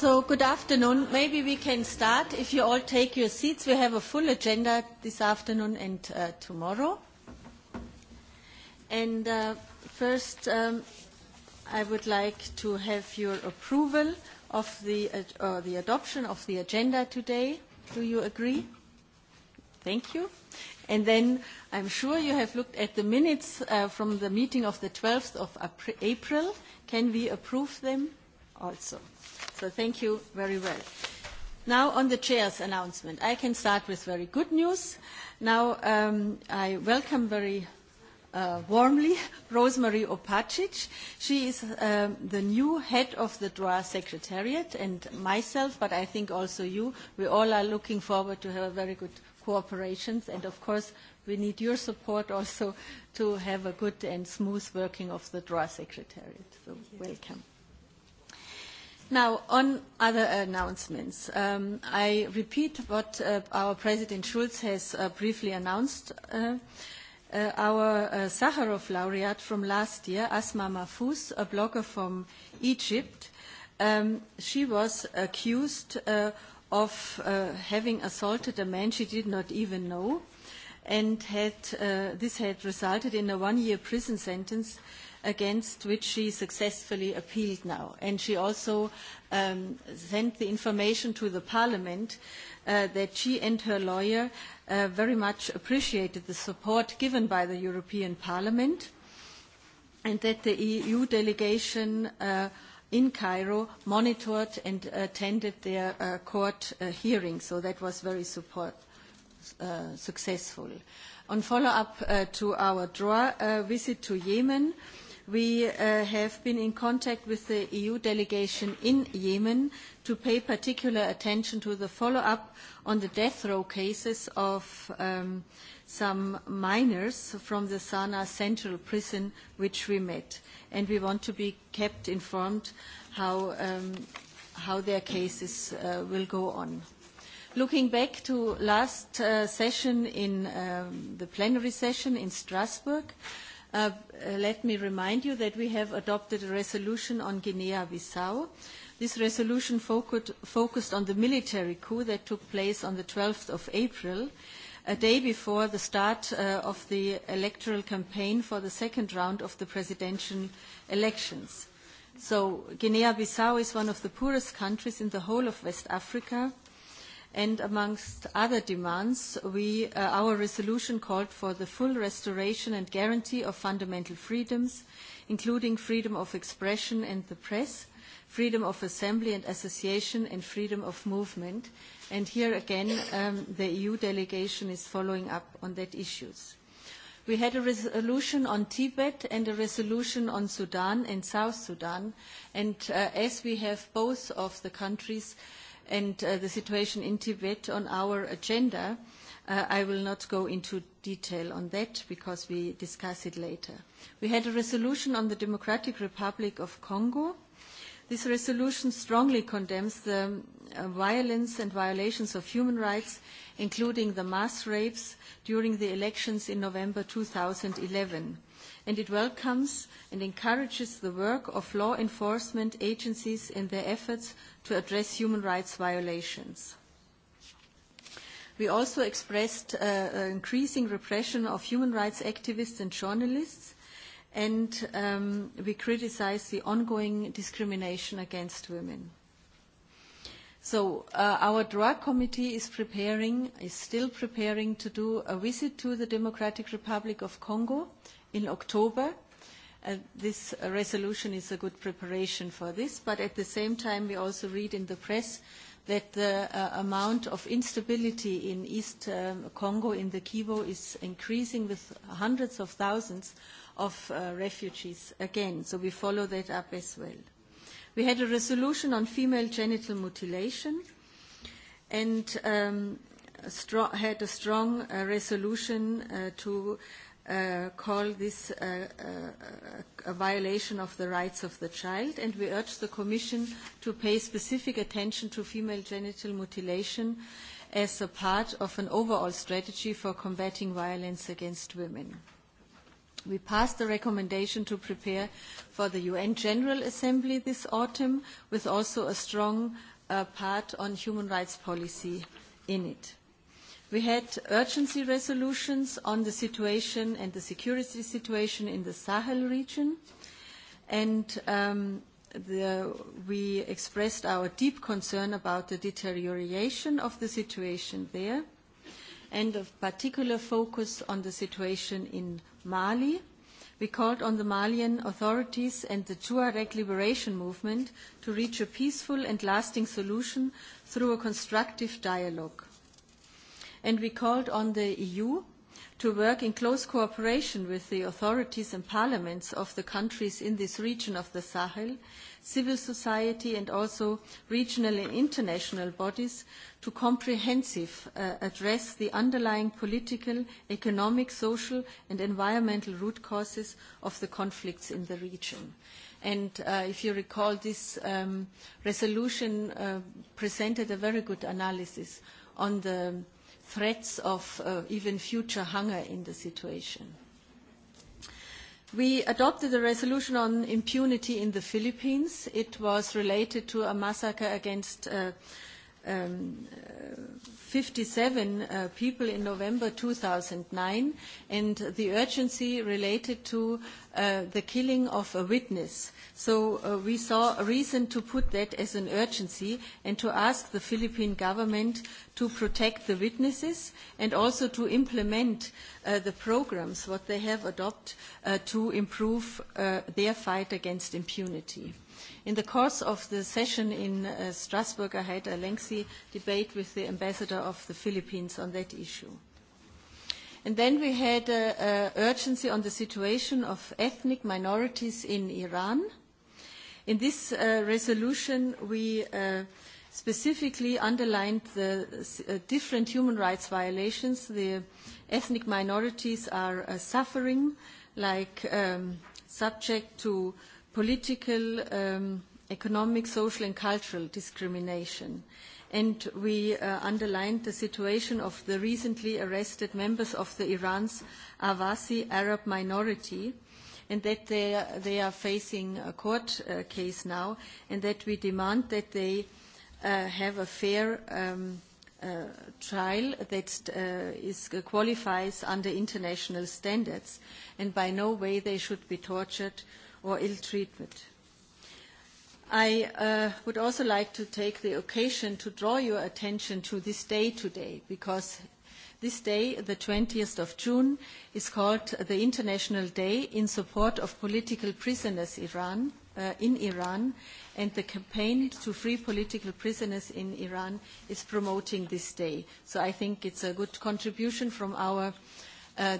So, good afternoon. Maybe we can start if you all take your seats. We have a full agenda this afternoon and uh, tomorrow. And uh, first, um, I would like to have your approval of the, uh, or the adoption of the agenda today. Do you agree? Thank you. And then I'm sure you have looked at the minutes uh, from the meeting of the 12th of April. Can we approve them also? So thank you very well. Now on the chair's announcement. I can start with very good news. Now um, I welcome very uh, warmly Rosemary Opacic. She is um, the new head of the DRA Secretariat and myself, but I think also you. We all are looking forward to have a very good cooperation and of course we need your support also to have a good and smooth working of the DRA Secretariat. So welcome. Now, on other announcements, I repeat what our President Schulz has briefly announced. Our Sakharov laureate from last year, Asma Mahfouz, a blogger from Egypt, she was accused of having assaulted a man she did not even know, and had this had resulted in a one-year prison sentence against which she successfully appealed now. And she also um, sent the information to the parliament uh, that she and her lawyer uh, very much appreciated the support given by the European Parliament and that the EU delegation uh, in Cairo monitored and attended their uh, court uh, hearing. So that was very support, uh, successful. On follow-up uh, to our draw uh, visit to Yemen, uh, We have been in contact with the EU delegation in Yemen to pay particular attention to the follow-up on the death row cases of some minors from the Sana Central Prison, which we met. And we want to be kept informed how, their cases will go on. Looking back to last session in the plenary session in Strasbourg, uh, let me remind you that we have adopted a resolution on Guinea-Bissau. This resolution focused on the military coup that took place on the 12th of April, a day before the start of the electoral campaign for the second round of the presidential elections. So Guinea-Bissau is one of the poorest countries in the whole of West Africa, And amongst other demands, our resolution called for the full restoration and guarantee of fundamental freedoms, including freedom of expression and the press, freedom of assembly and association, and freedom of movement. And here again, the EU delegation is following up on that issues. We had a resolution on Tibet and a resolution on Sudan and South Sudan. And as we have both of the countries, and the situation in Tibet on our agenda. I will not go into detail on that because we discuss it later. We had a resolution on the Democratic Republic of Congo. This resolution strongly condemns the violence and violations of human rights, including the mass rapes during the elections in November eleven and it welcomes and encourages the work of law enforcement agencies in their efforts to address human rights violations. We also expressed increasing repression of human rights activists and journalists, and we criticized the ongoing discrimination against women. So our drug committee is preparing, is still preparing to do a visit to the Democratic Republic of Congo in October. This resolution is a good preparation for this, but at the same time, we also read in the press that the amount of instability in East Congo, in the Kivu, is increasing with hundreds of thousands of refugees again. So we follow that up as well. We had a resolution on female genital mutilation and had a strong resolution to uh, call this uh, a violation of the rights of the child, and we urge the Commission to pay specific attention to female genital mutilation as a part of an overall strategy for combating violence against women. We passed the recommendation to prepare for the UN General Assembly this autumn, with also a strong uh, part on human rights policy in it. We had urgency resolutions on the situation and the security situation in the Sahel region. And um, the, we expressed our deep concern about the deterioration of the situation there and of particular focus on the situation in Mali. We called on the Malian authorities and the Tuareg liberation movement to reach a peaceful and lasting solution through a constructive dialogue and we called on the EU to work in close cooperation with the authorities and parliaments of the countries in this region of the Sahel, civil society and also regional and international bodies to comprehensively address the underlying political, economic, social and environmental root causes of the conflicts in the region. And if you recall, this resolution presented a very good analysis on the threats of uh, even future hunger in the situation. We adopted a resolution on impunity in the Philippines. It was related to a massacre against uh, 57 uh, people in November 2009 and the urgency related to uh, the killing of a witness. So uh, we saw a reason to put that as an urgency and to ask the Philippine government to protect the witnesses and also to implement uh, the programs, what they have adopted uh, to improve uh, their fight against impunity. In the course of the session in uh, Strasbourg, I had a lengthy debate with the ambassador of the Philippines on that issue. And then we had an urgency on the situation of ethnic minorities in Iran. In this uh, resolution, we uh, specifically underlined the different human rights violations the ethnic minorities are suffering, like subject to political, um, economic, social and cultural discrimination. And we uh, underlined the situation of the recently arrested members of the Iran's Avasi Arab minority and that they, are they are facing a court uh, case now and that we demand that they uh, have a fair um, uh, trial that uh, is, uh, qualifies under international standards and by no way they should be tortured or ill treatment. I would also like to take the occasion to draw your attention to this day today, because this day, the 20th of June, is called the International Day in Support of Political Prisoners Iran, in Iran, and the campaign to free political prisoners in Iran is promoting this day. So I think it's a good contribution from our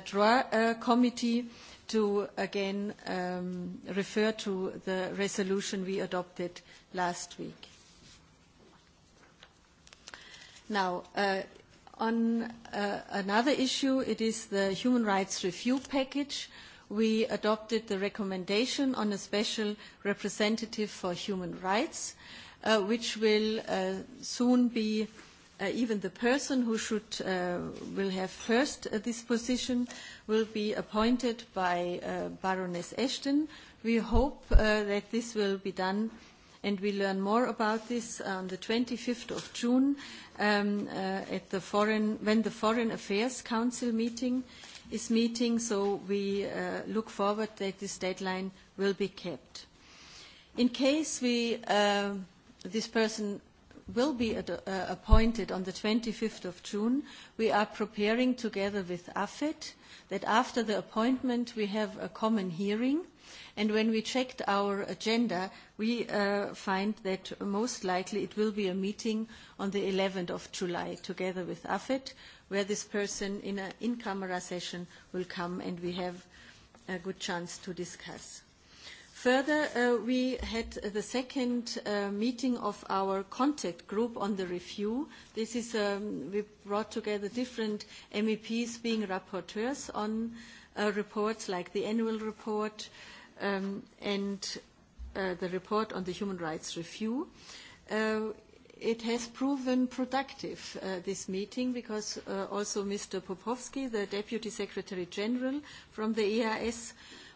DRA committee to again refer to the resolution we adopted last week. Now, on another issue, it is the human rights review package. We adopted the recommendation on a special representative for human rights, which will soon be even the person who should uh, will have first uh, this position will be appointed by uh, Baroness Ashton. We hope uh, that this will be done and we learn more about this on the 25th of June um, uh, at the foreign, when the Foreign Affairs Council meeting is meeting, so we uh, look forward that this deadline will be kept. In case we, uh, this person will be appointed on the 25th of June. We are preparing together with AFET that after the appointment we have a common hearing. And when we checked our agenda, we find that most likely it will be a meeting on the 11th of July together with AFET, where this person in an in-camera session will come and we have a good chance to discuss. Further, we had the second meeting of our contact group on the review. This is, we brought together different MEPs being rapporteurs on reports like the annual report and the report on the human rights review. It has proven productive, this meeting, because also Mr. Popowski, the Deputy Secretary General from the EIS,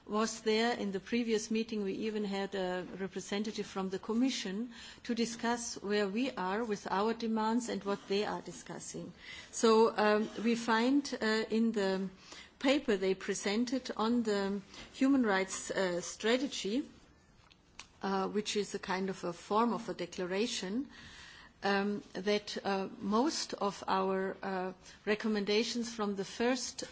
was there in the previous meeting. We even had a representative from the Commission to discuss where we are with our demands and what they are discussing. So um, we find uh, in the paper they presented on the human rights uh, strategy, uh, which is a kind of a form of a declaration, uh, that most of our recommendations from the first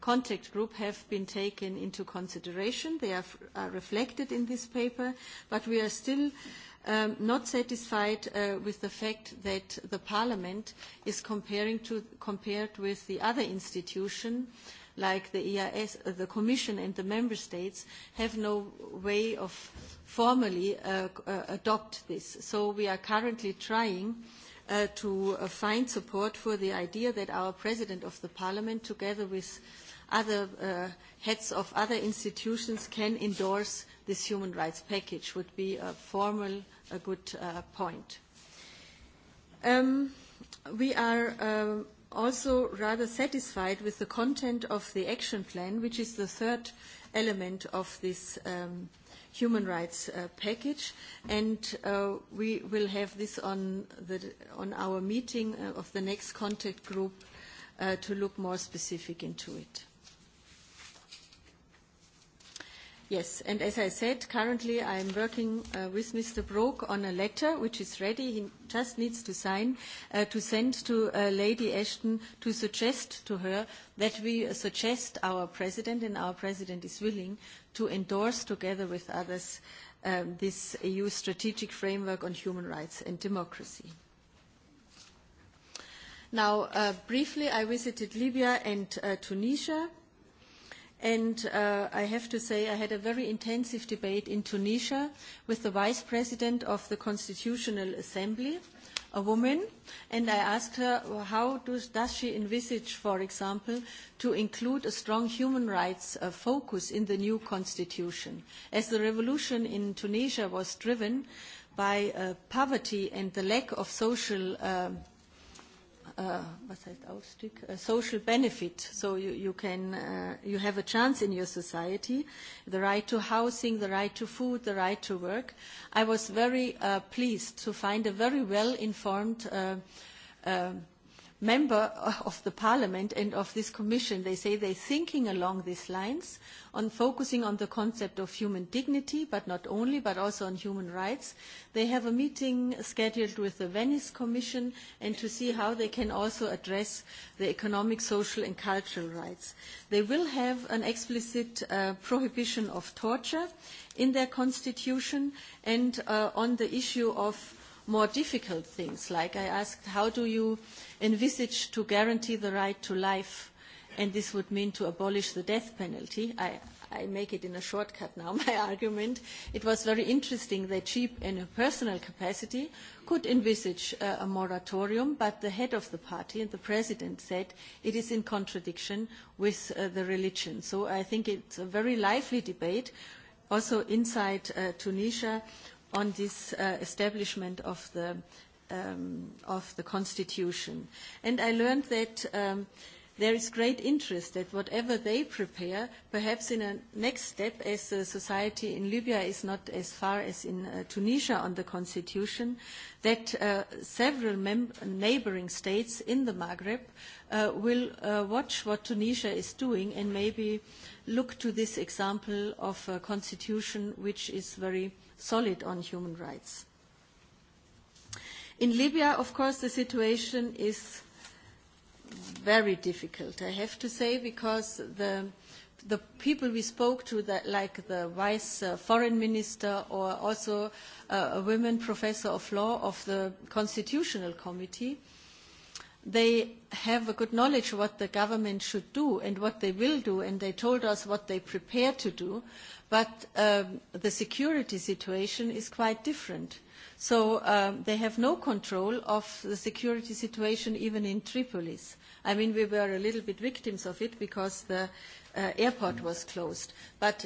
contact group have been taken into consideration. They are, reflected in this paper, but we are still not satisfied with the fact that the Parliament is compared with the other institution uh, like the EIS, the Commission and the Member States have no way of formally adopt this. So we are currently trying to find support for the idea that our President of the Parliament, together with other heads of other institutions, can endorse this human rights package would be a formal, a good point. we are also rather satisfied with the content of the action plan, which is the third element of this um, human rights uh, package. And uh, we will have this on, the, on our meeting of the next contact group uh, to look more specific into it. Yes, and as I said, currently I am working uh, with Mr. Brok on a letter which is ready. He just needs to sign uh, to send to uh, Lady Ashton to suggest to her that we suggest our president, and our president is willing to endorse together with others um, this EU strategic framework on human rights and democracy. Now, uh, briefly, I visited Libya and uh, Tunisia. And I have to say I had a very intensive debate in Tunisia with the Vice President of the Constitutional Assembly, a woman, and I asked her how does, does she envisage, for example, to include a strong human rights focus in the new constitution. As the revolution in Tunisia was driven by poverty and the lack of social was heißt Aufstieg, a social benefit. So you, you can, uh, you have a chance in your society, the right to housing, the right to food, the right to work. I was very uh, pleased to find a very well-informed uh, um, member of the parliament and of this commission. They say they're thinking along these lines on focusing on the concept of human dignity, but not only, but also on human rights. They have a meeting scheduled with the Venice Commission and to see how they can also address the economic, social and cultural rights. They will have an explicit uh, prohibition of torture in their constitution and uh, on the issue of more difficult things. Like I asked, how do you envisage to guarantee the right to life? And this would mean to abolish the death penalty. I, I make it in a shortcut now, my argument. It was very interesting that she, in her personal capacity, could envisage a, a moratorium, but the head of the party and the president said it is in contradiction with uh, the religion. So I think it's a very lively debate, also inside uh, Tunisia, on this uh, establishment of the, um, of the Constitution. And I learned that um, there is great interest that whatever they prepare, perhaps in a next step, as the society in Libya is not as far as in uh, Tunisia on the constitution, that uh, several mem- neighboring states in the Maghreb uh, will uh, watch what Tunisia is doing and maybe look to this example of a constitution which is very solid on human rights. In Libya, of course, the situation is very difficult, I have to say, because the, the people we spoke to, that, like the vice uh, foreign minister or also uh, a women professor of law of the constitutional committee, they have a good knowledge of what the government should do and what they will do, and they told us what they prepare to do. But the security situation is quite different. So they have no control of the security situation even in Tripolis. I mean, we were a little bit victims of it because the airport was closed. But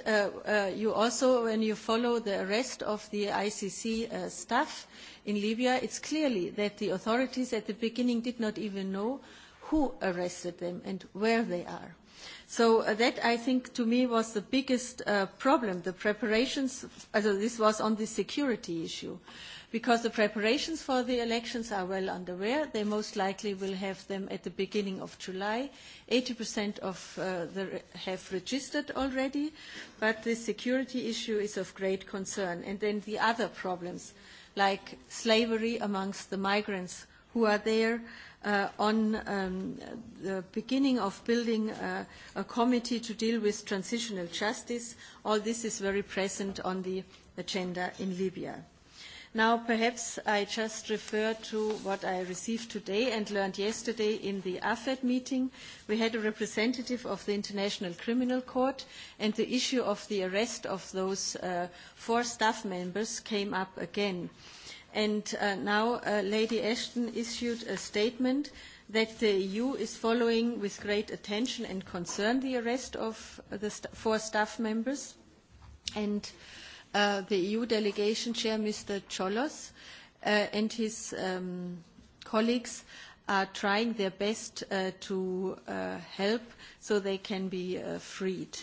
you also, when you follow the arrest of the ICC staff in Libya, it's clearly that the authorities at the beginning did not even know who arrested them and where they are. So that, I think, to me was the biggest problem, the preparations, also this was on the security issue, because the preparations for the elections are well underway. They most likely will have them at the beginning of July. 80% of the have registered already, but the security issue is of great concern. And then the other problems, like slavery amongst the migrants who are there, on the beginning of building a committee to deal with transitional justice. All this is very present on the agenda in Libya. Now, perhaps I just refer to what I received today and learned yesterday in the AFED meeting. We had a representative of the International Criminal Court, and the issue of the arrest of those four staff members came up again. Uh, And now Lady Ashton issued a statement that the EU is following with great attention and concern the arrest of the four staff members. And the EU delegation chair, Mr. Cholos, and his colleagues are trying their best to help so they can be freed.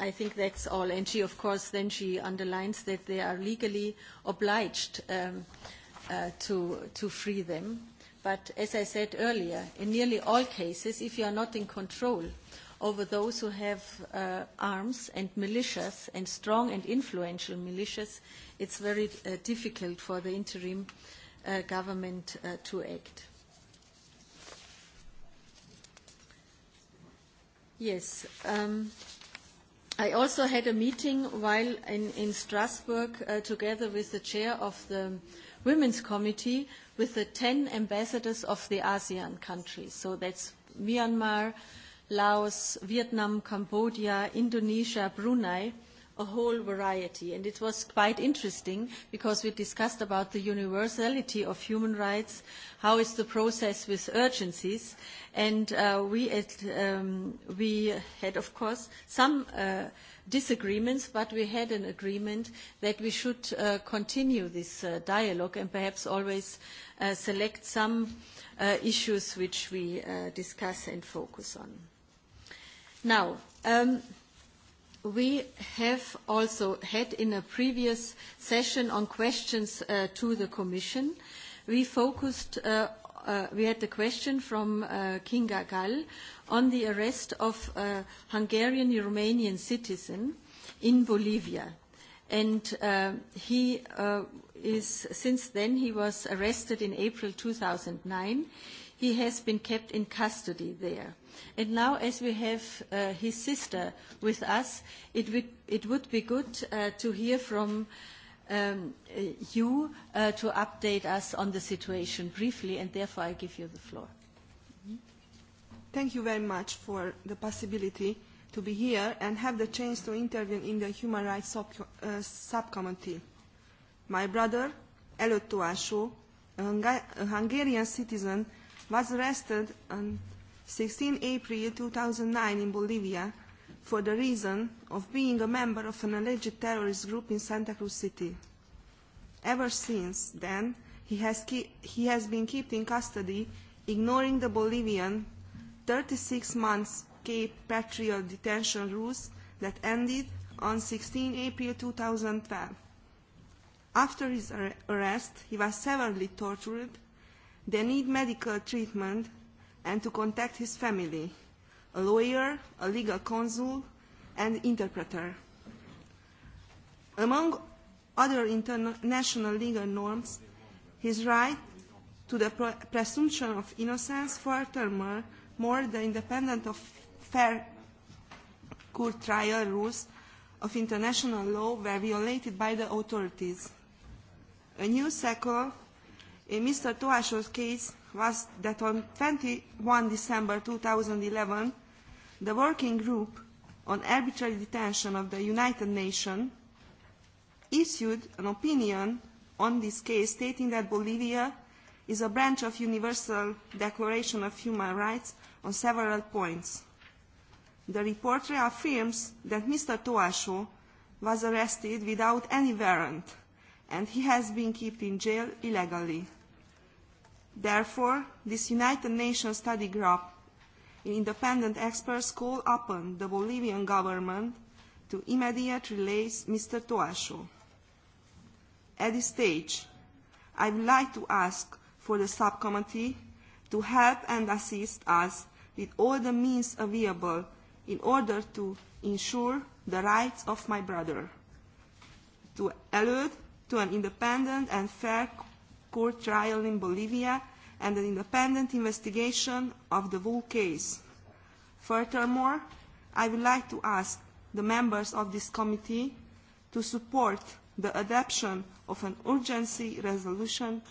I think that's all. And she, of course, then she underlines that they are legally obliged to free them. But as I said earlier, in nearly all cases, if you are not in control over those who have arms and militias and strong and influential militias, it's very difficult for the interim government to act. Yes. Um, I also had a meeting while in, in Strasbourg uh, together with the chair of the Women's Committee with the 10 ambassadors of the ASEAN countries. So that's Myanmar, Laos, Vietnam, Cambodia, Indonesia, Brunei a whole variety. And it was quite interesting because we discussed about the universality of human rights, how is the process with urgencies, and uh, we, at, um, we had, of course, some uh, disagreements, but we had an agreement that we should uh, continue this uh, dialogue and perhaps always uh, select some uh, issues which we uh, discuss and focus on. Now, um, We have also had in a previous session on questions to the Commission, we focused we had a question from Kinga Gall on the arrest of a Hungarian-Romanian citizen in Bolivia. And he is, since then, he was arrested in April 2009. He has been kept in custody there. And now, as we have uh, his sister with us, it would, it would be good uh, to hear from um, you uh, to update us on the situation briefly, and therefore I give you the floor. Thank you very much for the possibility to be here and have the chance to intervene in the Human Rights sub uh, Subcommittee. My brother, Elot Toásó, a Hungarian citizen was arrested on 16 April 2009 in Bolivia for the reason of being a member of an alleged terrorist group in Santa Cruz City. Ever since then, he has, keep, he has been kept in custody, ignoring the Bolivian 36 months Cape Patriot detention rules that ended on 16 April 2012. After his arrest, he was severely tortured They need medical treatment and to contact his family, a lawyer, a legal counsel, and interpreter. Among other international legal norms, his right to the presumption of innocence for term more the independent of fair court trial rules of international law were violated by the authorities. A new cycle in Mr. Toasho's case was that on 21 December 2011, the Working Group on Arbitrary Detention of the United Nations issued an opinion on this case stating that Bolivia is a branch of Universal Declaration of Human Rights on several points. The report reaffirms that Mr. Toasho was arrested without any warrant and he has been kept in jail illegally. Therefore, this United Nations study group, independent experts call upon the Bolivian government to immediately release Mr. Toashu. At this stage, I would like to ask for the subcommittee to help and assist us with all the means available in order to ensure the rights of my brother, to allude to an independent and fair court trial in Bolivia and an independent investigation of the Wool case. Furthermore, I would like to ask the members of this committee to support the adoption of an urgency resolution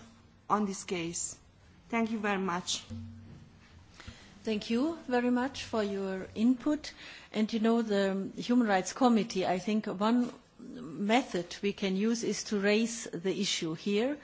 on this case. Thank you very much. Thank you very much for your input. And you know, the Human Rights Committee, I think one method we can use is to raise the issue here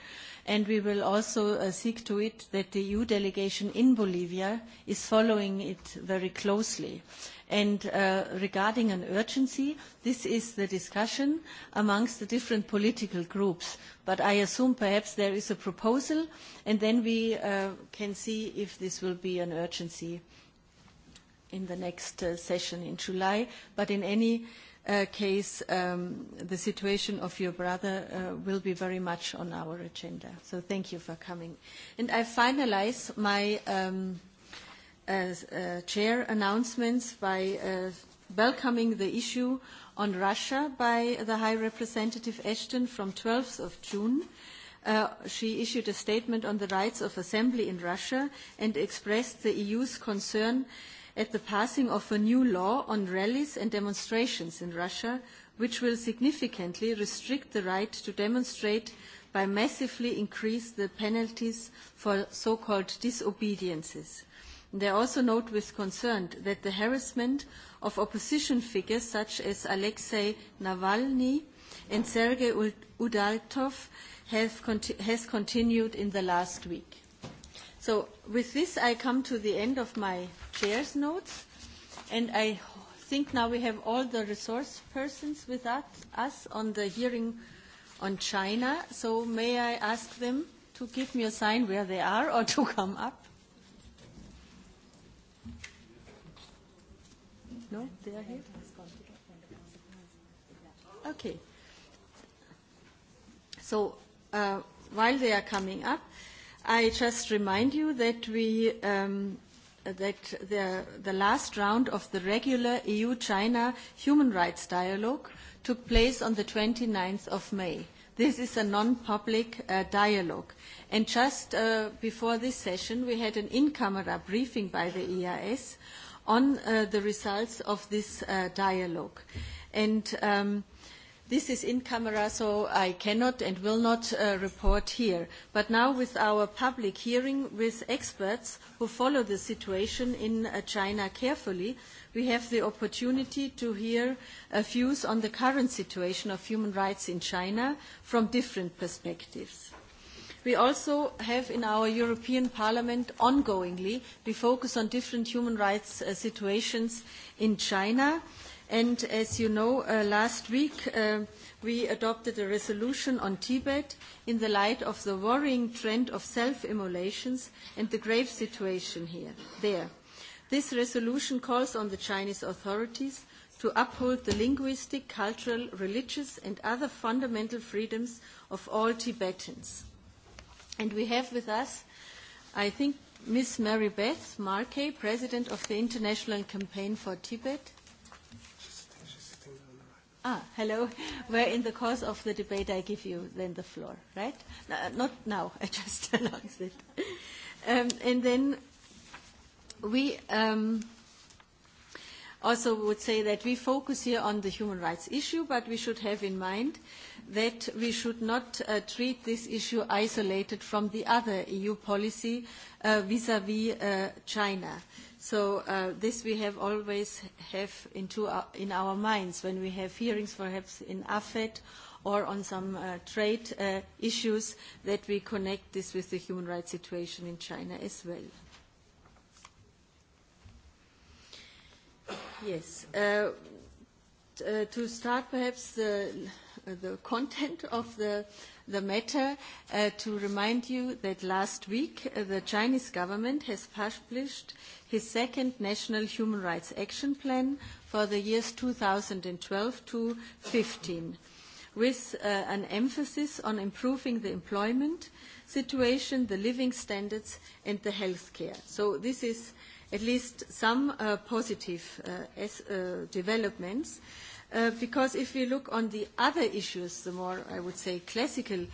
and we will also seek to it that the EU delegation in Bolivia is following it very closely. And regarding an urgency, this is the discussion amongst the different political groups. But I assume perhaps there is a proposal, and then we can see if this will be an urgency in the next session in July. But in any case, the situation of your brother will be very much on our agenda. So thank you for coming. And I finalize my chair announcements by welcoming the issue on Russia by the High Representative Ashton from 12th of June. she issued a statement on the rights of assembly in Russia and expressed the EU's concern uh, at the passing of a new law on rallies and demonstrations in Russia, which will significantly restrict the right to demonstrate by massively increasing the penalties for so-called disobediences. They also note with concern that the harassment of opposition figures such as Alexei Navalny and Sergei Udaltov has continued in the last week. So with this, I come to the end of my chair's notes, and I think now we have all the resource persons with us on the hearing on China. So may I ask them to give me a sign where they are or to come up? No, they are here. Okay. So uh, while they are coming up, I just remind you that we um, that the, the last round of the regular EU-China human rights dialogue took place on the 29th of May. This is a non-public uh, dialogue. And just uh, before this session, we had an in-camera briefing by the EIS on uh, the results of this uh, dialogue. And um, – This is in camera, so I cannot and will not report here. But now with our public hearing with experts who follow the situation in China carefully, we have the opportunity to hear views on the current situation of human rights in China from different perspectives. We also have in our European Parliament ongoingly, we focus on different human rights situations in China. And as you know, last week we adopted a resolution on Tibet in the light of the worrying trend of self-immolations and the grave situation here, there. This resolution calls on the Chinese authorities to uphold the linguistic, cultural, religious and other fundamental freedoms of all Tibetans. And we have with us, I think, Ms. Mary Beth Markey, President of the International Campaign for Tibet, Ah, hello. Where in the course of the debate I give you then the floor, right? No, not now. I just announced it. Um, and then we um, also would say that we focus here on the human rights issue, but we should have in mind that we should not uh, treat this issue isolated from the other EU policy vis-à-vis uh, -vis, uh, China So uh, this we have always have into our, in our minds when we have hearings, perhaps in AFET or on some uh, trade uh, issues, that we connect this with the human rights situation in China as well. Yes. Uh, to start, perhaps the, the content of the, the matter, uh, to remind you that last week uh, the Chinese government has published his second National Human Rights Action Plan for the years 2012 to 15, with an emphasis on improving the employment situation, the living standards, and the health care. So this is at least some positive developments because if we look on the other issues, the more, I would say, classical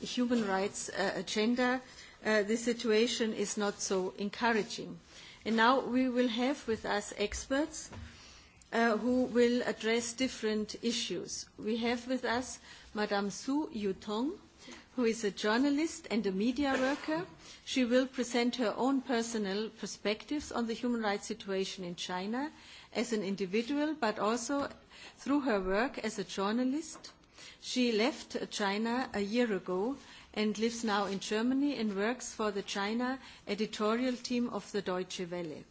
human rights agenda, the situation is not so encouraging. And now we will have with us experts uh, who will address different issues. We have with us Madame Su Yutong, who is a journalist and a media worker. She will present her own personal perspectives on the human rights situation in China as an individual, but also through her work as a journalist. She left China a year ago and lives now in Germany and works for the China editorial team of the Deutsche Welle.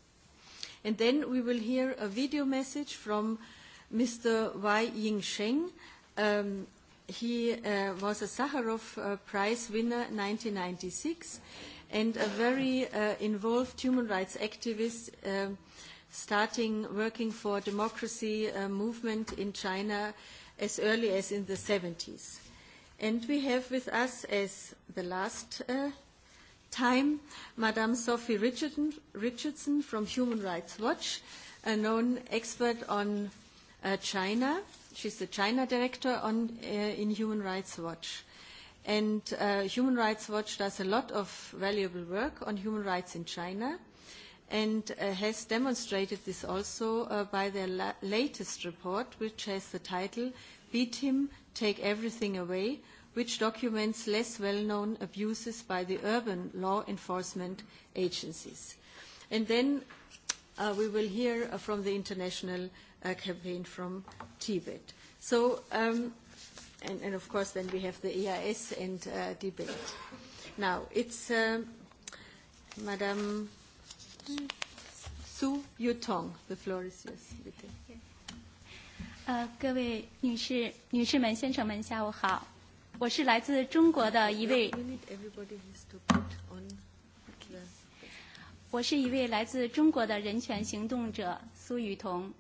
And then we will hear a video message from Mr. Wai Sheng. Um, he uh, was a Sakharov uh, Prize winner 1996 and a very uh, involved human rights activist uh, starting working for democracy uh, movement in China as early as in the 70s. And we have with us as the last uh, time Madame Sophie Richardson, Richardson from Human Rights Watch, a known expert on uh, China. She's the China director on, uh, in Human Rights Watch. And uh, Human Rights Watch does a lot of valuable work on human rights in China and uh, has demonstrated this also uh, by their la- latest report, which has the title Beat Him Take Everything Away, which documents less well-known abuses by the urban law enforcement agencies. And then uh, we will hear from the international uh, campaign from Tibet. So, um, and, and of course then we have the EIS and uh, debate. Now, it's uh, Madame Su Yutong. The floor is yours. Bitte. 呃，各位女士、女士们、先生们，下午好！我是来自中国的一位，我是一位来自中国的人权行动者苏雨桐。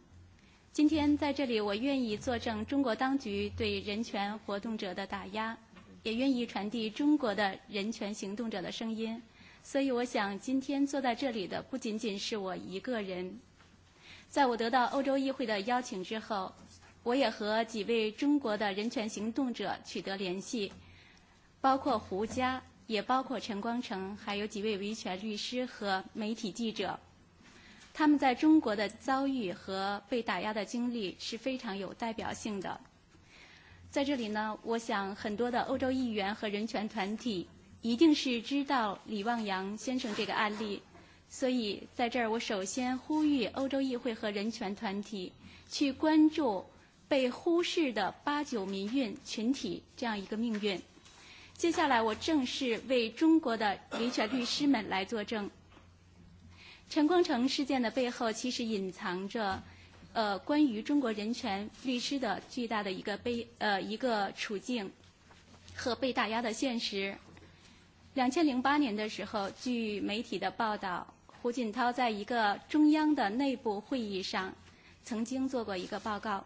今天在这里，我愿意作证中国当局对人权活动者的打压，也愿意传递中国的人权行动者的声音。所以，我想今天坐在这里的不仅仅是我一个人。在我得到欧洲议会的邀请之后，我也和几位中国的人权行动者取得联系，包括胡佳，也包括陈光诚，还有几位维权律师和媒体记者。他们在中国的遭遇和被打压的经历是非常有代表性的。在这里呢，我想很多的欧洲议员和人权团体一定是知道李望洋先生这个案例，所以在这儿我首先呼吁欧洲议会和人权团体去关注被忽视的八九民运群体这样一个命运。接下来，我正式为中国的维权律师们来作证。陈光诚事件的背后，其实隐藏着，呃，关于中国人权律师的巨大的一个被呃一个处境和被打压的现实。两千零八年的时候，据媒体的报道，胡锦涛在一个中央的内部会议上曾经做过一个报告，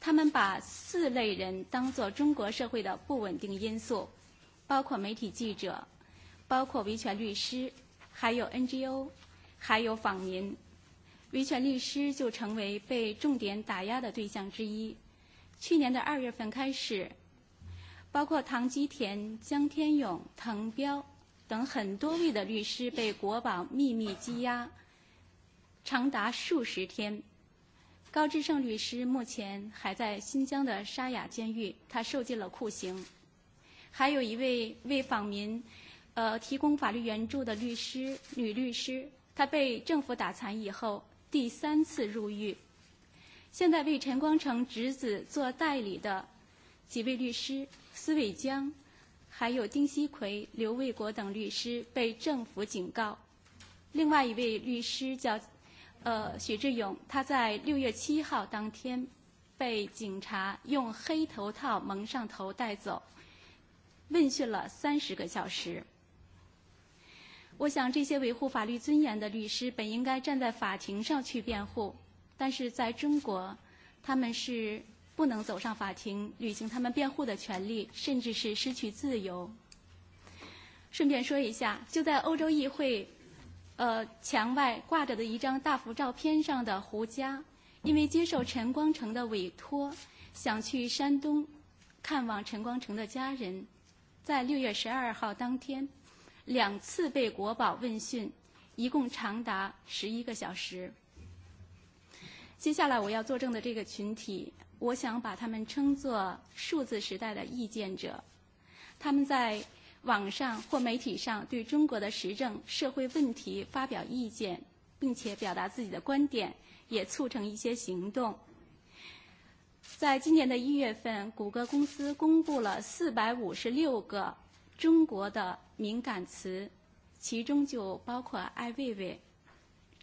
他们把四类人当作中国社会的不稳定因素，包括媒体记者，包括维权律师，还有 NGO，还有访民。维权律师就成为被重点打压的对象之一。去年的二月份开始，包括唐基田、江天勇、滕彪等很多位的律师被国保秘密羁押，长达数十天。高志胜律师目前还在新疆的沙雅监狱，他受尽了酷刑。还有一位为访民，呃，提供法律援助的律师，女律师，她被政府打残以后第三次入狱。现在为陈光诚侄子做代理的几位律师，司伟江，还有丁锡奎、刘卫国等律师被政府警告。另外一位律师叫呃，许志勇他在六月七号当天被警察用黑头套蒙上头带走，问讯了三十个小时。我想，这些维护法律尊严的律师本应该站在法庭上去辩护，但是在中国，他们是不能走上法庭履行他们辩护的权利，甚至是失去自由。顺便说一下，就在欧洲议会呃墙外挂着的一张大幅照片上的胡佳，因为接受陈光诚的委托，想去山东看望陈光诚的家人，在六月十二号当天，两次被国保问讯，一共长达十一个小时。接下来我要作证的这个群体，我想把他们称作数字时代的意见者。他们在网上或媒体上对中国的时政、社会问题发表意见，并且表达自己的观点，也促成一些行动。在今年的一月份，谷歌公司公布了四百五十六个中国的敏感词，其中就包括“爱卫卫”。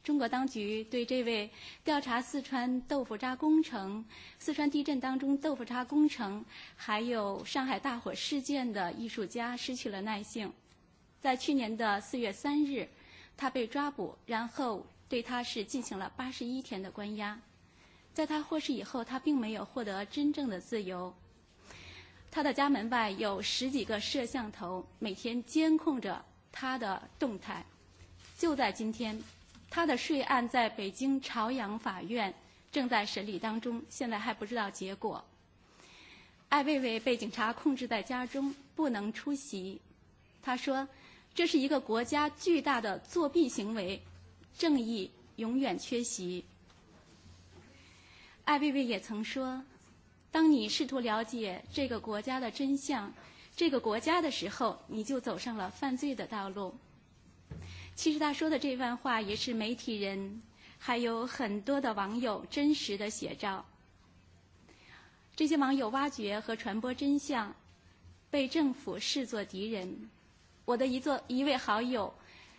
中国当局对这位调查四川豆腐渣工程、四川地震当中豆腐渣工程，还有上海大火事件的艺术家失去了耐性。在去年的四月三日，他被抓捕，然后对他是进行了八十一天的关押。在他获释以后，他并没有获得真正的自由。他的家门外有十几个摄像头，每天监控着他的动态。就在今天，他的税案在北京朝阳法院正在审理当中，现在还不知道结果。艾薇薇被警察控制在家中，不能出席。他说：“这是一个国家巨大的作弊行为，正义永远缺席。”艾薇薇也曾说：“当你试图了解这个国家的真相，这个国家的时候，你就走上了犯罪的道路。其实他说的这番话也是媒体人还有很多的网友真实的写照。这些网友挖掘和传播真相，被政府视作敌人。我的一座一位好友，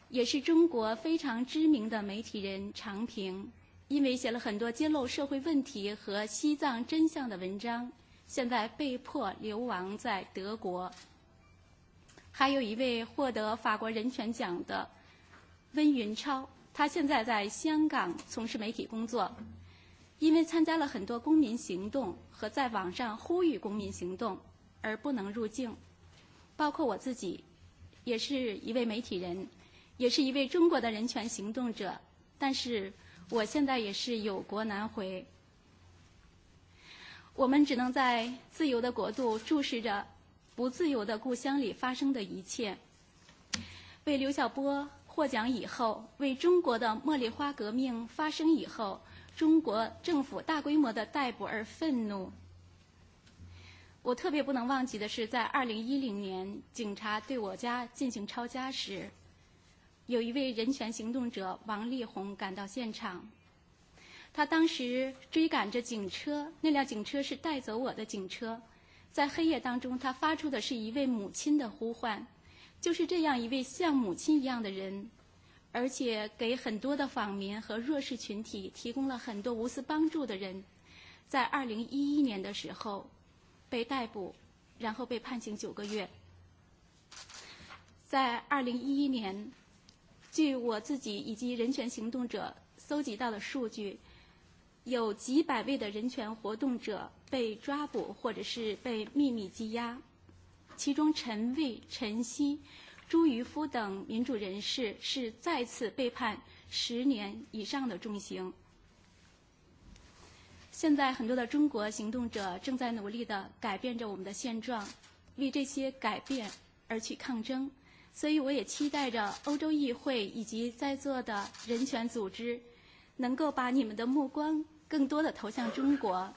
也是中国非常知名的媒体人常平，因为写了很多揭露社会问题和西藏真相的文章，现在被迫流亡在德国。还有一位获得法国人权奖的温云超，他现在在香港从事媒体工作。因为参加了很多公民行动和在网上呼吁公民行动，而不能入境。包括我自己，也是一位媒体人，也是一位中国的人权行动者。但是我现在也是有国难回。我们只能在自由的国度注视着不自由的故乡里发生的一切，为刘晓波获奖以后，为中国的茉莉花革命发生以后，中国政府大规模的逮捕而愤怒。我特别不能忘记的是，在二零一零年，警察对我家进行抄家时，有一位人权行动者王丽红赶到现场。他当时追赶着警车，那辆警车是带走我的警车。在黑夜当中，他发出的是一位母亲的呼唤。就是这样一位像母亲一样的人，而且给很多的访民和弱势群体提供了很多无私帮助的人，在二零一一年的时候被逮捕，然后被判刑九个月。在二零一一年，据我自己以及人权行动者搜集到的数据，有几百位的人权活动者被抓捕或者是被秘密羁押。其中陈蔚、陈希、朱渔夫等民主人士是再次被判十年以上的重刑。现在，很多的中国行动者正在努力地改变着我们的现状，为这些改变而去抗争。所以，我也期待着欧洲议会以及在座的人权组织，能够把你们的目光更多地投向中国，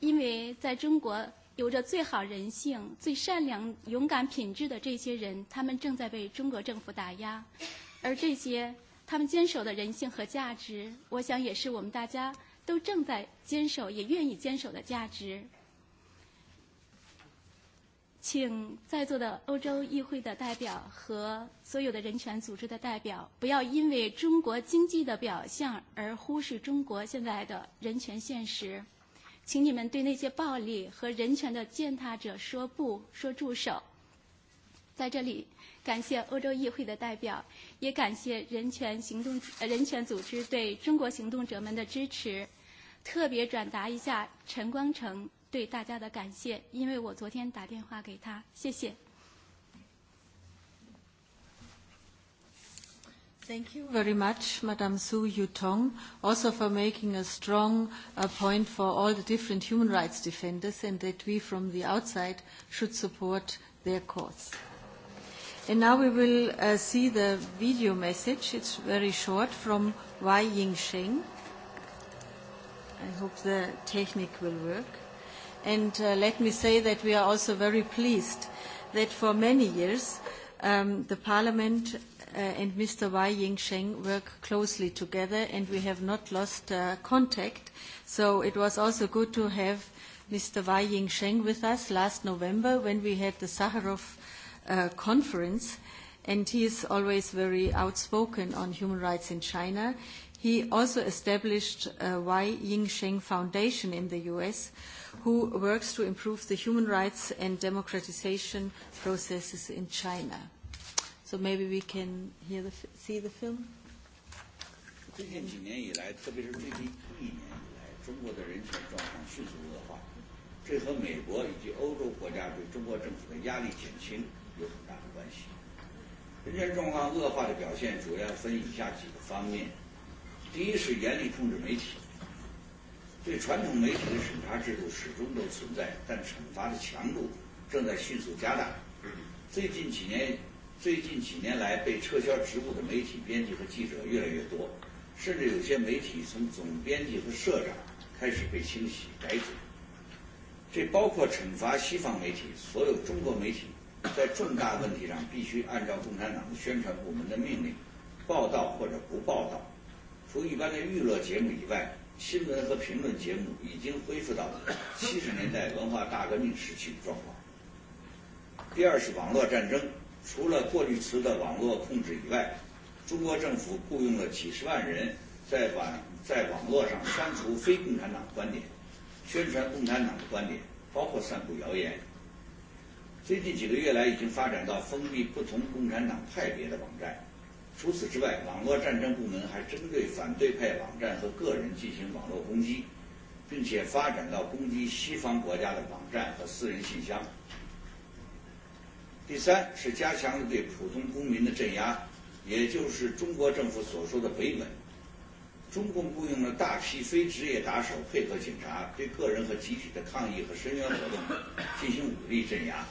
因为在中国有着最好人性、最善良、勇敢品质的这些人，他们正在被中国政府打压，而这些他们坚守的人性和价值，我想也是我们大家都正在坚守、也愿意坚守的价值。请在座的欧洲议会的代表和所有的人权组织的代表，不要因为中国经济的表象而忽视中国现在的人权现实。请你们对那些暴力和人权的践踏者说不，说住手。在这里，感谢欧洲议会的代表，也感谢人权行动呃人权组织对中国行动者们的支持。特别转达一下陈光诚对大家的感谢，因为我昨天打电话给他，谢谢。Thank you very much, Madam Su Yutong, also for making a strong uh, point for all the different human rights defenders and that we from the outside should support their cause. And now we will uh, see the video message. It's very short from Wai Ying Sheng. I hope the technique will work. And uh, let me say that we are also very pleased that for many years um, the Parliament and Mr. Wai Sheng work closely together, and we have not lost contact. So it was also good to have Mr. Wai Sheng with us last November when we had the Sakharov conference, and he is always very outspoken on human rights in China. He also established a Wai Sheng Foundation in the U.S., who works to improve the human rights and democratization processes in China. So maybe we can hear the, see the film. 最近几年以来，特别是最近一年以来，中国的人权状况迅速恶化，这和美国以及欧洲国家对中国政府的压力减轻有很大的关系。人权状况恶化的表现主要分以下几个方面：第一是严厉控制媒体，对传统媒体的审查制度始终都存在，但惩罚的强度正在迅速加大。最近几年最近几年来被撤销职务的媒体编辑和记者越来越多，甚至有些媒体从总编辑和社长开始被清洗改组。这包括惩罚西方媒体，所有中国媒体在重大问题上必须按照共产党的宣传部门的命令报道或者不报道。除一般的娱乐节目以外，新闻和评论节目已经恢复到七十年代文化大革命时期的状况。第二是网络战争，除了过滤池的网络控制以外，中国政府雇佣了几十万人在网在网络上删除非共产党观点，宣传共产党的观点，包括散布谣言。最近几个月来，已经发展到封闭不同共产党派别的网站。除此之外，网络战争部门还针对反对派网站和个人进行网络攻击，并且发展到攻击西方国家的网站和私人信箱。第三是加强了对普通公民的镇压，也就是中国政府所说的“北稳”。中共雇佣了大批非职业打手配合警察，对个人和集体的抗议和声援活动进行武力镇压。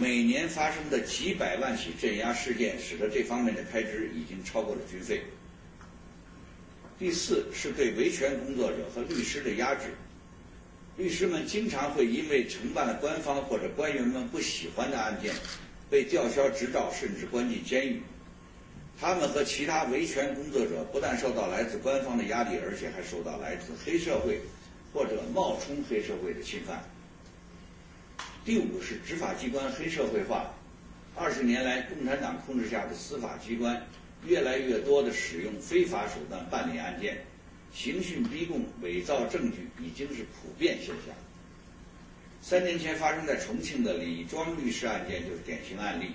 每年发生的几百万起镇压事件，使得这方面的开支已经超过了军费。第四是对维权工作者和律师的压制。律师们经常会因为承办了官方或者官员们不喜欢的案件，被吊销执照，甚至关进监狱。他们和其他维权工作者不但受到来自官方的压力，而且还受到来自黑社会或者冒充黑社会的侵犯。第五是执法机关黑社会化。二十年来，共产党控制下的司法机关越来越多地使用非法手段办理案件。刑讯逼供、伪造证据已经是普遍现象。三年前发生在重庆的李庄律师案件就是典型案例。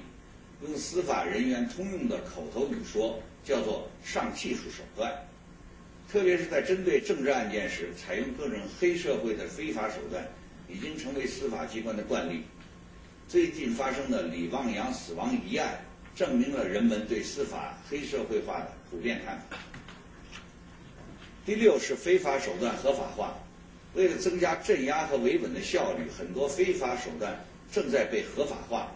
用司法人员通用的口头语说，叫做“上技术手段”，特别是在针对政治案件时，采用各种黑社会的非法手段，已经成为司法机关的惯例。最近发生的李望洋死亡疑案，证明了人们对司法黑社会化的普遍看法。第六是非法手段合法化。为了增加镇压和维稳的效率，很多非法手段正在被合法化。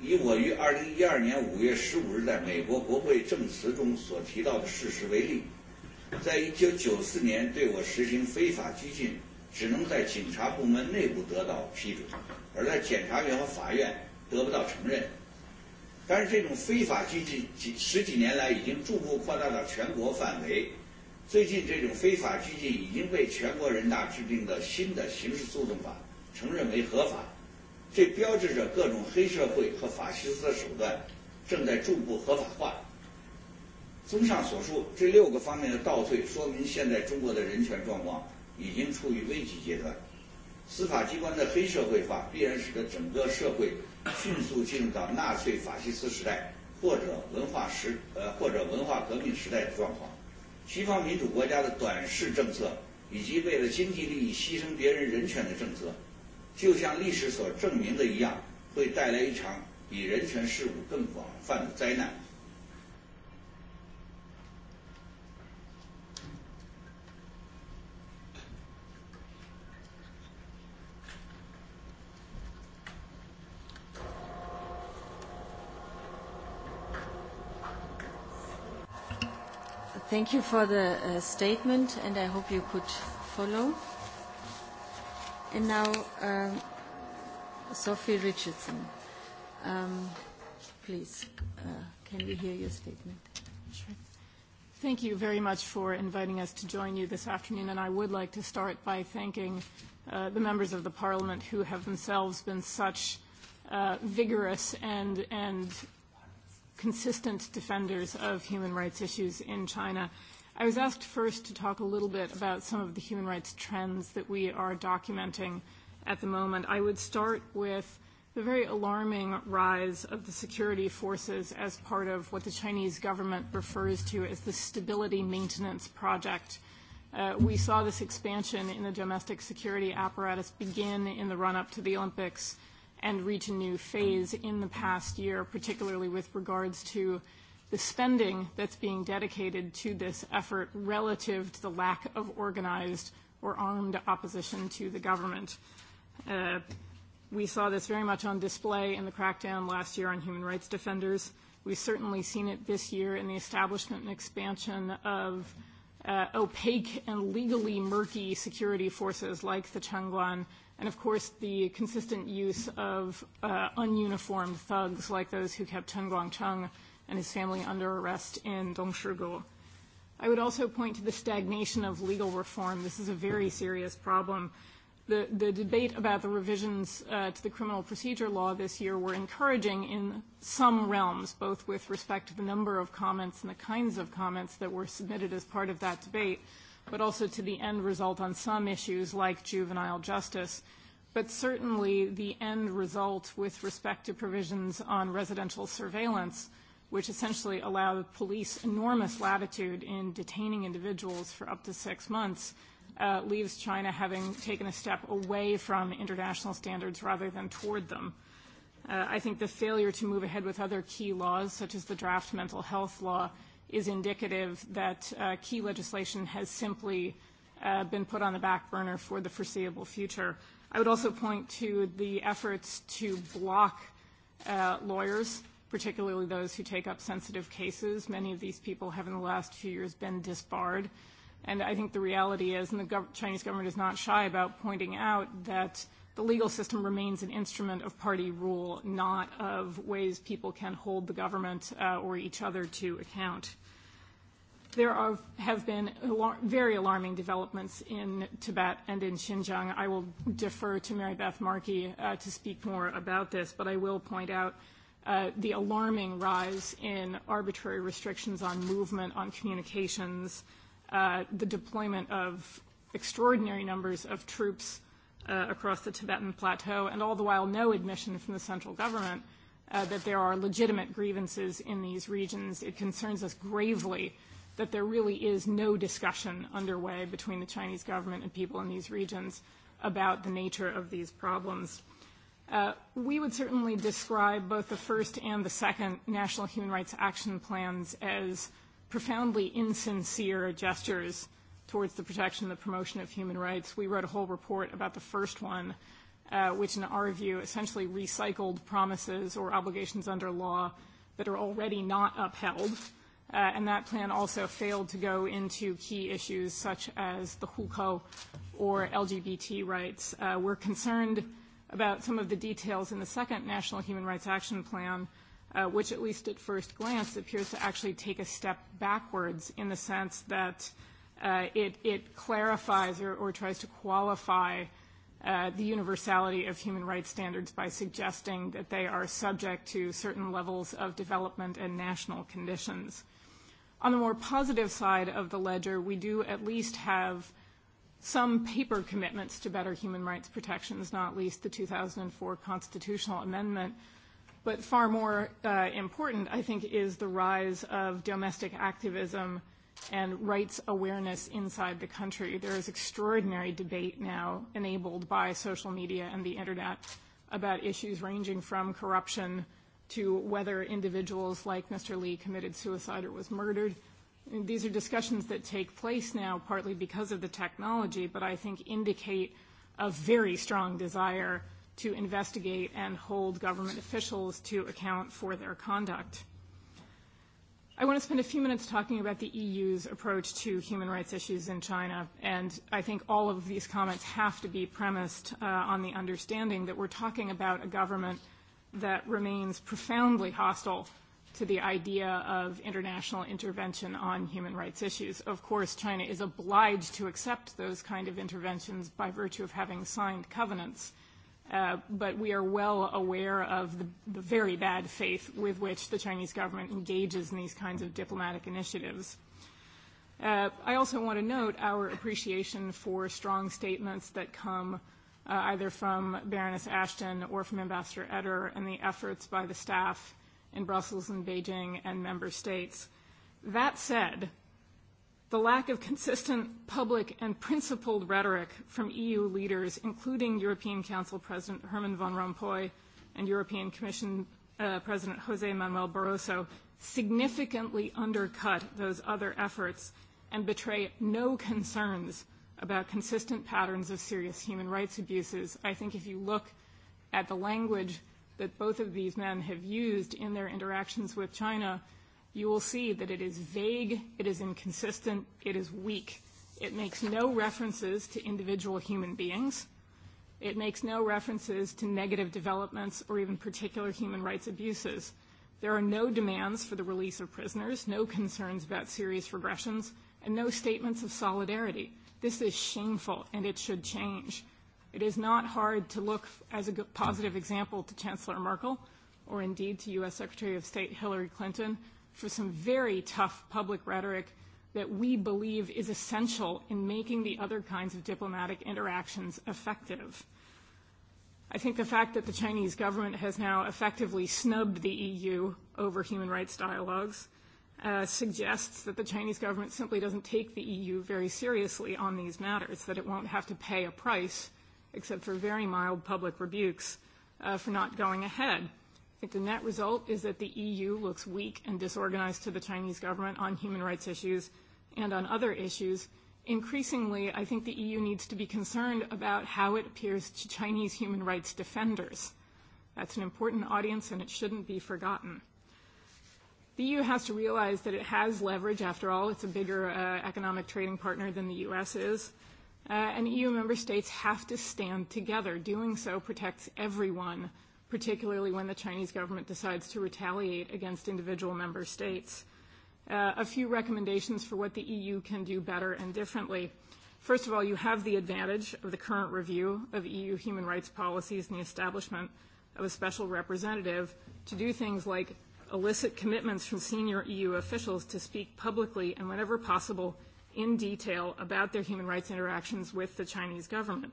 以我于二零一二年五月十五日在美国国会证词中所提到的事实为例，在一九九四年对我实行非法拘禁，只能在警察部门内部得到批准，而在检察院和法院得不到承认。但是这种非法拘禁几十几年来已经逐步扩大到全国范围。最近，这种非法拘禁已经被全国人大制定的新的刑事诉讼法承认为合法，这标志着各种黑社会和法西斯的手段正在逐步合法化。综上所述，这六个方面的倒退，说明现在中国的人权状况已经处于危急阶段。司法机关的黑社会化必然使得整个社会迅速进入到纳粹法西斯时代或者文化时呃或者文化革命时代的状况。西方民主国家的短视政策，以及为了经济利益牺牲别人人权的政策，就像历史所证明的一样，会带来一场比人权事务更广泛的灾难。Thank you for the statement, and I hope you could follow. And now, Sophie Richardson, please, can we hear your statement? Sure. Thank you very much for inviting us to join you this afternoon, and I would like to start by thanking the members of the Parliament who have themselves been such vigorous and, and consistent defenders of human rights issues in China. I was asked first to talk a little bit about some of the human rights trends that we are documenting at the moment. I would start with the very alarming rise of the security forces as part of what the Chinese government refers to as the Stability Maintenance Project. Uh, we saw this expansion in the domestic security apparatus begin in the run-up to the Olympics and reach a new phase in the past year, particularly with regards to the spending that's being dedicated to this effort relative to the lack of organized or armed opposition to the government. Uh, we saw this very much on display in the crackdown last year on human rights defenders. We've certainly seen it this year in the establishment and expansion of uh, opaque and legally murky security forces like the Changguan and of course the consistent use of uh, ununiformed thugs like those who kept Chen Guangcheng and his family under arrest in Dongshigu. I would also point to the stagnation of legal reform. This is a very serious problem. The, the debate about the revisions uh, to the criminal procedure law this year were encouraging in some realms, both with respect to the number of comments and the kinds of comments that were submitted as part of that debate but also to the end result on some issues like juvenile justice. But certainly the end result with respect to provisions on residential surveillance, which essentially allow the police enormous latitude in detaining individuals for up to six months, uh, leaves China having taken a step away from international standards rather than toward them. Uh, I think the failure to move ahead with other key laws, such as the draft mental health law, is indicative that uh, key legislation has simply uh, been put on the back burner for the foreseeable future. I would also point to the efforts to block uh, lawyers, particularly those who take up sensitive cases. Many of these people have in the last few years been disbarred. And I think the reality is, and the gov- Chinese government is not shy about pointing out that the legal system remains an instrument of party rule, not of ways people can hold the government uh, or each other to account. There are, have been alar- very alarming developments in Tibet and in Xinjiang. I will defer to Mary Beth Markey uh, to speak more about this, but I will point out uh, the alarming rise in arbitrary restrictions on movement, on communications, uh, the deployment of extraordinary numbers of troops uh, across the Tibetan plateau, and all the while no admission from the central government uh, that there are legitimate grievances in these regions. It concerns us gravely that there really is no discussion underway between the Chinese government and people in these regions about the nature of these problems. Uh, we would certainly describe both the first and the second National Human Rights Action Plans as profoundly insincere gestures towards the protection and the promotion of human rights. We wrote a whole report about the first one, uh, which in our view essentially recycled promises or obligations under law that are already not upheld. Uh, and that plan also failed to go into key issues such as the hukou or LGBT rights. Uh, we're concerned about some of the details in the second National Human Rights Action Plan, uh, which at least at first glance appears to actually take a step backwards in the sense that uh, uh, it, it clarifies or, or tries to qualify uh, the universality of human rights standards by suggesting that they are subject to certain levels of development and national conditions. On the more positive side of the ledger, we do at least have some paper commitments to better human rights protections, not least the 2004 constitutional amendment. But far more uh, important, I think, is the rise of domestic activism – and rights awareness inside the country. There is extraordinary debate now enabled by social media and the internet about issues ranging from corruption to whether individuals like Mr. Lee committed suicide or was murdered. These are discussions that take place now partly because of the technology, but I think indicate a very strong desire to investigate and hold government officials to account for their conduct. I want to spend a few minutes talking about the EU's approach to human rights issues in China, and I think all of these comments have to be premised uh, on the understanding that we're talking about a government that remains profoundly hostile to the idea of international intervention on human rights issues. Of course, China is obliged to accept those kind of interventions by virtue of having signed covenants – but we are well aware of the, the very bad faith with which the Chinese government engages in these kinds of diplomatic initiatives. Uh, I also want to note our appreciation for strong statements that come uh, either from Baroness Ashton or from Ambassador Eder and the efforts by the staff in Brussels and Beijing and member states. That said, the lack of consistent public and principled rhetoric from EU leaders, including European Council President Herman Van Rompuy and European Commission uh, President Jose Manuel Barroso, significantly undercut those other efforts and betray no concerns about consistent patterns of serious human rights abuses. I think if you look at the language that both of these men have used in their interactions with China, you will see that it is vague, it is inconsistent, it is weak. It makes no references to individual human beings. It makes no references to negative developments or even particular human rights abuses. There are no demands for the release of prisoners, no concerns about serious regressions, and no statements of solidarity. This is shameful, and it should change. It is not hard to look as a positive example to Chancellor Merkel, or indeed to U.S. Secretary of State Hillary Clinton, for some very tough public rhetoric that we believe is essential in making the other kinds of diplomatic interactions effective. I think the fact that the Chinese government has now effectively snubbed the EU over human rights dialogues uh, suggests that the Chinese government simply doesn't take the EU very seriously on these matters, that it won't have to pay a price, except for very mild public rebukes, uh, for not going ahead the net result is that the EU looks weak and disorganized to the Chinese government on human rights issues and on other issues. Increasingly, I think the EU needs to be concerned about how it appears to Chinese human rights defenders. That's an important audience and it shouldn't be forgotten. The EU has to realize that it has leverage. After all, it's a bigger uh, economic trading partner than the US is. Uh, and EU member states have to stand together. Doing so protects everyone particularly when the Chinese government decides to retaliate against individual member states. Uh, a few recommendations for what the EU can do better and differently. First of all, you have the advantage of the current review of EU human rights policies and the establishment of a special representative to do things like elicit commitments from senior EU officials to speak publicly and whenever possible in detail about their human rights interactions with the Chinese government.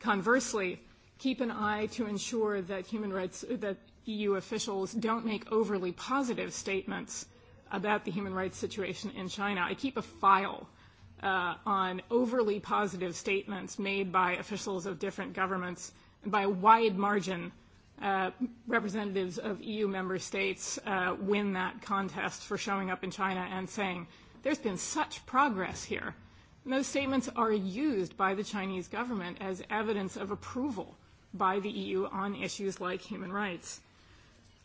Conversely, keep an eye to ensure that human rights, that EU officials don't make overly positive statements about the human rights situation in China. I keep a file uh, on overly positive statements made by officials of different governments and by a wide margin. Uh, representatives of EU member states uh, win that contest for showing up in China and saying, there's been such progress here. And those statements are used by the Chinese government as evidence of approval by the EU on issues like human rights.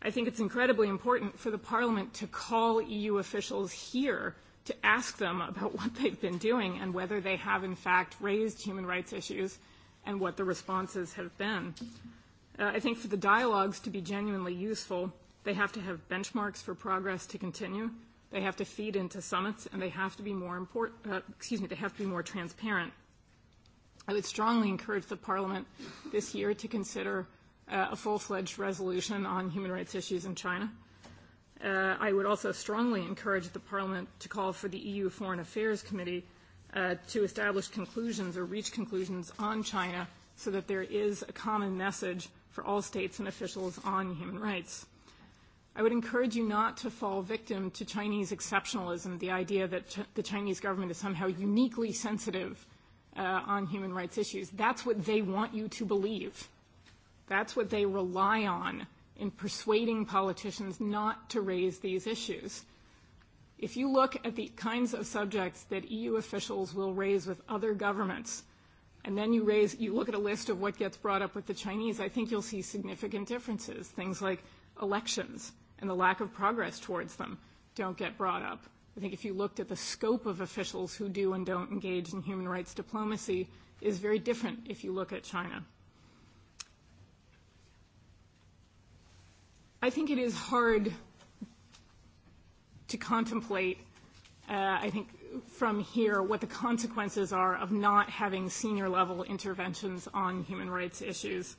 I think it's incredibly important for the Parliament to call EU officials here to ask them about what they've been doing and whether they have, in fact, raised human rights issues and what the responses have been. Uh, I think for the dialogues to be genuinely useful, they have to have benchmarks for progress to continue. They have to feed into summits, and they have to be more important. Uh, excuse me, they have to be more transparent. I would strongly encourage the Parliament this year to consider uh, a full-fledged resolution on human rights issues in China. Uh, I would also strongly encourage the Parliament to call for the EU Foreign Affairs Committee uh, to establish conclusions or reach conclusions on China so that there is a common message for all states and officials on human rights. I would encourage you not to fall victim to Chinese exceptionalism, the idea that ch the Chinese government is somehow uniquely sensitive uh, on human rights issues. That's what they want you to believe. That's what they rely on in persuading politicians not to raise these issues. If you look at the kinds of subjects that EU officials will raise with other governments, and then you raise, you look at a list of what gets brought up with the Chinese, I think you'll see significant differences. Things like elections and the lack of progress towards them don't get brought up. I think if you looked at the scope of officials who do and don't engage in human rights diplomacy is very different if you look at China. I think it is hard to contemplate, uh, I think, from here what the consequences are of not having senior level interventions on human rights issues.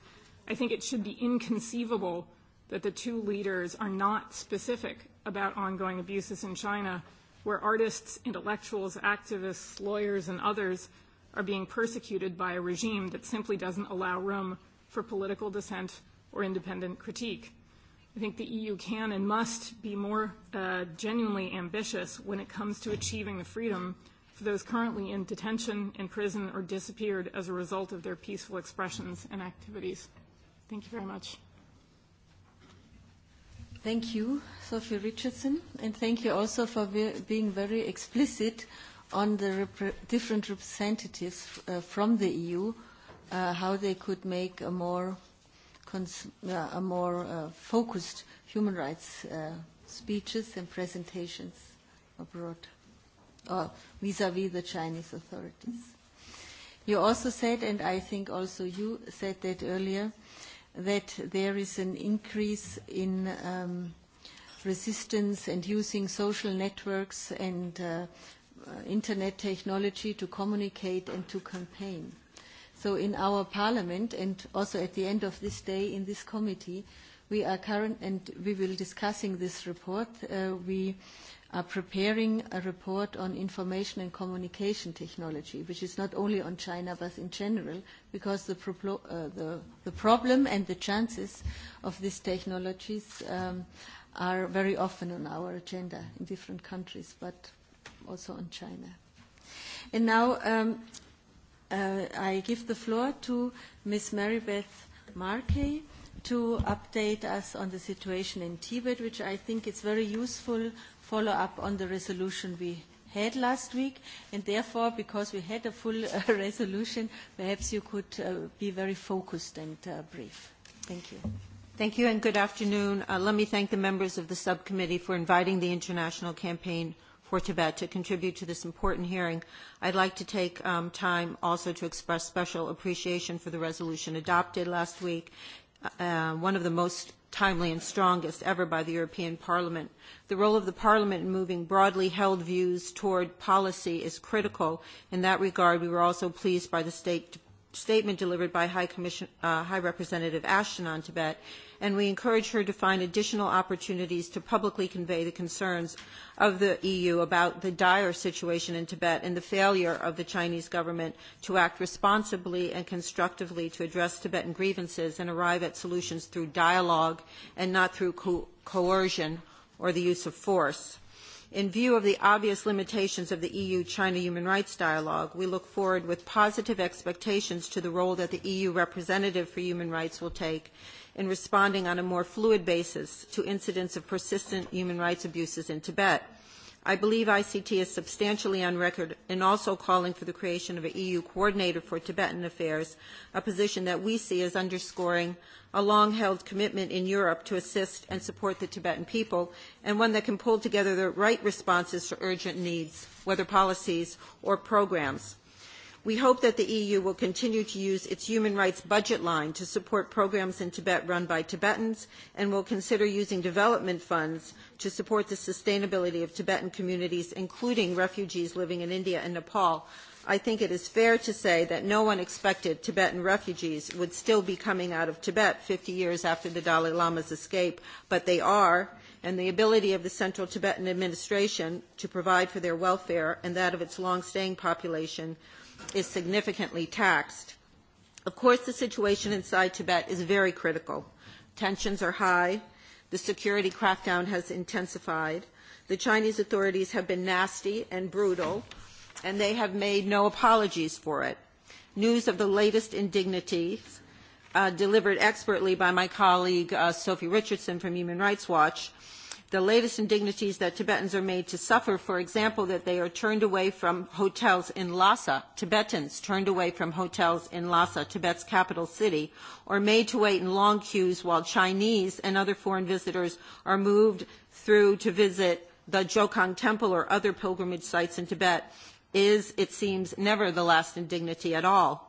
I think it should be inconceivable that the two leaders are not specific about ongoing abuses in China where artists, intellectuals, activists, lawyers, and others are being persecuted by a regime that simply doesn't allow room for political dissent or independent critique. I think the EU can and must be more uh, genuinely ambitious when it comes to achieving the freedom for those currently in detention, in prison, or disappeared as a result of their peaceful expressions and activities. Thank you very much. Thank you, Sophie Richardson, and thank you also for be being very explicit on the rep different representatives uh, from the EU, uh, how they could make a more, cons uh, a more uh, focused human rights uh, speeches and presentations abroad, or vis uh, vis the Chinese authorities. You also said, and I think also you said that earlier, that there is an increase in um, resistance and using social networks and uh, internet technology to communicate and to campaign. So in our parliament and also at the end of this day in this committee, we are current and we will discussing this report. Uh, we uh, are preparing a report on information and communication technology, which is not only on China but in general, because the, pro- uh, the, the problem and the chances of these technologies um, are very often on our agenda in different countries, but also on China. And now um, uh, I give the floor to Ms. Marybeth Markey to update us on the situation in Tibet, which I think is very useful follow up on the resolution we had last week, and therefore, because we had a full uh, resolution, perhaps you could uh, be very focused and uh, brief. Thank you. Thank you and good afternoon. Uh, let me thank the members of the subcommittee for inviting the International Campaign for Tibet to contribute to this important hearing. I'd like to take um, time also to express special appreciation for the resolution adopted last week, uh, one of the most timely and strongest ever by the European Parliament. The role of the Parliament in moving broadly held views toward policy is critical. In that regard, we were also pleased by the state, statement delivered by High, Commission, uh, High Representative Ashton on Tibet and we encourage her to find additional opportunities to publicly convey the concerns of the EU about the dire situation in Tibet and the failure of the Chinese government to act responsibly and constructively to address Tibetan grievances and arrive at solutions through dialogue and not through co- coercion or the use of force. In view of the obvious limitations of the EU-China human rights dialogue, we look forward with positive expectations to the role that the EU representative for human rights will take in responding on a more fluid basis to incidents of persistent human rights abuses in Tibet. I believe ICT is substantially on record in also calling for the creation of an EU coordinator for Tibetan affairs, a position that we see as underscoring a long-held commitment in Europe to assist and support the Tibetan people, and one that can pull together the right responses to urgent needs, whether policies or programs. We hope that the EU will continue to use its human rights budget line to support programs in Tibet run by Tibetans and will consider using development funds to support the sustainability of Tibetan communities, including refugees living in India and Nepal. I think it is fair to say that no one expected Tibetan refugees would still be coming out of Tibet fifty years after the Dalai Lama's escape, but they are, and the ability of the Central Tibetan Administration to provide for their welfare and that of its long-staying population – is significantly taxed. Of course, the situation inside Tibet is very critical. Tensions are high. The security crackdown has intensified. The Chinese authorities have been nasty and brutal, and they have made no apologies for it. News of the latest indignities, uh, delivered expertly by my colleague uh, Sophie Richardson from Human Rights Watch, the latest indignities that Tibetans are made to suffer, for example, that they are turned away from hotels in Lhasa, Tibetans turned away from hotels in Lhasa, Tibet's capital city, or made to wait in long queues while Chinese and other foreign visitors are moved through to visit the Jokang Temple or other pilgrimage sites in Tibet is, it seems, never the last indignity at all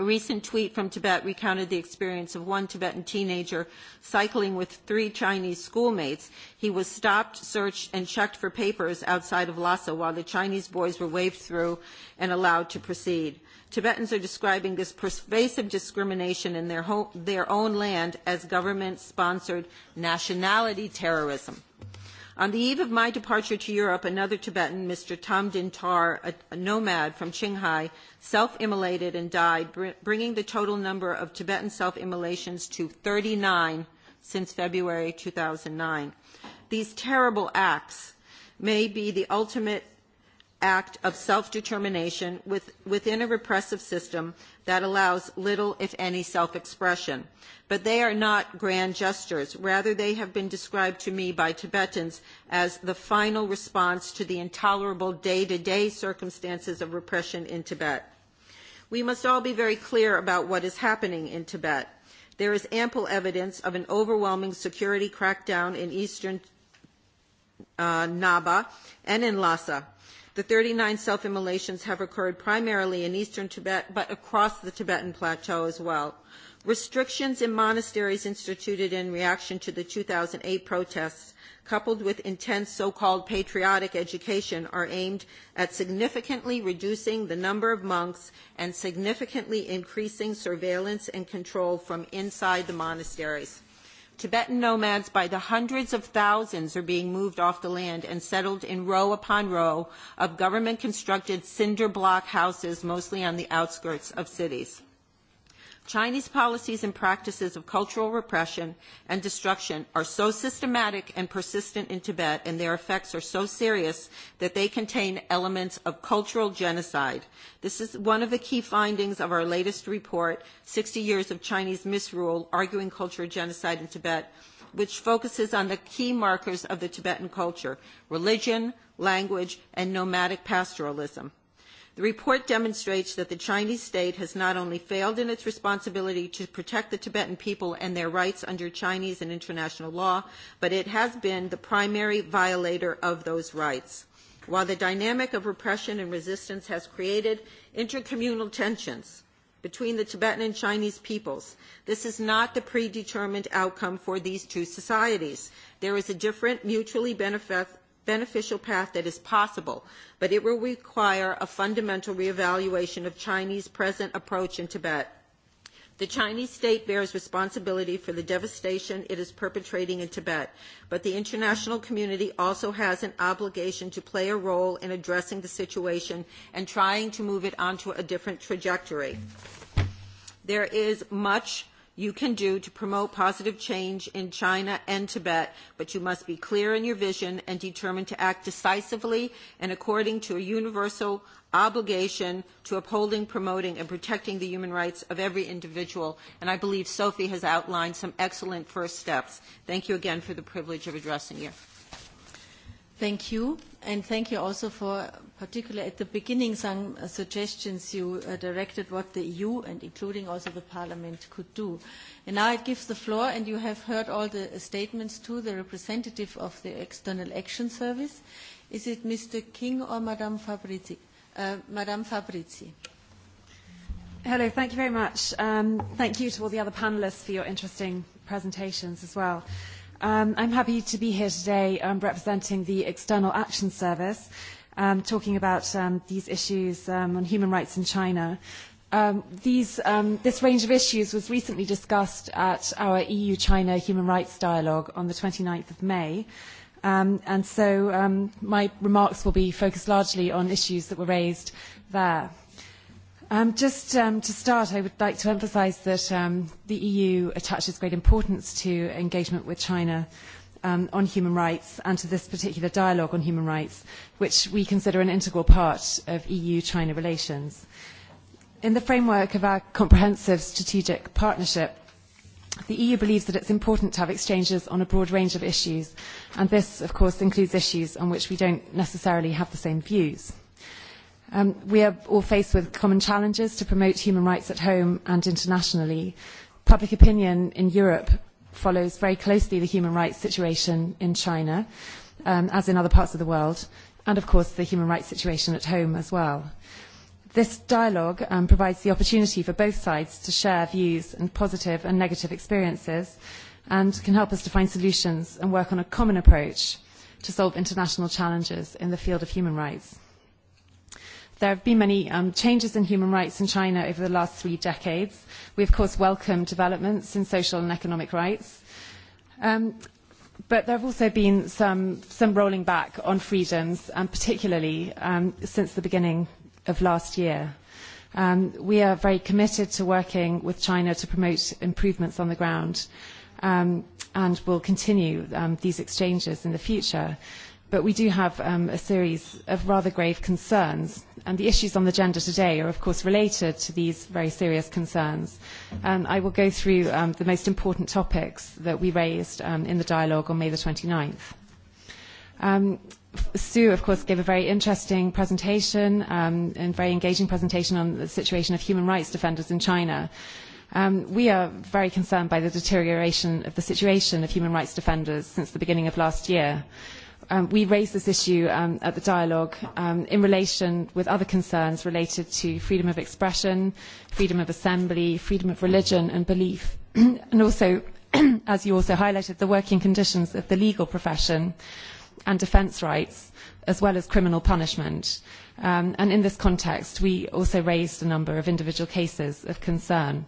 A recent tweet from Tibet recounted the experience of one Tibetan teenager cycling with three Chinese schoolmates. He was stopped, searched, and checked for papers outside of Lhasa while the Chinese boys were waved through and allowed to proceed. Tibetans are describing this pervasive discrimination in their, ho- their own land as government-sponsored nationality terrorism. On the eve of my departure to Europe, another Tibetan, Mr. Tam Dintar, a, a nomad from Qinghai, self-immolated and died, br- bringing the total number of Tibetan self-immolations to 39 since February 2009. These terrible acts may be the ultimate act of self-determination within a repressive system that allows little, if any, self-expression but they are not grand gestures. Rather, they have been described to me by Tibetans as the final response to the intolerable day-to-day circumstances of repression in Tibet. We must all be very clear about what is happening in Tibet. There is ample evidence of an overwhelming security crackdown in eastern uh, Naba and in Lhasa. The 39 self-immolations have occurred primarily in eastern Tibet, but across the Tibetan plateau as well. Restrictions in monasteries instituted in reaction to the 2008 protests, coupled with intense so-called patriotic education, are aimed at significantly reducing the number of monks and significantly increasing surveillance and control from inside the monasteries. Tibetan nomads by the hundreds of thousands are being moved off the land and settled in row upon row of government constructed cinder block houses, mostly on the outskirts of cities. Chinese policies and practices of cultural repression and destruction are so systematic and persistent in Tibet, and their effects are so serious that they contain elements of cultural genocide. This is one of the key findings of our latest report, 60 Years of Chinese Misrule, Arguing Cultural Genocide in Tibet, which focuses on the key markers of the Tibetan culture, religion, language, and nomadic pastoralism. The report demonstrates that the Chinese state has not only failed in its responsibility to protect the Tibetan people and their rights under Chinese and international law, but it has been the primary violator of those rights. While the dynamic of repression and resistance has created intercommunal tensions between the Tibetan and Chinese peoples, this is not the predetermined outcome for these two societies. There is a different mutually benefit beneficial path that is possible, but it will require a fundamental reevaluation of Chinese present approach in Tibet. The Chinese state bears responsibility for the devastation it is perpetrating in Tibet, but the international community also has an obligation to play a role in addressing the situation and trying to move it onto a different trajectory. There is much you can do to promote positive change in China and Tibet, but you must be clear in your vision and determined to act decisively and according to a universal obligation to upholding, promoting, and protecting the human rights of every individual. And I believe Sophie has outlined some excellent first steps. Thank you again for the privilege of addressing you. Thank you, and thank you also for particularly at the beginning, some suggestions you directed what the EU and including also the Parliament could do. And now it gives the floor, and you have heard all the statements to the representative of the External Action Service. Is it Mr. King or Madame Fabrizi? Uh, Madame Fabrizi. Hello, thank you very much. Um, thank you to all the other panelists for your interesting presentations as well. Um, I'm happy to be here today um, representing the External Action Service um, talking about um, these issues um, on human rights in China. Um, these, um, this range of issues was recently discussed at our EU-China Human Rights Dialogue on the 29th of May. Um, and so um, my remarks will be focused largely on issues that were raised there. Um, just um, to start, I would like to emphasize that um, the EU attaches great importance to engagement with China um, on human rights and to this particular dialogue on human rights, which we consider an integral part of EU-China relations. In the framework of our comprehensive strategic partnership, the EU believes that it's important to have exchanges on a broad range of issues, and this, of course, includes issues on which we don't necessarily have the same views. Um, we are all faced with common challenges to promote human rights at home and internationally. Public opinion in Europe follows very closely the human rights situation in China, um, as in other parts of the world, and of course the human rights situation at home as well. This dialogue um, provides the opportunity for both sides to share views and positive and negative experiences and can help us to find solutions and work on a common approach to solve international challenges in the field of human rights. There have been many um, changes in human rights in China over the last three decades. We, of course, welcome developments in social and economic rights. Um, but there have also been some, some rolling back on freedoms, and particularly um, since the beginning of last year. Um, we are very committed to working with China to promote improvements on the ground um, and will continue um, these exchanges in the future. But we do have um, a series of rather grave concerns, and the issues on the agenda today are, of course, related to these very serious concerns. And I will go through um, the most important topics that we raised um, in the dialogue on May the 29th. Um, Sue, of course, gave a very interesting presentation um, and very engaging presentation on the situation of human rights defenders in China. Um, we are very concerned by the deterioration of the situation of human rights defenders since the beginning of last year um, we raised this issue um, at the dialogue um, in relation with other concerns related to freedom of expression, freedom of assembly, freedom of religion and belief, and also, as you also highlighted, the working conditions of the legal profession and defence rights, as well as criminal punishment. Um, and in this context, we also raised a number of individual cases of concern.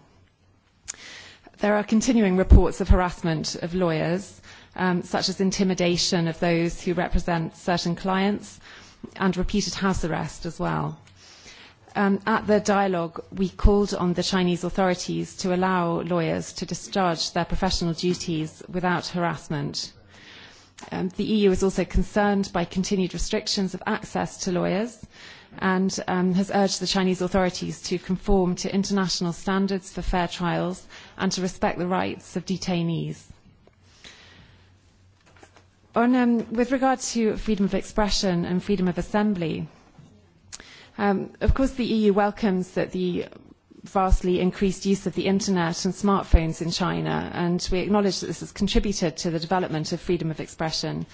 There are continuing reports of harassment of lawyers um, such as intimidation of those who represent certain clients and repeated house arrest as well. Um, at the dialogue, we called on the Chinese authorities to allow lawyers to discharge their professional duties without harassment. Um, the EU is also concerned by continued restrictions of access to lawyers and um, has urged the Chinese authorities to conform to international standards for fair trials and to respect the rights of detainees. On, with regard to freedom of expression and freedom of assembly, of course the EU welcomes that the vastly increased use of the internet and smartphones in China, and we acknowledge that this has contributed to the development of freedom of expression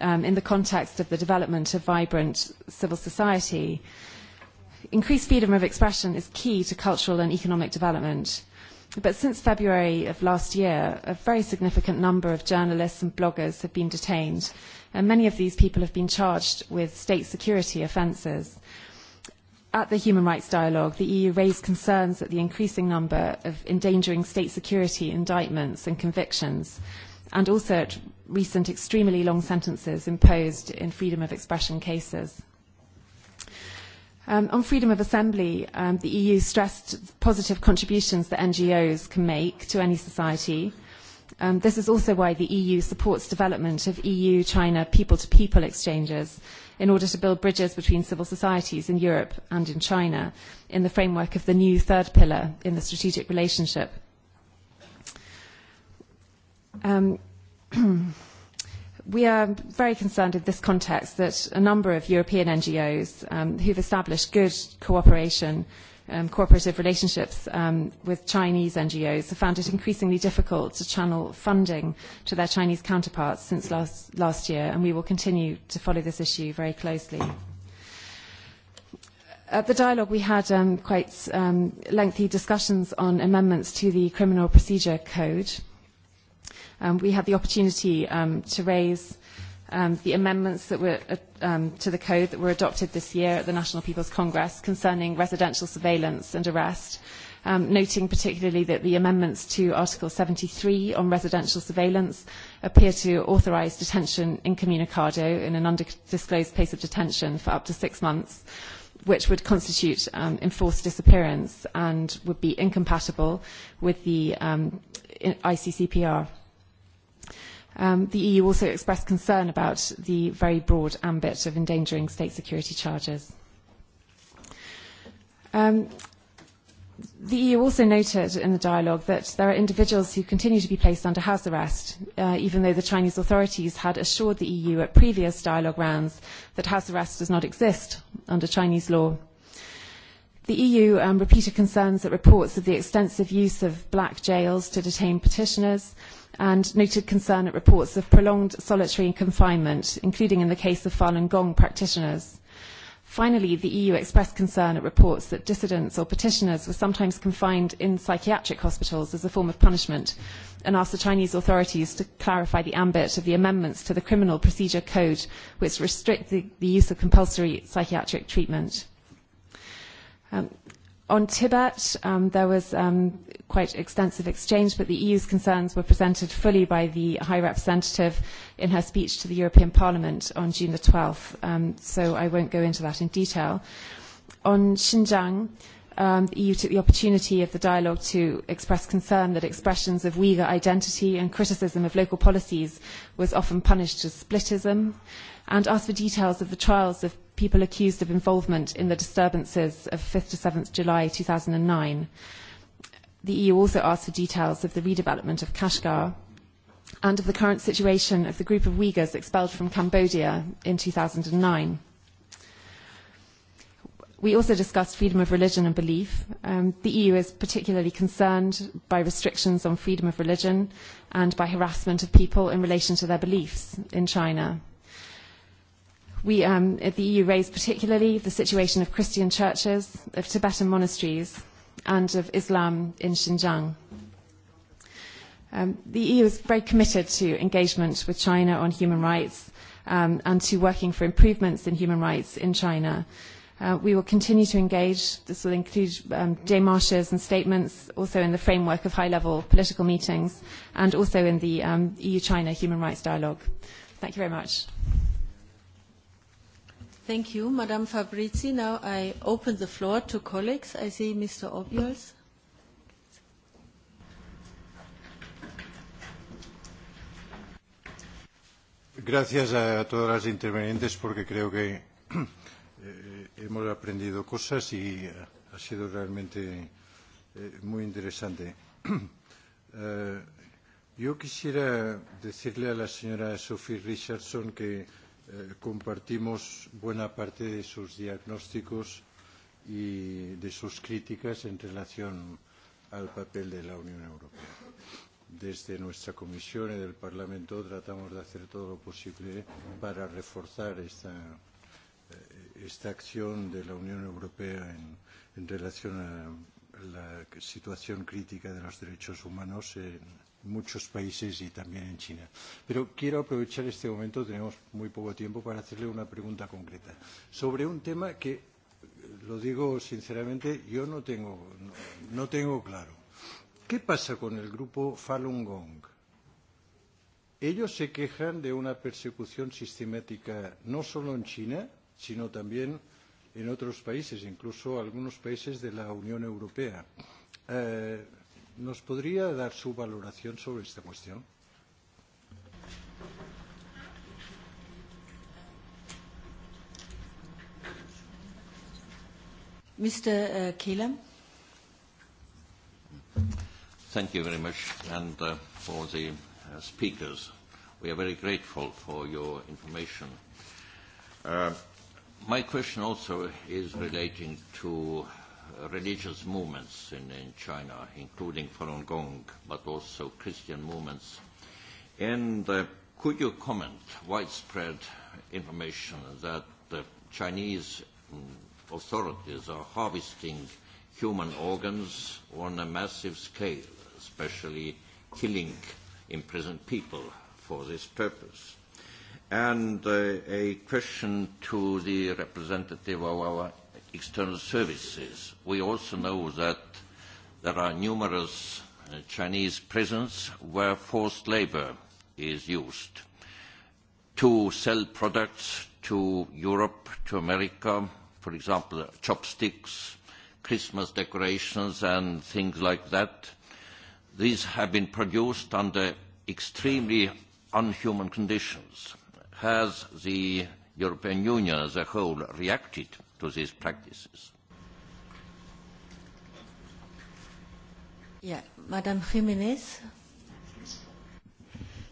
in the context of the development of vibrant civil society. Increased freedom of expression is key to cultural and economic development But since February of last year, a very significant number of journalists and bloggers have been detained, and many of these people have been charged with state security offences. At the Human Rights Dialogue, the EU raised concerns at the increasing number of endangering state security indictments and convictions, and also at recent extremely long sentences imposed in freedom of expression cases on freedom of assembly, the EU stressed positive contributions that NGOs can make to any society. this is also why the EU supports development of EU-China people-to-people exchanges in order to build bridges between civil societies in Europe and in China in the framework of the new third pillar in the strategic relationship we are very concerned in this context that a number of European NGOs um, who've established good cooperation, um, cooperative relationships um, with Chinese NGOs have found it increasingly difficult to channel funding to their Chinese counterparts since last, last year, and we will continue to follow this issue very closely. At the dialogue, we had um, quite um, lengthy discussions on amendments to the Criminal Procedure Code Um, we had the opportunity um, to raise um, the amendments that were uh, um, to the code that were adopted this year at the National People's Congress concerning residential surveillance and arrest, um, noting particularly that the amendments to Article 73 on residential surveillance appear to authorise detention incommunicado in an undisclosed place of detention for up to six months which would constitute um, enforced disappearance and would be incompatible with the um, ICCPR the EU also expressed concern about the very broad ambit of endangering state security charges. the EU also noted in the dialogue that there are individuals who continue to be placed under house arrest, even though the Chinese authorities had assured the EU at previous dialogue rounds that house arrest does not exist under Chinese law. The EU repeated concerns at reports of the extensive use of black jails to detain petitioners, uh, and noted concern at reports of prolonged solitary confinement, including in the case of Falun Gong practitioners. Finally, the EU expressed concern at reports that dissidents or petitioners were sometimes confined in psychiatric hospitals as a form of punishment and asked the Chinese authorities to clarify the ambit of the amendments to the Criminal Procedure Code, which restrict the, the use of compulsory psychiatric treatment. Um, On Tibet, um, there was um, quite extensive exchange, but the EU's concerns were presented fully by the High Representative in her speech to the European Parliament on June the 12th, um, so I won't go into that in detail. On Xinjiang, um, the EU took the opportunity of the dialogue to express concern that expressions of Uyghur identity and criticism of local policies was often punished as splitism, and asked for details of the trials of people accused of involvement in the disturbances of 5th to 7th July 2009. The EU also asked for details of the redevelopment of Kashgar and of the current situation of the group of Uyghurs expelled from Cambodia in 2009. We also discussed freedom of religion and belief. Um, the EU is particularly concerned by restrictions on freedom of religion and by harassment of people in relation to their beliefs in China. We um, at the EU raised particularly the situation of Christian churches, of Tibetan monasteries, and of Islam in Xinjiang. Um, the EU is very committed to engagement with China on human rights um, and to working for improvements in human rights in China. Uh, we will continue to engage. This will include um, démarches and statements, also in the framework of high-level political meetings, and also in the um, EU-China human rights dialogue. Thank you very much. Thank you, Madame Fabrizi. Now I open the floor to colleagues. I see Mr. Obiols. Gracias a todas las intervenientes porque creo que hemos aprendido cosas y ha sido realmente muy interesante. yo quisiera decirle a la señora Sophie Richardson que compartimos buena parte de sus diagnósticos y de sus críticas en relación al papel de la Unión Europea. Desde nuestra comisión y del Parlamento tratamos de hacer todo lo posible para reforzar esta, esta acción de la Unión Europea en, en relación a la situación crítica de los derechos humanos en, muchos países y también en China. Pero quiero aprovechar este momento, tenemos muy poco tiempo, para hacerle una pregunta concreta sobre un tema que, lo digo sinceramente, yo no tengo, no, no tengo claro. ¿Qué pasa con el grupo Falun Gong? Ellos se quejan de una persecución sistemática no solo en China, sino también en otros países, incluso algunos países de la Unión Europea. Eh, ¿Nos podría dar su valoración sobre esta cuestión? Mr. Keelam. Thank you very much, and uh, for the uh, speakers. We are very grateful for your information. Uh, my question also is relating to religious movements in, in China, including Falun Gong, but also Christian movements. And uh, could you comment widespread information that the Chinese authorities are harvesting human organs on a massive scale, especially killing imprisoned people for this purpose? And uh, a question to the representative of our external services. We also know that there are numerous Chinese prisons where forced labor is used to sell products to Europe, to America, for example, chopsticks, Christmas decorations and things like that. These have been produced under extremely unhuman conditions. Has the European Union as a whole reacted to these practices. Yeah. Madame Jiménez.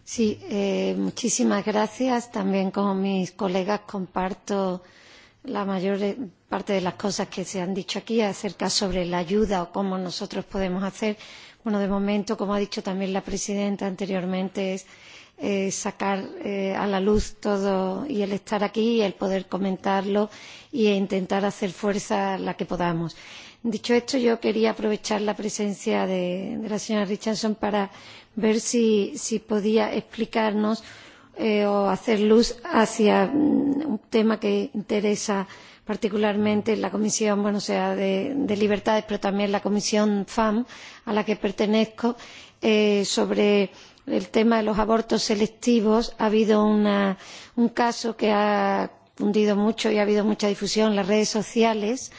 Sí, eh, muchísimas gracias. También con mis colegas comparto la mayor parte de las cosas que se han dicho aquí acerca sobre la ayuda o cómo nosotros podemos hacer. Bueno, de momento, como ha dicho también la presidenta anteriormente, es sacar a la luz todo y el estar aquí y el poder comentarlo e intentar hacer fuerza la que podamos. Dicho esto, yo quería aprovechar la presencia de, la señora Richardson para ver si, podía explicarnos o hacer luz hacia un tema que interesa particularmente la Comisión de, Libertades, pero también la Comisión FAM, a la que pertenezco, sobre el tema de los abortos selectivos ha habido un caso que ha cundido mucho y ha habido mucha difusión en las redes sociales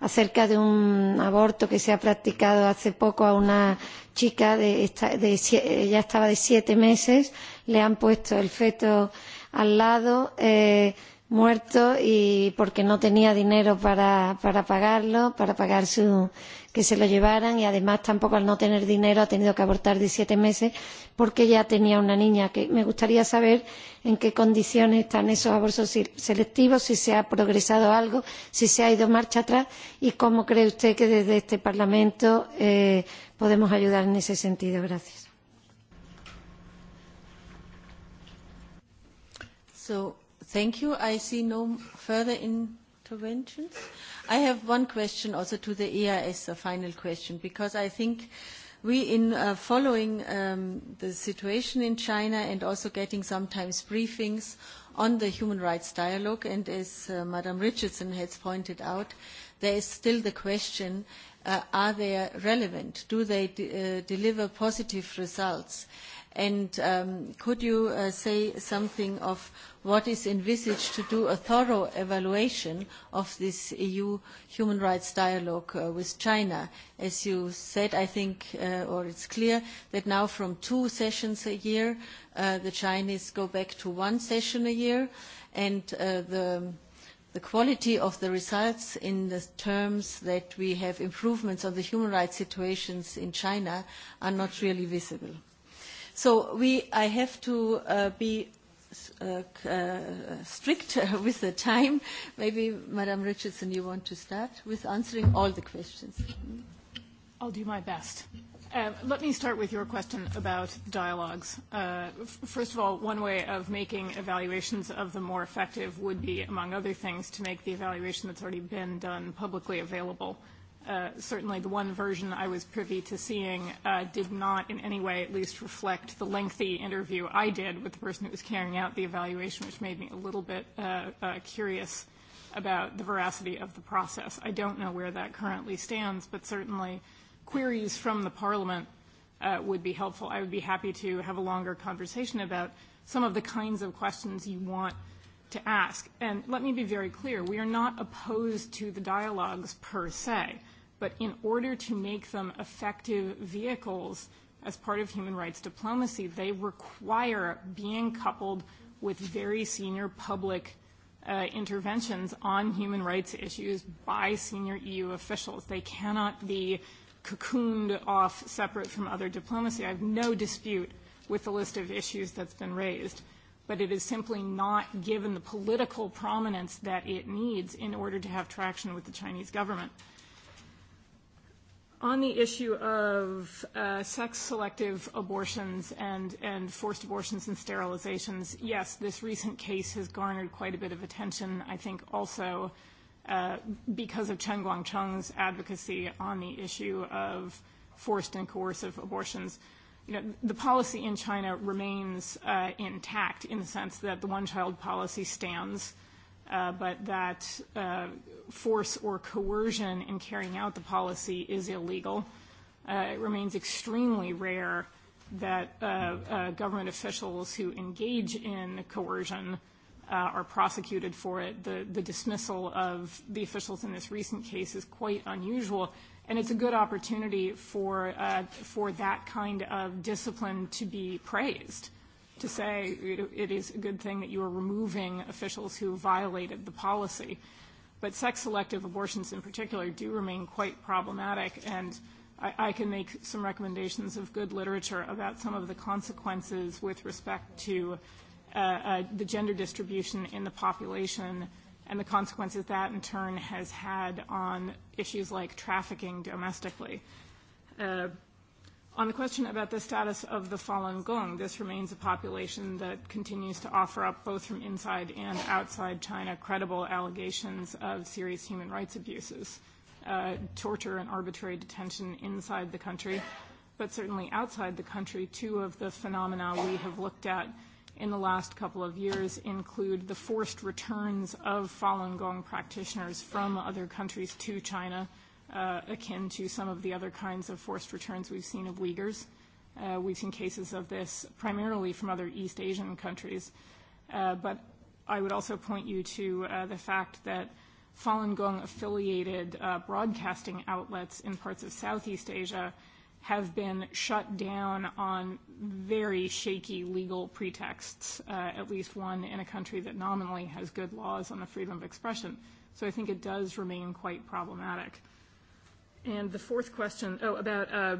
acerca de un aborto que se ha practicado hace poco a una chica de, ella estaba de siete meses le han puesto el feto al lado eh, muerto y porque no tenía dinero para, para pagarlo, para pagar su, que se lo llevaran y además tampoco al no tener dinero ha tenido que abortar 17 meses porque ya tenía una niña. Que me gustaría saber en qué condiciones están esos abortos selectivos, si se ha progresado algo, si se ha ido marcha atrás y cómo cree usted que desde este Parlamento eh, podemos ayudar en ese sentido. Gracias. So Thank you. I see no further interventions. I have one question also to the EIS, a final question, because I think we, in following the situation in China and also getting sometimes briefings on the human rights dialogue, and as uh, Madam Richardson has pointed out, there is still the question, are they relevant? Do they deliver positive results? And could you say something of what is envisaged to do a thorough evaluation of this EU human rights dialogue with China? As you said, I think, or it's clear that now from two sessions a year, the Chinese go back to one session a year, and the the quality of the results in the terms that we have improvements on the human rights situations in China are not really visible. So we, I have to uh, be uh, uh, strict with the time. Maybe, Madam Richardson, you want to start with answering all the questions. I'll do my best. Um, let me start with your question about dialogues. Uh, first of all, one way of making evaluations of them more effective would be, among other things, to make the evaluation that's already been done publicly available uh, certainly the one version I was privy to seeing uh, did not in any way at least reflect the lengthy interview I did with the person who was carrying out the evaluation, which made me a little bit uh, uh, curious about the veracity of the process. I don't know where that currently stands, but certainly queries from the Parliament uh, would be helpful. I would be happy to have a longer conversation about some of the kinds of questions you want to ask. And let me be very clear, we are not opposed to the dialogues per se but in order to make them effective vehicles as part of human rights diplomacy, they require being coupled with very senior public uh, interventions on human rights issues by senior EU officials. They cannot be cocooned off separate from other diplomacy. I have no dispute with the list of issues that's been raised, but it is simply not given the political prominence that it needs in order to have traction with the Chinese government. On the issue of uh, sex-selective abortions and, and forced abortions and sterilizations, yes, this recent case has garnered quite a bit of attention, I think also uh, because of Chen Guangcheng's advocacy on the issue of forced and coercive abortions. You know, the policy in China remains uh, intact in the sense that the one-child policy stands – uh, but that uh, force or coercion in carrying out the policy is illegal. Uh, it remains extremely rare that uh, uh, government officials who engage in coercion uh, are prosecuted for it. The, the dismissal of the officials in this recent case is quite unusual, and it's a good opportunity for, uh, for that kind of discipline to be praised to say it, it is a good thing that you are removing officials who violated the policy. But sex selective abortions in particular do remain quite problematic, and I, I can make some recommendations of good literature about some of the consequences with respect to uh, uh, the gender distribution in the population and the consequences that in turn has had on issues like trafficking domestically. Uh, On the question about the status of the Falun Gong, this remains a population that continues to offer up, both from inside and outside China, credible allegations of serious human rights abuses, uh, torture and arbitrary detention inside the country, but certainly outside the country. Two of the phenomena we have looked at in the last couple of years include the forced returns of Falun Gong practitioners from other countries to China – uh, akin to some of the other kinds of forced returns we've seen of Uyghurs. Uh, we've seen cases of this primarily from other East Asian countries. Uh, but I would also point you to uh, the fact that Falun Gong affiliated uh, broadcasting outlets in parts of Southeast Asia have been shut down on very shaky legal pretexts, uh, at least one in a country that nominally has good laws on the freedom of expression. So I think it does remain quite problematic. And the fourth question, oh, about uh,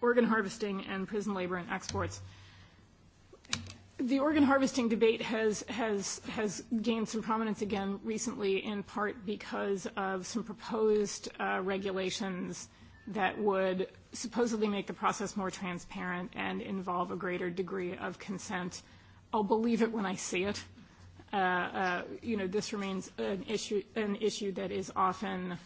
organ harvesting and prison labor and exports. The organ harvesting debate has, has, has gained some prominence again recently, in part because of some proposed uh, regulations that would supposedly make the process more transparent and involve a greater degree of consent. I'll believe it when I see it. Uh, uh, you know, this remains an issue, an issue that is often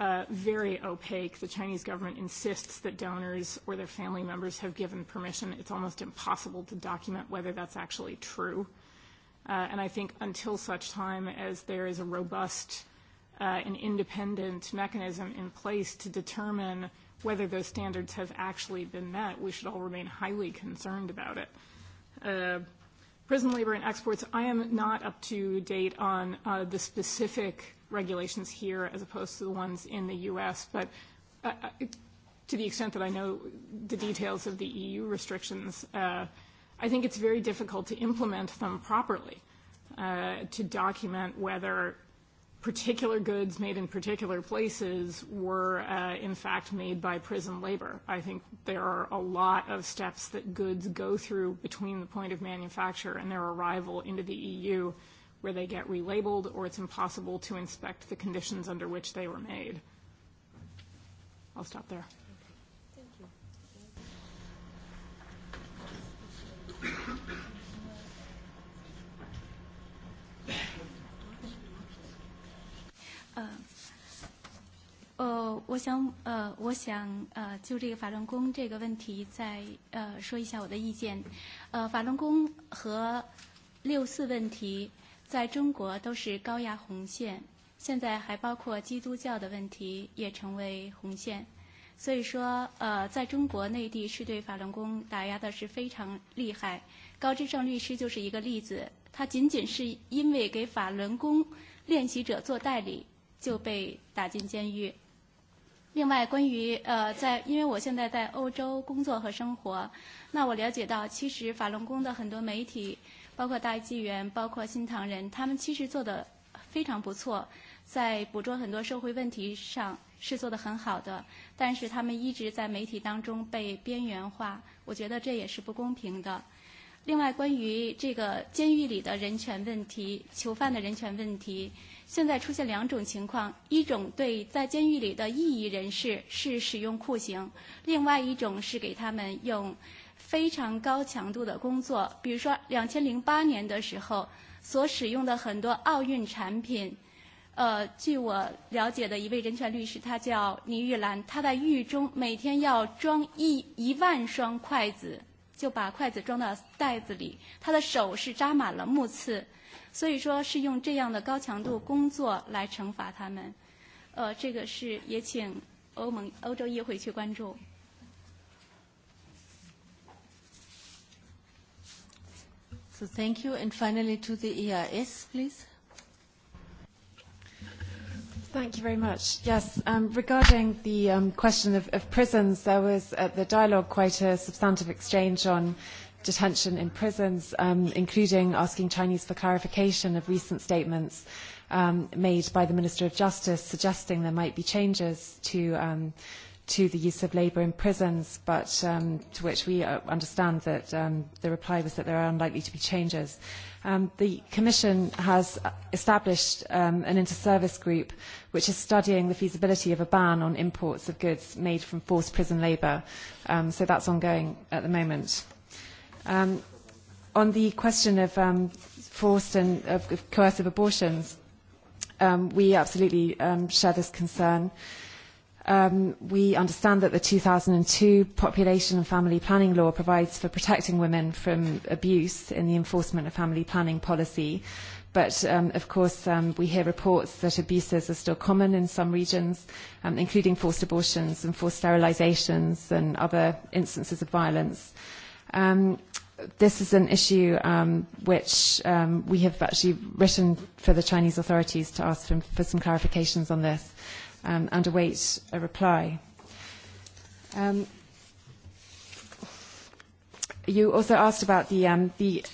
uh, very opaque. The Chinese government insists that donors or their family members have given permission. It's almost impossible to document whether that's actually true. Uh, and I think until such time as there is a robust uh, and independent mechanism in place to determine whether those standards have actually been met, we should all remain highly concerned about it. Uh, prison labor and exports, I am not up to date on uh, the specific regulations here as opposed to the ones in the U.S. But uh, to the extent that I know the details of the EU restrictions, uh, I think it's very difficult to implement them properly, uh, to document whether particular goods made in particular places were uh, in fact made by prison labor. I think there are a lot of steps that goods go through between the point of manufacture and their arrival into the EU where they get relabeled or it's impossible to inspect the conditions under which they were made. I'll stop there. 在中国都是高压红线，现在还包括基督教的问题也成为红线。所以说，呃，在中国内地是对法轮功打压的是非常厉害。高志胜律师就是一个例子，他仅仅是因为给法轮功练习者做代理就被打进监狱。另外，关于呃，在因为我现在在欧洲工作和生活，那我了解到，其实法轮功的很多媒体包括大纪元，包括新唐人，他们其实做的非常不错，在捕捉很多社会问题上是做的很好的，但是他们一直在媒体当中被边缘化，我觉得这也是不公平的。另外，关于这个监狱里的人权问题、囚犯的人权问题，现在出现两种情况：一种对在监狱里的异议人士是使用酷刑，另外一种是给他们用非常高强度的工作，比如说两千零八年的时候所使用的很多奥运产品，呃，据我了解的一位人权律师，他叫倪玉兰，他在狱中每天要装一一万双筷子，就把筷子装到袋子里，他的手是扎满了木刺，所以说是用这样的高强度工作来惩罚他们，呃，这个是也请欧盟欧洲议会去关注。So thank you. And finally to the EIS, please. Thank you very much. Yes, um, regarding the um, question of, of prisons, there was at the dialogue quite a substantive exchange on detention in prisons, um, including asking Chinese for clarification of recent statements um, made by the Minister of Justice suggesting there might be changes to um, to the use of labour in prisons, but um, to which we uh, understand that um, the reply was that there are unlikely to be changes. Um, the Commission has established um, an inter-service group which is studying the feasibility of a ban on imports of goods made from forced prison labour. Um, so that's ongoing at the moment. Um, on the question of um, forced and of coercive abortions, um, we absolutely um, share this concern. Uh, Um, we understand that the 2002 Population and Family Planning Law provides for protecting women from abuse in the enforcement of family planning policy. But um, of course, um, we hear reports that abuses are still common in some regions, um, including forced abortions and forced sterilizations and other instances of violence. Um, this is an issue um, which um, we have actually written for the Chinese authorities to ask for, for some clarifications on this um, and awaits a reply. Um, you also asked about the, um, the,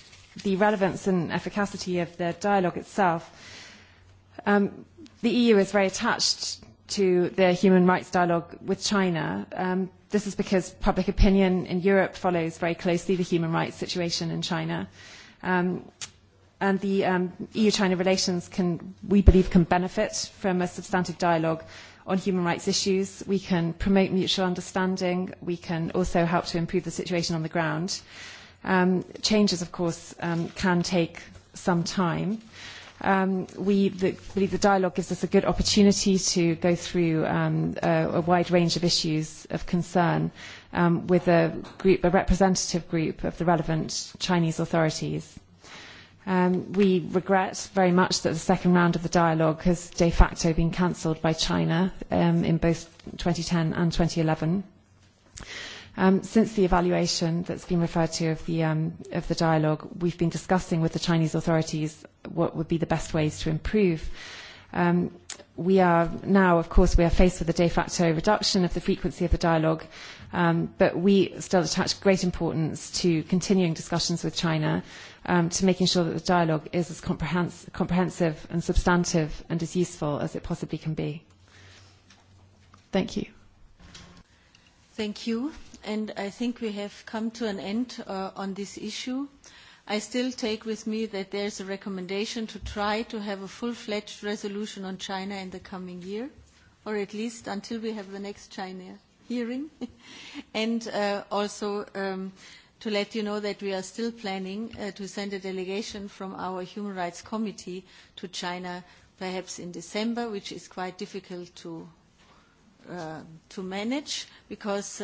the relevance and efficacity of the dialogue itself. Um, the EU is very attached to the human rights dialogue with China. Um, this is because public opinion in Europe follows very closely the human rights situation in China. Um, and the um, EU-China relations can, we believe, can benefit from a substantive dialogue on human rights issues. We can promote mutual understanding. We can also help to improve the situation on the ground. Um, changes, of course, um, can take some time. Um, we the, believe the dialogue gives us a good opportunity to go through um, a, a wide range of issues of concern um, with a group, a representative group of the relevant Chinese authorities. Um, we regret very much that the second round of the dialogue has de facto been cancelled by China um, in both 2010 and 2011. Um, since the evaluation that's been referred to of the, um, of the dialogue, we've been discussing with the Chinese authorities what would be the best ways to improve. Um, we are now, of course, we are faced with a de facto reduction of the frequency of the dialogue, um, but we still attach great importance to continuing discussions with China um, to making sure that the dialogue is as comprehens- comprehensive and substantive and as useful as it possibly can be. Thank you. Thank you. And I think we have come to an end uh, on this issue. I still take with me that there is a recommendation to try to have a full-fledged resolution on China in the coming year, or at least until we have the next China hearing. and uh, also um, to let you know that we are still planning to send a delegation from our Human Rights Committee to China, perhaps in December, which is quite difficult to to manage because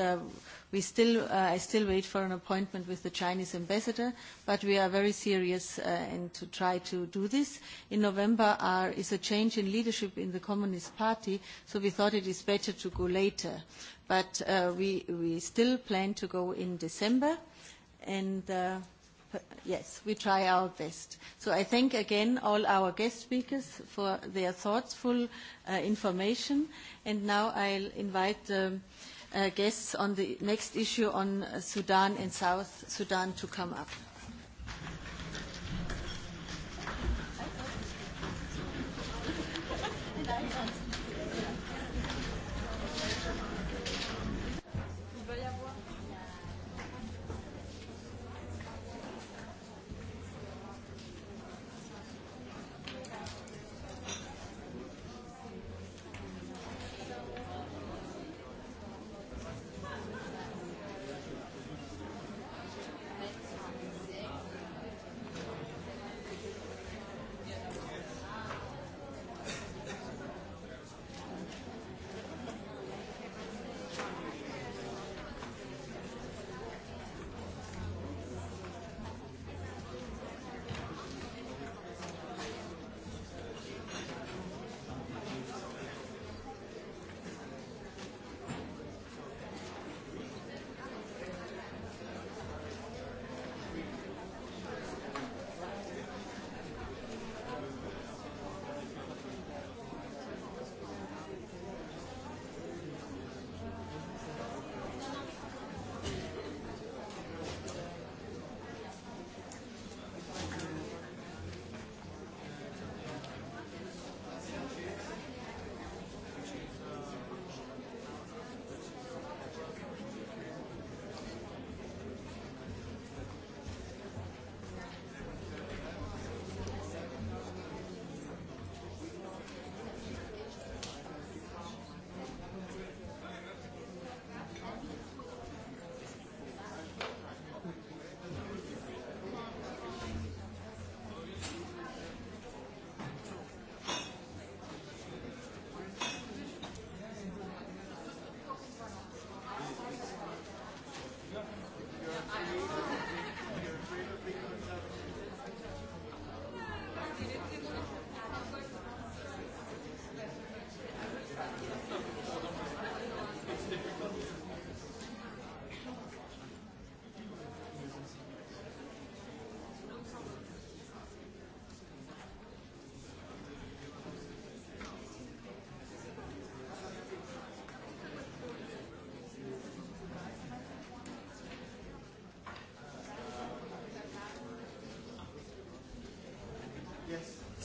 we still I still wait for an appointment with the Chinese ambassador, but we are very serious and to try to do this. In November are, is a change in leadership in the Communist Party, so we thought it is better to go later. But we, we still plan to go in December and uh, yes, we try our best. So I thank again all our guest speakers for their thoughtful uh, information, and now I'll invite um, uh, guests on the next issue on Sudan and South Sudan to come up.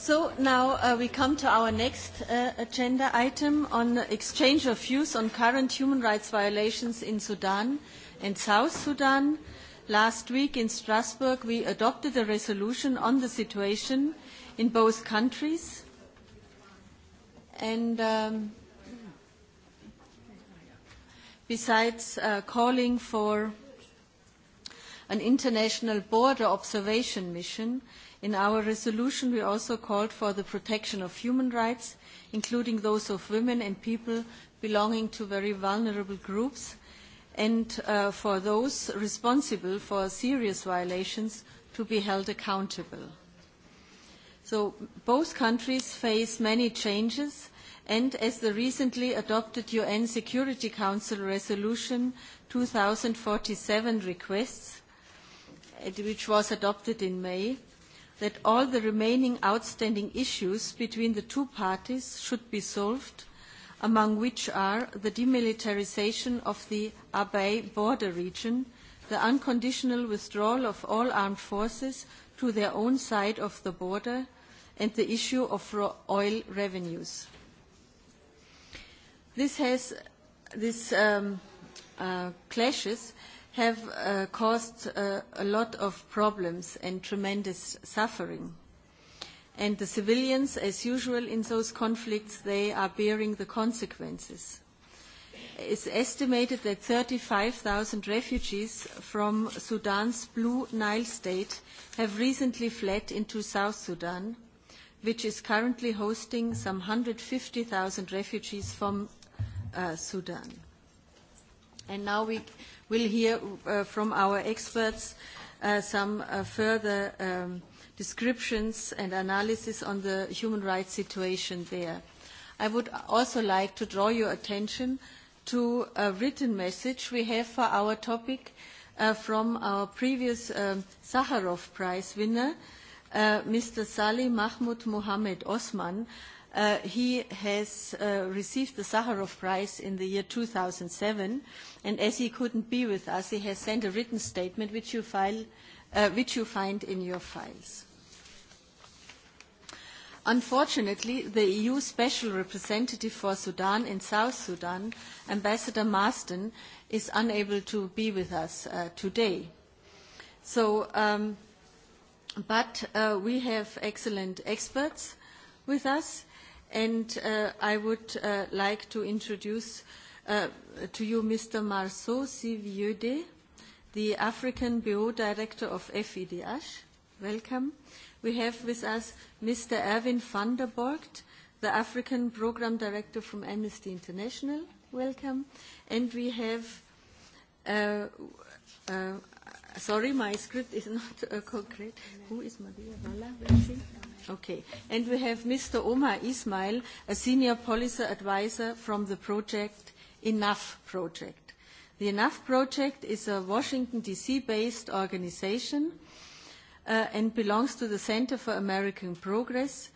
So now uh, we come to our next uh, agenda item on exchange of views on current human rights violations in Sudan and South Sudan. Last week in Strasbourg, we adopted a resolution on the situation in both countries. And um, besides uh, calling for an international border observation mission. In our resolution, we also called for the protection of human rights, including those of women and people belonging to very vulnerable groups, and for those responsible for serious violations to be held accountable. So both countries face many changes, and as the recently adopted UN Security Council Resolution 2047 requests, which was adopted in May, that all the remaining outstanding issues between the two parties should be solved, among which are the demilitarization of the Abay border region, the unconditional withdrawal of all armed forces to their own side of the border, and the issue of oil revenues. This has, this um, uh, clashes have uh, caused uh, a lot of problems and tremendous suffering. And the civilians, as usual in those conflicts, they are bearing the consequences. It's estimated that 35,000 refugees from Sudan's Blue Nile state have recently fled into South Sudan, which is currently hosting some 150,000 refugees from uh, Sudan. And now we will hear uh, from our experts uh, some uh, further um, descriptions and analysis on the human rights situation there. I would also like to draw your attention to a written message we have for our topic uh, from our previous um, Sakharov Prize winner, uh, Mr. Salih Mahmoud Mohammed Osman, he has received the Sakharov Prize in the year 2007, and as he couldn't be with us, he has sent a written statement which you, file, uh, which you find in your files. Unfortunately, the EU Special Representative for Sudan in South Sudan, Ambassador Marsden, is unable to be with us uh, today. So, um, but uh, we have excellent experts with us And I would like to introduce to you Mr. Marceau Sivieude, the African Bureau Director of FEDH. Welcome. We have with us Mr. Erwin van der Borgt, the African Program Director from Amnesty International. Welcome. And we have Sorry, my script is not uh, concrete. Who is Maria Valla? Okay. And we have Mr. Omar Ismail, a senior policy advisor from the project Enough Project. The Enough Project is a Washington, D.C. based organization uh, and belongs to the Center for American Progress,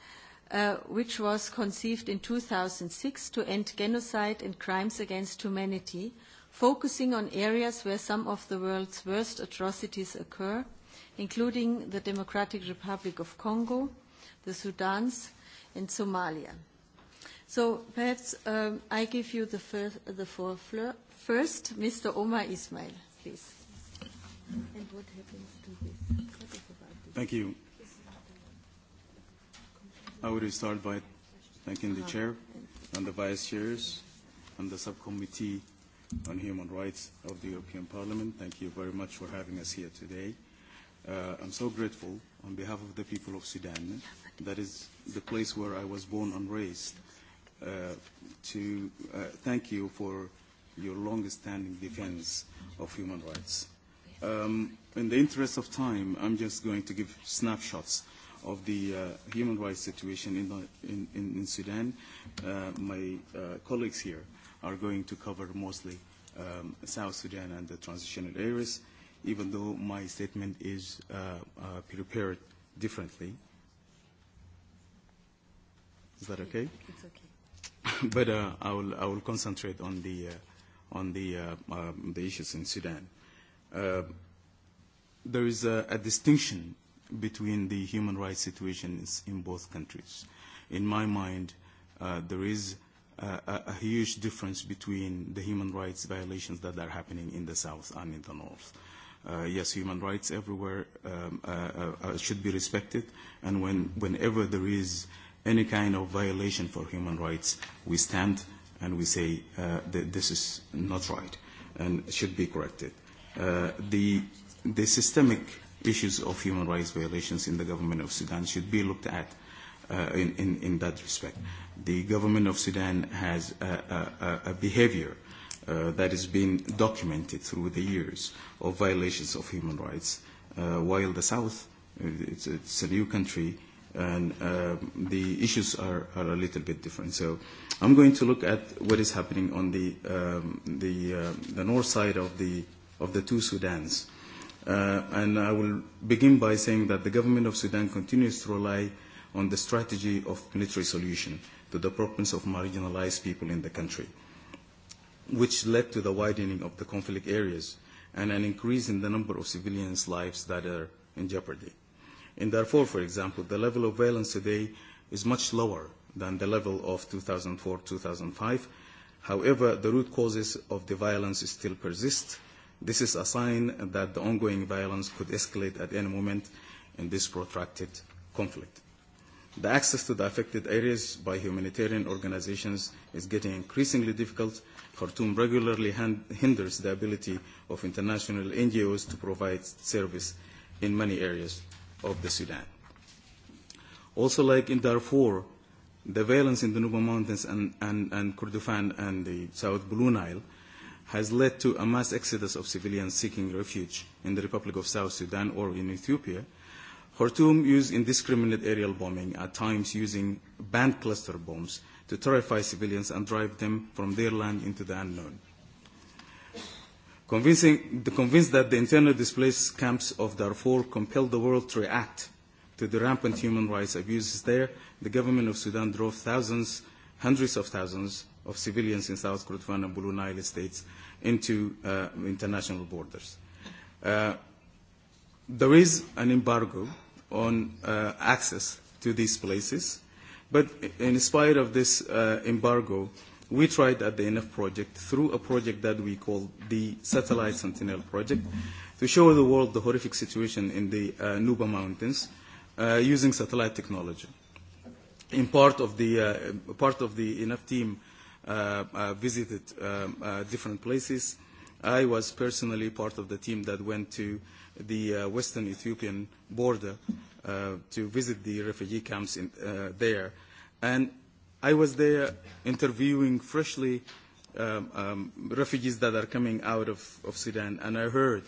uh, which was conceived in 2006 to end genocide and crimes against humanity – focusing on areas where some of the world's worst atrocities occur, including the Democratic Republic of Congo, the Sudans, and Somalia. So perhaps um, I give you the, first, the floor first, Mr. Omar Ismail, please. And what happens to this? What is about this? Thank you. I would start by thanking the chair and the vice chairs and the subcommittee on Human Rights of the European Parliament. Thank you very much for having us here today. Uh, I'm so grateful on behalf of the people of Sudan, that is the place where I was born and raised, uh, to uh, thank you for your long-standing defense of human rights. Um, in the interest of time, I'm just going to give snapshots of the uh, human rights situation in, the, in, in, in Sudan. Uh, my uh, colleagues here are going to cover mostly um, South Sudan and the transitional areas, even though my statement is uh, uh, prepared differently. Is that okay? It's okay. but uh, I will I will concentrate on the uh, on the uh, um, the issues in Sudan. Uh, there is a, a distinction between the human rights situations in both countries. In my mind, uh, there is a, a huge difference between the human rights violations that are happening in the south and in the north. Uh, yes, human rights everywhere um, uh, uh, should be respected, and when, whenever there is any kind of violation for human rights, we stand and we say uh, that this is not right and should be corrected. Uh, the, the systemic issues of human rights violations in the government of Sudan should be looked at uh, in, in, in that respect. The government of Sudan has a, a, a behavior uh, that has been documented through the years of violations of human rights, uh, while the South, it's, it's a new country, and uh, the issues are, are a little bit different. So I'm going to look at what is happening on the, um, the, uh, the north side of the, of the two Sudans. Uh, and I will begin by saying that the government of Sudan continues to rely on the strategy of military solution to the problems of marginalized people in the country, which led to the widening of the conflict areas and an increase in the number of civilians' lives that are in jeopardy. In Darfur, for example, the level of violence today is much lower than the level of 2004-2005. However, the root causes of the violence still persist. This is a sign that the ongoing violence could escalate at any moment in this protracted conflict. The access to the affected areas by humanitarian organizations is getting increasingly difficult. Khartoum regularly hinders the ability of international NGOs to provide service in many areas of the Sudan. Also, like in Darfur, the violence in the Nuba Mountains and, and, and Kurdufan and the South Blue Nile has led to a mass exodus of civilians seeking refuge in the Republic of South Sudan or in Ethiopia – Khartoum used indiscriminate aerial bombing, at times using banned cluster bombs to terrify civilians and drive them from their land into the unknown. Convincing, convinced that the internal displaced camps of Darfur compelled the world to react to the rampant human rights abuses there, the government of Sudan drove thousands, hundreds of thousands of civilians in South Kordofan and Blue Nile states into uh, international borders. Uh, there is an embargo on uh, access to these places, but in spite of this uh, embargo, we tried at the NF project through a project that we call the Satellite Sentinel Project to show the world the horrific situation in the uh, Nuba Mountains uh, using satellite technology. In part of the, uh, part of the NF team uh, uh, visited um, uh, different places. I was personally part of the team that went to uh, the uh, western Ethiopian border uh, to visit the refugee camps in, uh, there. And I was there interviewing freshly um, um, refugees that are coming out of, of Sudan, and I heard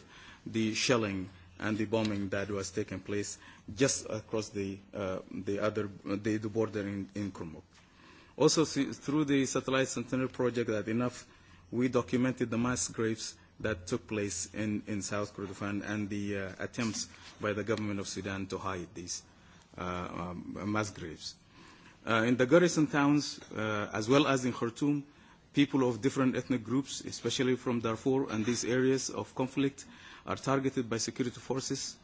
the shelling and the bombing that was taking place just across the, uh, the, other, the, the border in, in Kurmuk. Also, through the Satellite Sentinel project that Enough, we documented the mass graves that took place in, in South Kordofan and the uh, attempts by the government of Sudan to hide these uh, um, mass graves. Uh, in the garrison towns, uh, as well as in Khartoum, people of different ethnic groups, especially from Darfur and these areas of conflict, are targeted by security forces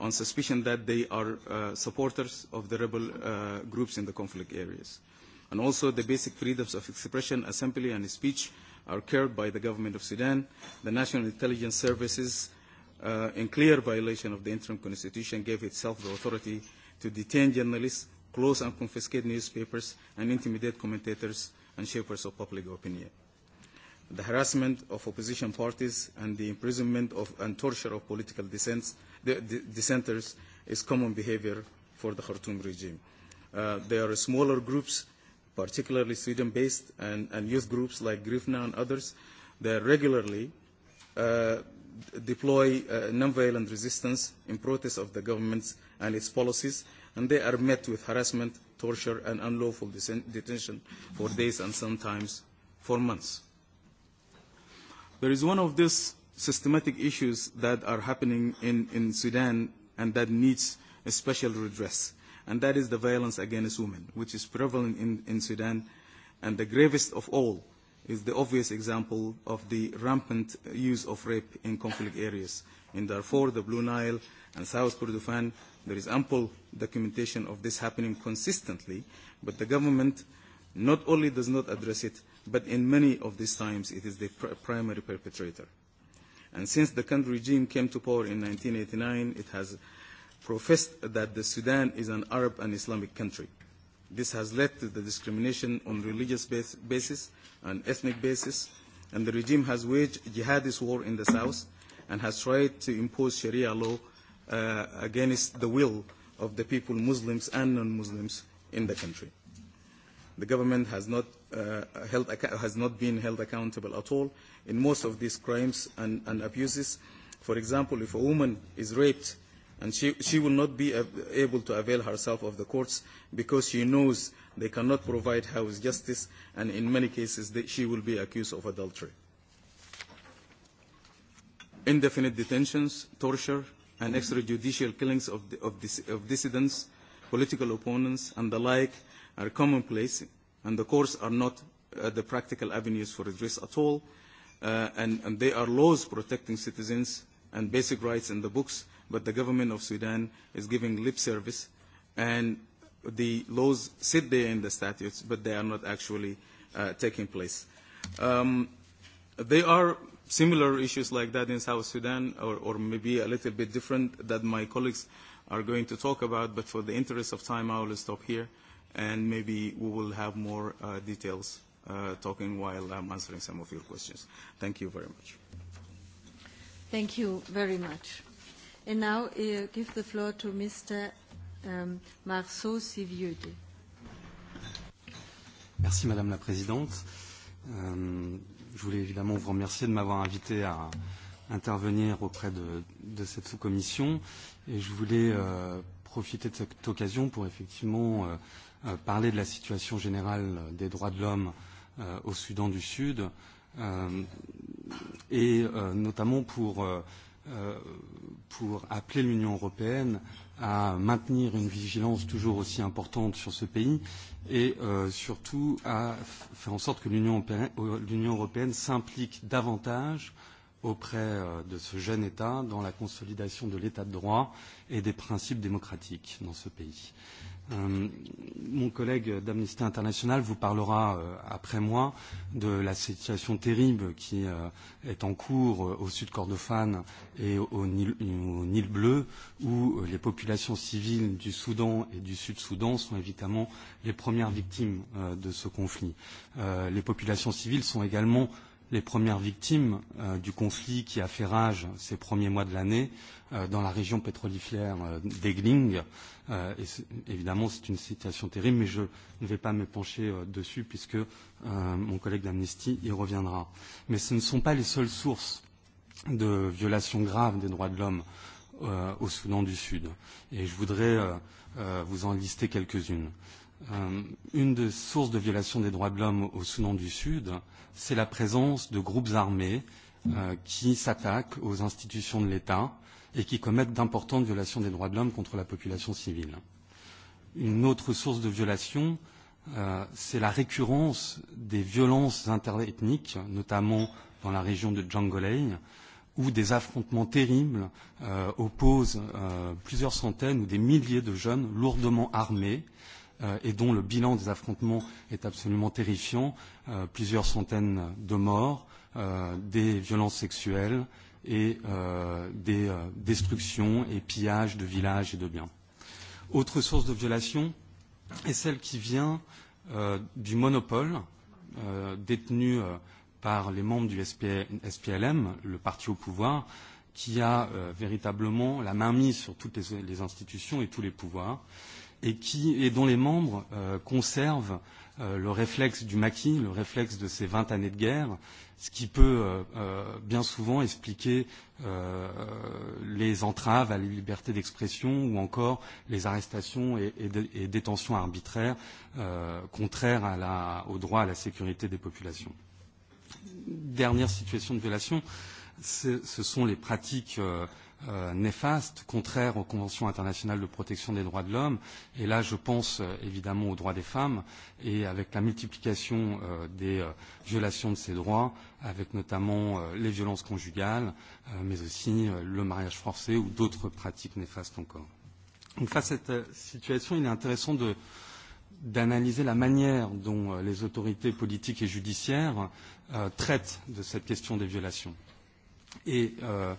on suspicion that they are uh, supporters of the rebel uh, groups in the conflict areas. And also the basic freedoms of expression, assembly, and speech are carried by the government of Sudan, the National Intelligence Services, uh, in clear violation of the interim constitution, gave itself the authority to detain journalists, close and confiscate newspapers, and intimidate commentators and shapers of public opinion. The harassment of opposition parties and the imprisonment of, and torture of political dissents, the, the, dissenters is common behavior for the Khartoum regime. Uh, there are smaller groups particularly Sweden-based and, and youth groups like Grifna and others, they regularly uh, deploy uh, nonviolent resistance in protest of the government and its policies, and they are met with harassment, torture, and unlawful detention for days and sometimes for months. There is one of these systematic issues that are happening in, in Sudan and that needs a special redress and that is the violence against women, which is prevalent in, in Sudan. And the gravest of all is the obvious example of the rampant use of rape in conflict areas. In Darfur, the Blue Nile, and South Kordofan, there is ample documentation of this happening consistently, but the government not only does not address it, but in many of these times it is the pr primary perpetrator. And since the country regime came to power in 1989, it has professed that the Sudan is an Arab and Islamic country. This has led to the discrimination on religious base, basis and ethnic basis, and the regime has waged jihadist war in the south and has tried to impose Sharia law uh, against the will of the people, Muslims and non-Muslims, in the country. The government has not, uh, held, has not been held accountable at all in most of these crimes and, and abuses. For example, if a woman is raped and she, she will not be able to avail herself of the courts because she knows they cannot provide her with justice, and in many cases they, she will be accused of adultery. Indefinite detentions, torture, and extrajudicial killings of, of, dis, of dissidents, political opponents, and the like are commonplace, and the courts are not uh, the practical avenues for redress at all, uh, and, and they are laws protecting citizens and basic rights in the books but the government of Sudan is giving lip service, and the laws sit there in the statutes, but they are not actually uh, taking place. Um, there are similar issues like that in South Sudan, or, or maybe a little bit different, that my colleagues are going to talk about, but for the interest of time, I will stop here, and maybe we will have more uh, details uh, talking while I'm answering some of your questions. Thank you very much. Thank you very much. And now I give the floor to Mr. Um, Marceau Siviudi. Merci Madame la Présidente. Euh, je voulais évidemment vous remercier de m'avoir invité à intervenir auprès de, de cette sous-commission et je voulais euh, profiter de cette occasion pour effectivement euh, euh, parler de la situation générale des droits de l'homme euh, au Soudan du Sud euh, et euh, notamment pour euh, pour appeler l'Union européenne à maintenir une vigilance toujours aussi importante sur ce pays et euh, surtout à faire en sorte que l'Union européenne, européenne s'implique davantage euh, auprès de ce jeune État dans la consolidation de l'État de droit et des principes démocratiques dans ce pays. Mon collègue d'Amnesty International vous parlera après moi de la situation terrible qui est en cours au sud Cordofan et au Nil, au Nil Bleu, où les populations civiles du Soudan et du Sud-Soudan sont évidemment les premières victimes de ce conflit. Les populations civiles sont également les premières victimes euh, du conflit qui a fait rage ces premiers mois de l'année euh, dans la région pétrolifère euh, d'Egling. Euh, et évidemment, c'est une situation terrible, mais je ne vais pas me pencher euh, dessus puisque euh, mon collègue d'Amnesty y reviendra. Mais ce ne sont pas les seules sources de violations graves des droits de l'homme euh, au Soudan du Sud. Et je voudrais euh, euh, vous en lister quelques-unes une des sources de violation des droits de l'homme au Soudan du Sud, c'est la présence de groupes armés euh, qui s'attaquent aux institutions de l'État et qui commettent d'importantes violations des droits de l'homme contre la population civile. Une autre source de violation, euh, c'est la récurrence des violences interethniques, notamment dans la région de Djangolei, où des affrontements terribles euh, opposent euh, plusieurs centaines ou des milliers de jeunes lourdement armés euh, et dont le bilan des affrontements est absolument terrifiant, plusieurs centaines de morts, des violences sexuelles et des destructions et pillages de villages et de biens. Autre source de violation est celle qui vient du monopole détenu par les membres du SPLM, le parti au pouvoir, qui a véritablement la main mise sur toutes les, institutions et tous les pouvoirs. Euh, et, qui, et dont les membres euh, conservent euh, le réflexe du maquis, le réflexe de ces 20 années de guerre, ce qui peut euh, euh, bien souvent expliquer euh, les entraves à la liberté d'expression ou encore les arrestations et, et, et détentions arbitraires euh, contraires à la, au droit à la sécurité des populations. Dernière situation de violation, ce sont les pratiques euh, euh, néfastes, contraires aux conventions internationales de protection des droits de l'homme. Et là, je pense euh, évidemment aux droits des femmes et avec la multiplication euh, des euh, violations de ces droits, avec notamment euh, les violences conjugales, euh, mais aussi euh, le mariage forcé ou d'autres pratiques néfastes encore. Donc face à cette situation, il est intéressant de, d'analyser la manière dont les autorités politiques et judiciaires euh, traitent de cette question des violations. Et euh,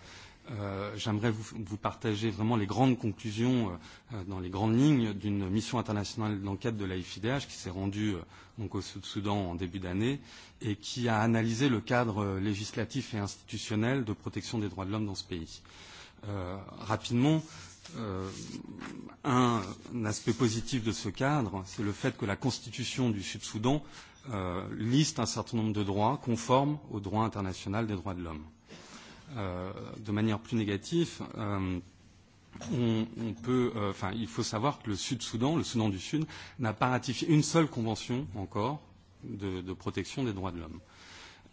j'aimerais vous, vous partager vraiment les grandes conclusions euh, dans les grandes lignes d'une mission internationale d'enquête de la FIDH qui s'est rendue euh, donc au Sud-Soudan en début d'année et qui a analysé le cadre législatif et institutionnel de protection des droits de l'homme dans ce pays. Euh, rapidement, euh, un, un aspect positif de ce cadre, c'est le fait que la constitution du Sud-Soudan euh, liste un certain nombre de droits conformes au droit international des droits de l'homme euh, de manière plus négative, euh, on, on peut, euh, enfin, il faut savoir que le Sud-Soudan, le Soudan du Sud, n'a pas ratifié une seule convention encore de, de protection des droits de l'homme.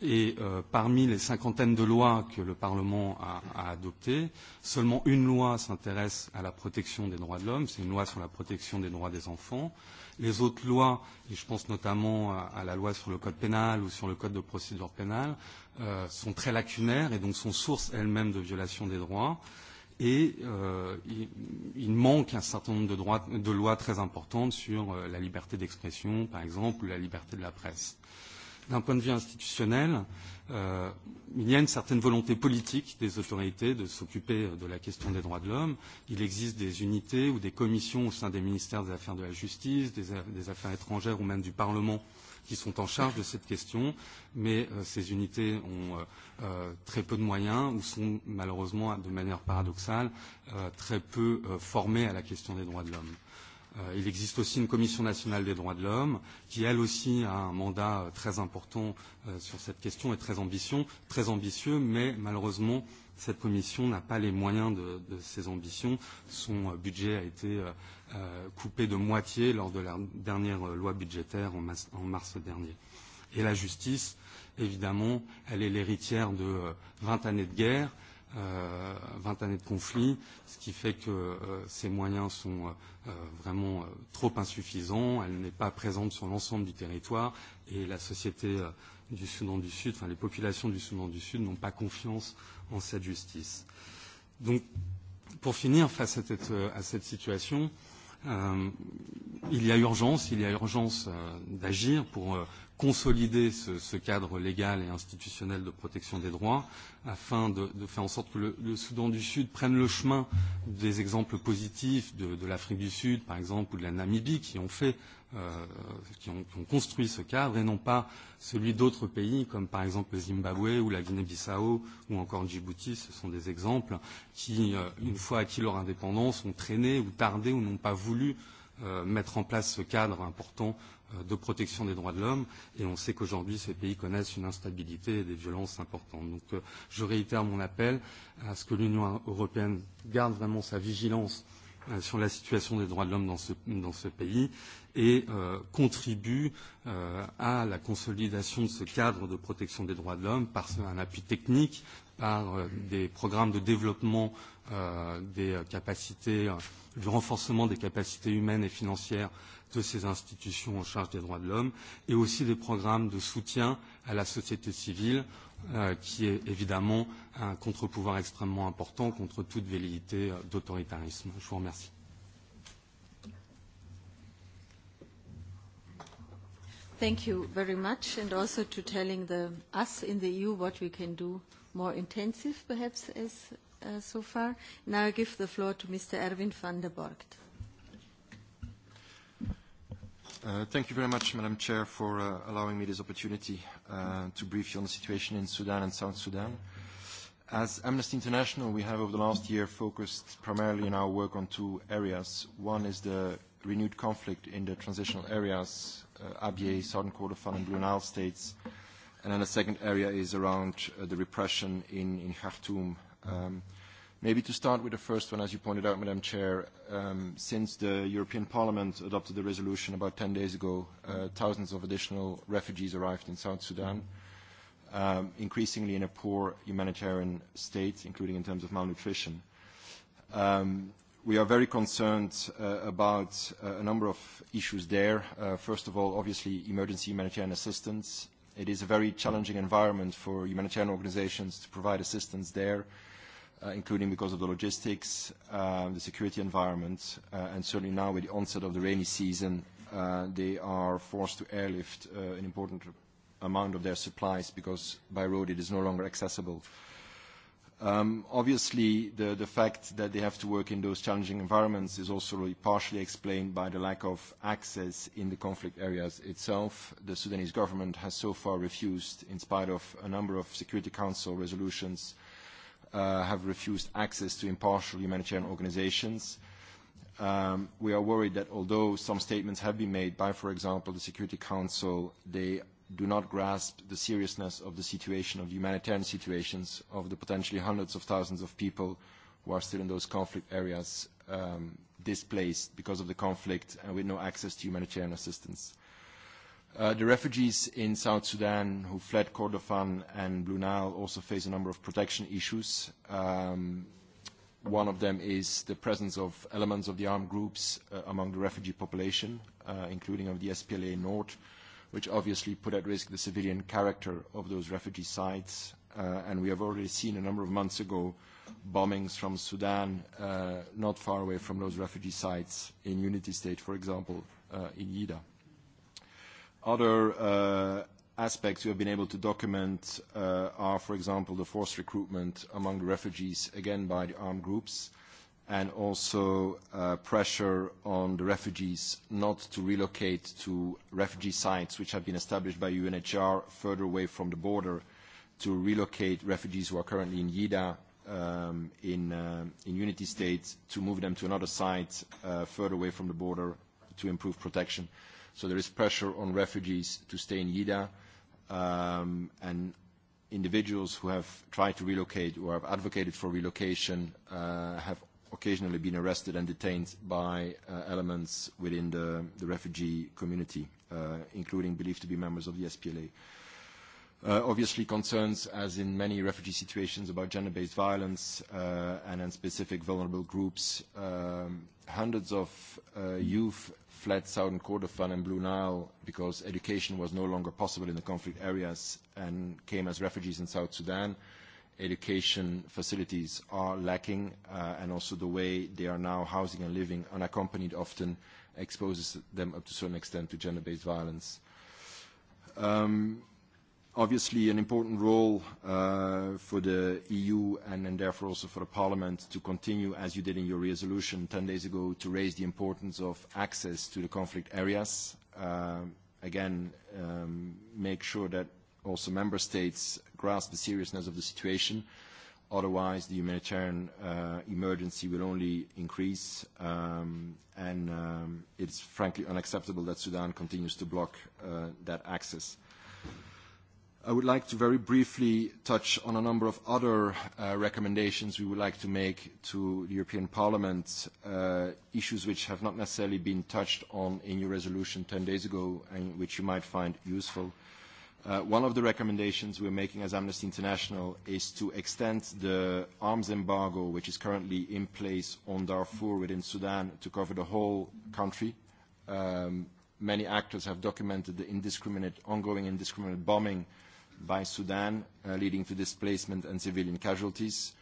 Et euh, parmi les cinquantaines de lois que le Parlement a, a adoptées, seulement une loi s'intéresse à la protection des droits de l'homme, c'est une loi sur la protection des droits des enfants. Les autres lois, et je pense notamment à, à la loi sur le code pénal ou sur le code de procédure pénale, euh, sont très lacunaires et donc sont source elles-mêmes de violations des droits. Et euh, il, il manque un certain nombre de, droits, de lois très importantes sur euh, la liberté d'expression, par exemple, ou la liberté de la presse. D'un point de vue institutionnel, euh, il y a une certaine volonté politique des autorités de s'occuper de la question des droits de l'homme. Il existe des unités ou des commissions au sein des ministères des Affaires de la Justice, des, des Affaires étrangères ou même du Parlement euh, qui sont en charge de cette question, mais euh, ces unités ont euh, euh, très peu de moyens ou sont malheureusement, de manière paradoxale, euh, très peu euh, formées à la question des droits de l'homme. Il existe aussi une commission nationale des droits de l'homme qui, elle aussi, a un mandat très important sur cette question et très, ambition, très ambitieux, mais malheureusement, cette commission n'a pas les moyens de, de ses ambitions. Son budget a été coupé de moitié lors de la dernière loi budgétaire en mars, en mars dernier. Et la justice, évidemment, elle est l'héritière de 20 années de guerre, 20 années de conflit, ce qui fait que ces ses moyens sont vraiment trop insuffisants, elle n'est pas présente sur l'ensemble du territoire et la société du Soudan du Sud, enfin les populations du Soudan du Sud n'ont pas confiance en cette justice. Donc, pour finir, face à cette, à cette situation, euh, il y a urgence, il y a urgence d'agir pour consolider ce, ce cadre légal et institutionnel de protection des droits afin de, de faire en sorte que le, le Soudan du Sud prenne le chemin des exemples positifs de, de l'Afrique du Sud, par exemple, ou de la Namibie, qui ont fait qui, ont, qui ont construit ce cadre et non pas celui d'autres pays comme par exemple le Zimbabwe ou la Guinée-Bissau ou encore Djibouti. Ce sont des exemples qui, une fois acquis leur indépendance, ont traîné ou tardé ou n'ont pas voulu mettre en place ce cadre important de protection des droits de l'homme et on sait qu'aujourd'hui ces pays connaissent une instabilité et des violences importantes. Donc je réitère mon appel à ce que l'Union européenne garde vraiment sa vigilance sur la situation des droits de l'homme dans ce, dans ce pays et euh, contribue euh, à la consolidation de ce cadre de protection des droits de l'homme par un appui technique, par euh, des programmes de développement euh, des capacités, euh, du renforcement des capacités humaines et financières de ces institutions en charge des droits de l'homme, et aussi des programmes de soutien à la société civile, euh, qui est évidemment un contre-pouvoir extrêmement important contre toute velléité d'autoritarisme. Je vous remercie. Thank you very much, and also to telling the, us in the EU what we can do more intensive, perhaps, as uh, so far. Now I give the floor to Mr. Erwin van der Borgt. Uh, thank you very much, Madam Chair, for uh, allowing me this opportunity uh, to brief you on the situation in Sudan and South Sudan. As Amnesty International, we have over the last year focused primarily in our work on two areas. One is the renewed conflict in the transitional areas ABA, Southern Kordofan, and Blue Nile states. And then the second area is around uh, the repression in, in Khartoum. Um, maybe to start with the first one, as you pointed out, Madam Chair, um, since the European Parliament adopted the resolution about 10 days ago, uh, thousands of additional refugees arrived in South Sudan, um, increasingly in a poor humanitarian state, including in terms of malnutrition. Um, We are very concerned about a number of issues there. First of all, obviously, emergency humanitarian assistance. It is a very challenging environment for humanitarian organizations to provide assistance there, including because of the logistics, the security environment, and certainly now with the onset of the rainy season, they are forced to airlift an important amount of their supplies because by road it is no longer accessible. Obviously, the fact that they have to work in those challenging environments is also partially explained by the lack of access in the conflict areas itself. The Sudanese government has so far refused, in spite of a number of Security Council resolutions, have refused access to impartial humanitarian organizations. We are worried that although some statements have been made by, for example, the Security Council, they do not grasp the seriousness of the situation, of the humanitarian situations, of the potentially hundreds of thousands of people who are still in those conflict areas um, displaced because of the conflict and with no access to humanitarian assistance. Uh, the refugees in South Sudan who fled Kordofan and Blue Nile also face a number of protection issues. Um, one of them is the presence of elements of the armed groups uh, among the refugee population, uh, including of the SPLA North, which obviously put at risk the civilian character of those refugee sites. Uh, and we have already seen a number of months ago bombings from Sudan, uh, not far away from those refugee sites in Unity State, for example, uh, in Yida. Other uh, aspects we have been able to document uh, are, for example, the forced recruitment among the refugees, again by the armed groups, uh, and also pressure on the refugees not to relocate to refugee sites which have been established by UNHCR further away from the border to relocate refugees who are currently in Yida in Unity State to move them to another site further away from the border to improve protection. So there is pressure on refugees to stay in Yida and individuals who have tried to relocate or have advocated for relocation have occasionally been arrested and detained by elements within the, refugee community, including believed to be members of the SPLA. obviously concerns, as in many refugee situations, about gender-based violence and in specific vulnerable groups. hundreds of youth fled southern Kordofan and Blue Nile because education was no longer possible in the conflict areas and came as refugees in South Sudan education facilities are lacking, uh, and also the way they are now housing and living unaccompanied often exposes them up to a certain extent to gender-based violence. Um, obviously, an important role uh, for the EU and, and therefore also for the Parliament to continue, as you did in your resolution 10 days ago, to raise the importance of access to the conflict areas. Uh, again, um, make sure that also member states grasp the seriousness of the situation. Otherwise, the humanitarian uh, emergency will only increase, um, and um, it's frankly unacceptable that Sudan continues to block uh, that access. I would like to very briefly touch on a number of other recommendations we would like to make to the European Parliament, issues which have not necessarily been touched on in your resolution ten days ago and which you might find useful. Uh, One of the recommendations we're making as Amnesty International is to extend the arms embargo, which is currently in place on Darfur within Sudan, to cover the whole country. Many actors have documented the indiscriminate, ongoing indiscriminate bombing by Sudan, leading to displacement and civilian casualties.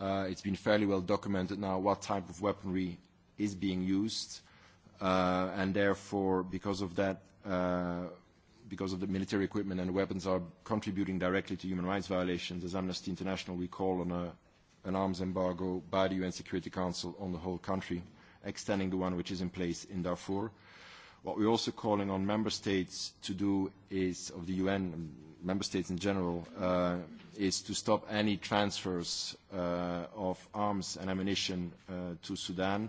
It's been fairly well documented now what type of weaponry is being used, and therefore, because of that, because of the military equipment and weapons are contributing directly to human rights violations. As Amnesty International, we call on a, an arms embargo by the UN Security Council on the whole country, extending the one which is in place in Darfur. What we're also calling on member states to do is, of the UN, member states in general, uh, is to stop any transfers uh, of arms and ammunition uh, to Sudan.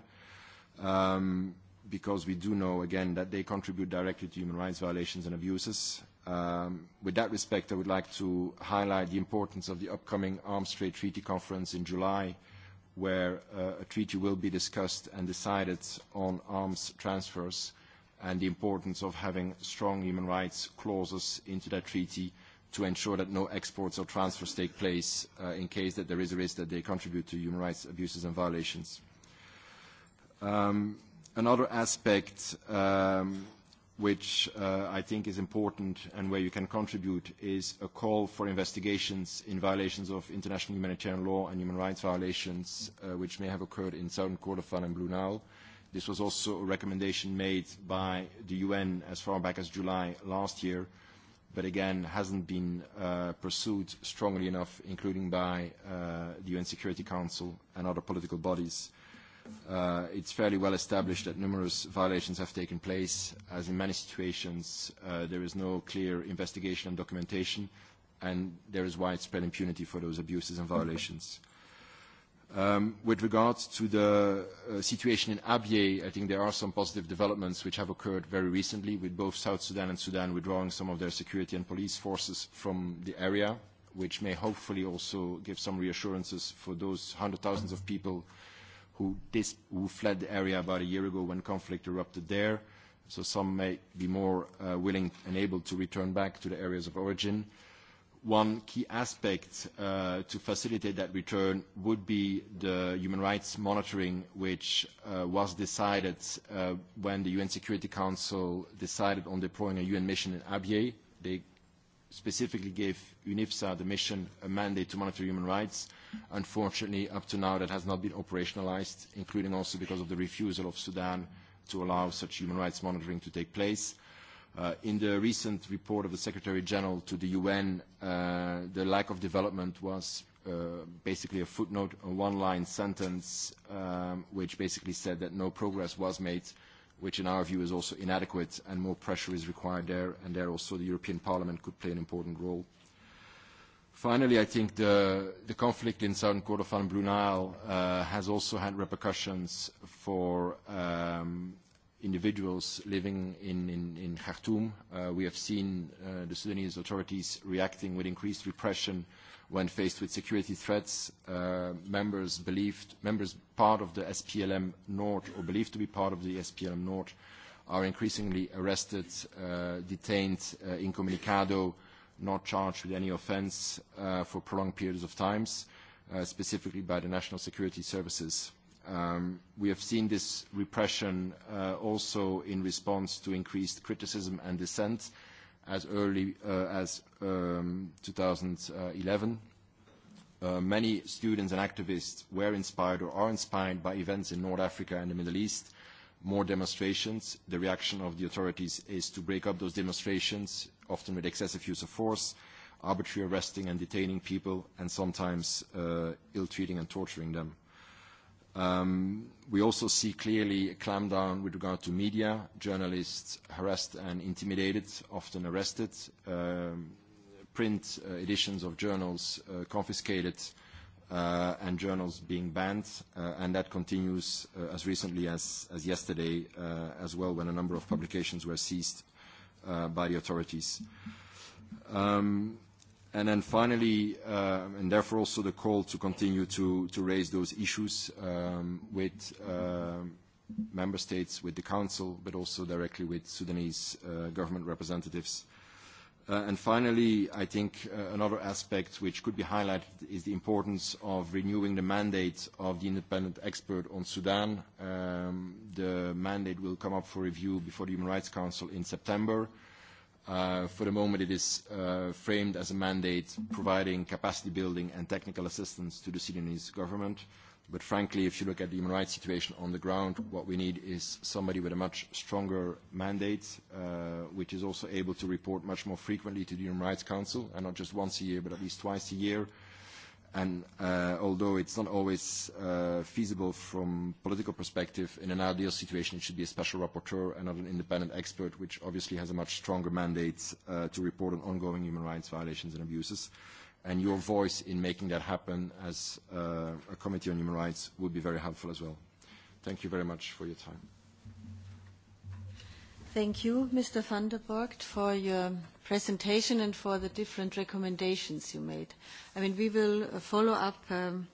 Um, because we do know, again, that they contribute directly to human rights violations and abuses. with that respect, I would like to highlight the importance of the upcoming Arms Trade Treaty Conference in July, where a treaty will be discussed and decided on arms transfers and the importance of having strong human rights clauses into that treaty to ensure that no exports or transfers take place in case that there is a risk that they contribute to human rights abuses and violations. Um, Another aspect which I think is important and where you can contribute is a call for investigations in violations of international humanitarian law and human rights violations which may have occurred in southern Kordofan and Blue Nile. This was also a recommendation made by the UN as far back as July last year, but again hasn't been pursued strongly enough, including by the UN Security Council and other political bodies it it's fairly well established that numerous violations have taken place, as in many situations there is no clear investigation and documentation, and there is widespread impunity for those abuses and violations. with regards to the situation in Abyei, I think there are some positive developments which have occurred very recently, with both South Sudan and Sudan withdrawing some of their security and police forces from the area, which may hopefully also give some reassurances for those hundred thousands of people who, who fled the area about a year ago when conflict erupted there. So some may be more willing and able to return back to the areas of origin. One key aspect to facilitate that return would be the human rights monitoring, which was decided when the UN Security Council decided on deploying a UN mission in Abyei. They specifically gave UNIFSA, the mission, a mandate to monitor human rights Unfortunately, up to now, that has not been operationalized, including also because of the refusal of Sudan to allow such human rights monitoring to take place. in the recent report of the Secretary General to the UN, the lack of development was basically a footnote, a one-line sentence, which basically said that no progress was made, which in our view is also inadequate, and more pressure is required there, and there also the European Parliament could play an important role. Finally, I think the, the conflict in southern Kordofan, Blue Nile, has also had repercussions for individuals living in, in, in Khartoum. we have seen the Sudanese authorities reacting with increased repression when faced with security threats. members believed, members part of the SPLM North or believed to be part of the SPLM North are increasingly arrested, detained, incommunicado, not charged with any offence uh, for prolonged periods of times, uh, specifically by the National Security Services. Um, we have seen this repression uh, also in response to increased criticism and dissent as early uh, as um, 2011. Uh, many students and activists were inspired or are inspired by events in North Africa and the Middle East, more demonstrations. The reaction of the authorities is to break up those demonstrations, often with excessive use of force, arbitrary arresting and detaining people, and sometimes uh, ill-treating and torturing them. Um, we also see clearly a clampdown with regard to media, journalists harassed and intimidated, often arrested, um, print uh, editions of journals uh, confiscated, uh, and journals being banned, uh, and that continues uh, as recently as, as yesterday uh, as well when a number of publications were seized by the authorities. Um, and then finally, uh, and therefore also the call to continue to, to raise those issues um, with uh, member states, with the council, but also directly with Sudanese uh, government representatives uh, And Finally, I think another aspect which could be highlighted is the importance of renewing the mandate of the independent expert on Sudan. The mandate will come up for review before the Human Rights Council in September. For the moment, it is framed as a mandate providing capacity building and technical assistance to the Sudanese government. But frankly, if you look at the human rights situation on the ground, what we need is somebody with a much stronger mandate, which is also able to report much more frequently to the Human Rights Council, and not just once a year, but at least twice a year. And although it's not always feasible from a political perspective, in an ideal situation, it should be a special rapporteur and not an independent expert, which obviously has a much stronger mandate to report on ongoing human rights violations and abuses. Uh, and your voice in making that happen as uh, a Committee on Human Rights would be very helpful as well. Thank you very much for your time. Thank you, Mr. van der Borg, for your presentation and for the different recommendations you made. I mean, we will follow up um,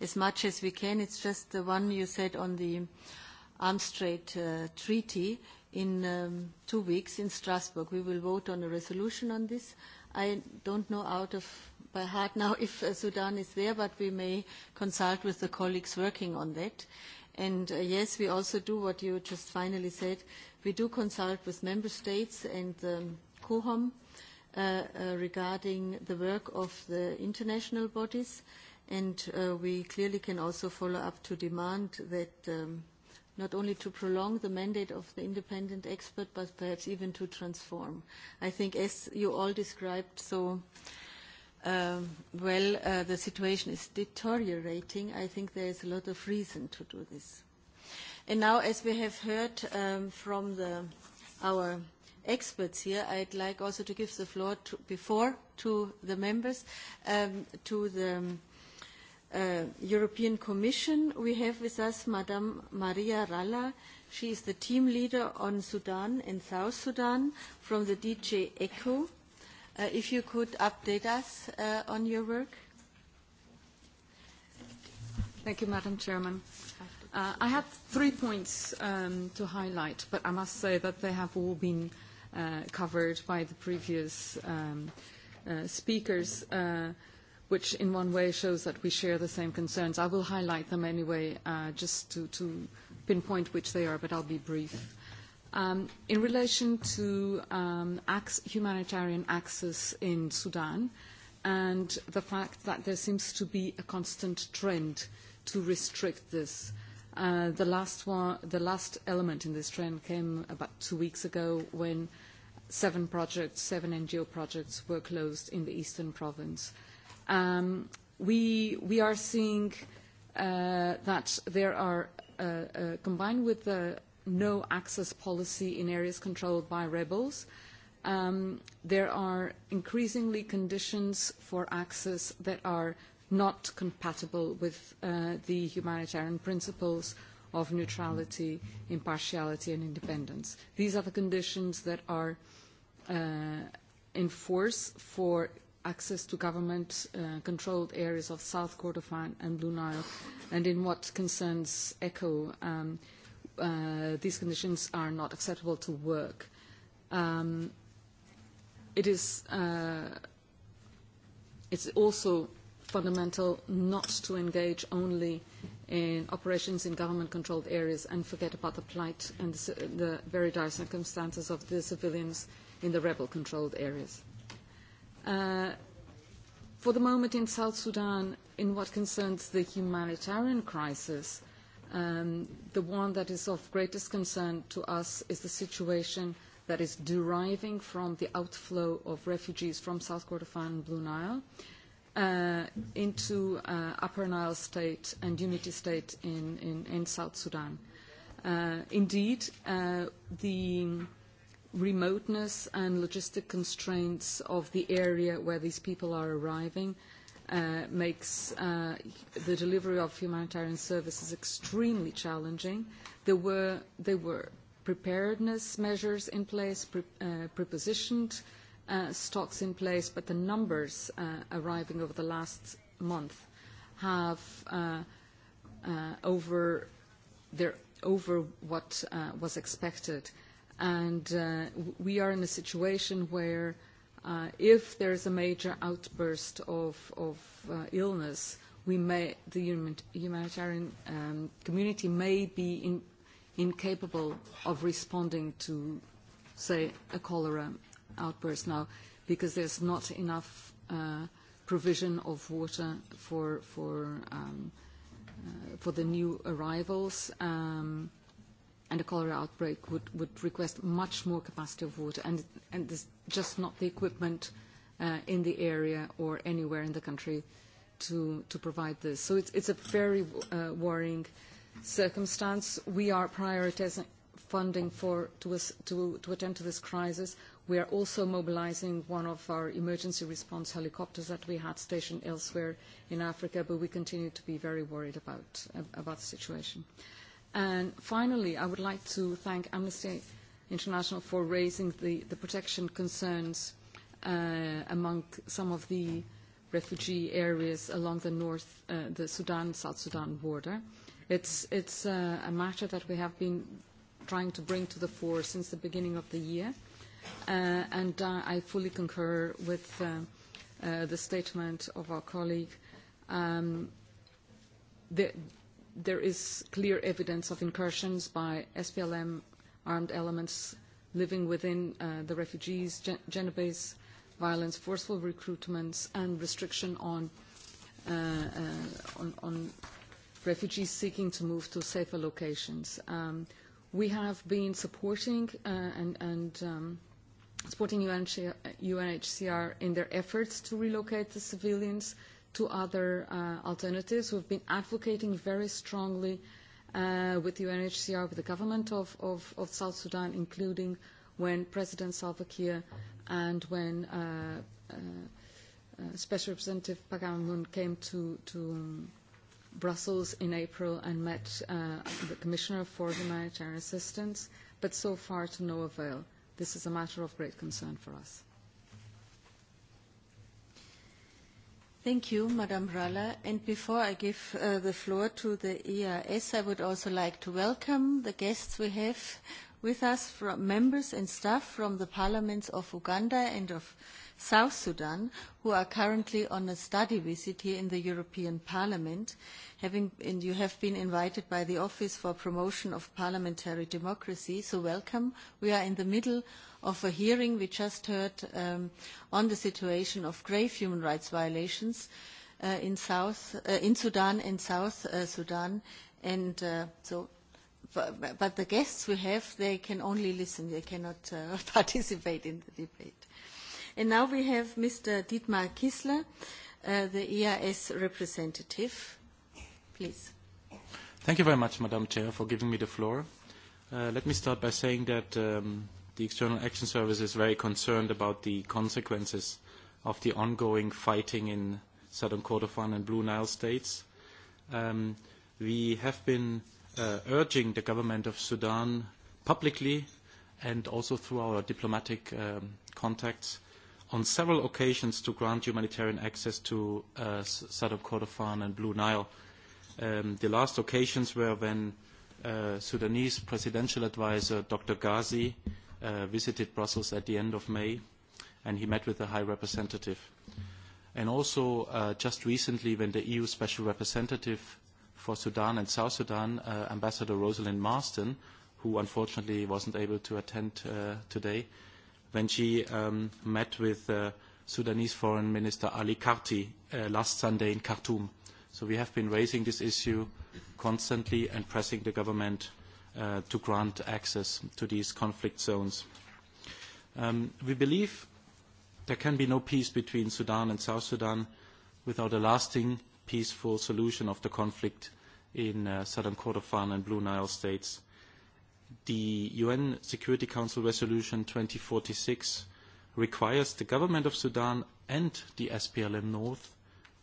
as much as we can. It's just the one you said on the Arms Trade uh, Treaty in um, two weeks in Strasbourg. We will vote on a resolution on this. I don't know out of by heart now if uh, Sudan is there, but we may consult with the colleagues working on that. And uh, yes, we also do what you just finally said. We do consult with member states and um, COHOM uh, uh, regarding the work of the international bodies. And uh, we clearly can also follow up to demand that um, not only to prolong the mandate of the independent expert, but perhaps even to transform. I think as you all described so well, uh, the situation is deteriorating, I think there is a lot of reason to do this. And now, as we have heard um, from the, our experts here, I'd like also to give the floor to, before to the members, um, to the uh, European Commission. We have with us Madame Maria Ralla. She is the team leader on Sudan and South Sudan from the DJ ECHO if you could update us on your work. Thank you, Madam Chairman. I have three points to highlight, but I must say that they have all been covered by the previous speakers, which in one way shows that we share the same concerns. I will highlight them anyway, just to pinpoint which they are, but I'll be brief in relation to humanitarian access in Sudan and the fact that there seems to be a constant trend to restrict this. the, last one, the last element in this trend came about two weeks ago when seven projects, seven NGO projects were closed in the eastern province. we, we are seeing that there are, combined with the no access policy in areas controlled by rebels. there are increasingly conditions for access that are not compatible with the humanitarian principles of neutrality, impartiality and independence. These are the conditions that are in force for access to government-controlled areas of South Kordofan and Blue Nile. And in what concerns ECHO, um, these conditions are not acceptable to work. Um, it is uh, it's also fundamental not to engage only in operations in government-controlled areas and forget about the plight and the, the very dire circumstances of the civilians in the rebel-controlled areas. Uh, for the moment in South Sudan, in what concerns the humanitarian crisis, uh, the one that is of greatest concern to us is the situation that is deriving from the outflow of refugees from South Kordofan and Blue Nile into Upper Nile State and Unity State in, South Sudan. indeed, the remoteness and logistic constraints of the area where these people are arriving – makes the delivery of humanitarian services extremely challenging. There were, there were preparedness measures in place, pre, prepositioned stocks in place, but the numbers arriving over the last month have over they're over what was expected. And we are in a situation where if there is a major outburst of, of illness, we may, the humanitarian community may be incapable of responding to, say, a cholera outburst now because there's not enough provision of water for, for, for the new arrivals. Um, and a cholera outbreak would, would request much more capacity of water, and, and there's just not the equipment uh, in the area or anywhere in the country to, to provide this. So it's, it's a very uh, worrying circumstance. We are prioritizing funding for, to, to, to attend to this crisis. We are also mobilizing one of our emergency response helicopters that we had stationed elsewhere in Africa, but we continue to be very worried about, about the situation. Uh, And finally, I would like to thank Amnesty International for raising the, the protection concerns uh, among some of the refugee areas along the north, uh, the Sudan-South Sudan border. It's, it's uh, a matter that we have been trying to bring to the fore since the beginning of the year. Uh, and uh, I fully concur with uh, uh, the statement of our colleague. Um, the, there is clear evidence of incursions by SPLM armed elements living within the refugees, gender-based violence, forceful recruitments, and restriction on, on, refugees seeking to move to safer locations. we have been supporting and, and supporting UNHCR in their efforts to relocate the civilians to other uh, alternatives. We've been advocating very strongly uh, with UNHCR, with the government of, of, of South Sudan, including when President Salva Kiir and when uh, uh, Special Representative Pagamun came to, to Brussels in April and met uh, the Commissioner for Humanitarian Assistance, but so far to no avail. This is a matter of great concern for us. Thank you, Madam Ralla. And before I give the floor to the ERS, I would also like to welcome the guests we have with us, from members and staff from the parliaments of Uganda and of South Sudan, who are currently on a study visit here in the European Parliament. Having, and you have been invited by the Office for Promotion of Parliamentary Democracy, so welcome. We are in the middle of a hearing we just heard on the situation of grave human rights violations in, South, in Sudan and South Sudan. And uh, so, but the guests we have, they can only listen. They cannot uh, participate in the debate. And now we have Mr. Dietmar Kissler, uh, the EIS representative. Please. Thank you very much, Madam Chair, for giving me the floor. Uh, let me start by saying that um, the External Action Service is very concerned about the consequences of the ongoing fighting in southern Kordofan and Blue Nile states. we have been urging the government of Sudan publicly and also through our diplomatic contacts on several occasions to grant humanitarian access to southern Kordofan and Blue Nile. the last occasions were when Sudanese presidential advisor Dr. Ghazi visited Brussels at the end of May, and he met with the High Representative. And also, uh, just recently, when the EU Special Representative for Sudan and South Sudan, uh, Ambassador Rosalind Marston, who unfortunately wasn't able to attend uh, today, when she um, met with uh, Sudanese Foreign Minister Ali Karti uh, last Sunday in Khartoum. So we have been raising this issue constantly and pressing the government to grant access to these conflict zones. we believe there can be no peace between Sudan and South Sudan without a lasting peaceful solution of the conflict in southern Kordofan and Blue Nile states. The UN Security Council Resolution forty six requires the government of Sudan and the SPLM North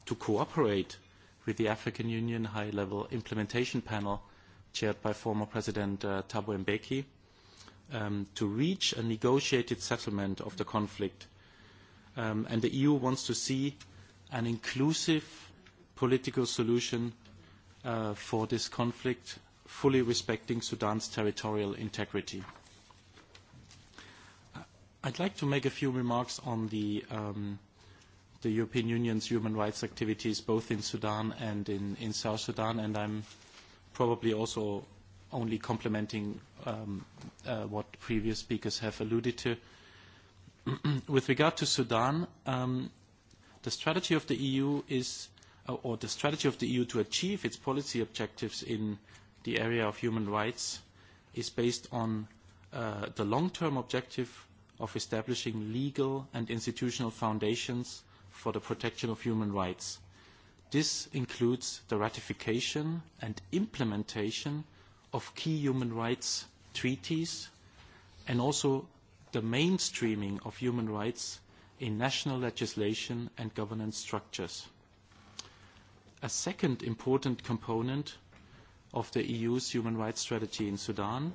to cooperate with the African Union High-Level Implementation Panel chaired by former President uh, Thabo Mbeki, um, to reach a negotiated settlement of the conflict. Um, and the EU wants to see an inclusive political solution uh, for this conflict, fully respecting Sudan's territorial integrity. I'd like to make a few remarks on the, um, the European Union's human rights activities both in Sudan and in, in South Sudan, and I'm probably also only complementing um, uh, what previous speakers have alluded to. With regard to Sudan, um, the strategy of the EU is, or the strategy of the EU to achieve its policy objectives in the area of human rights is based on uh, the long-term objective of establishing legal and institutional foundations for the protection of human rights – This includes the ratification and implementation of key human rights treaties and also the mainstreaming of human rights in national legislation and governance structures. A second important component of the EU's human rights strategy in Sudan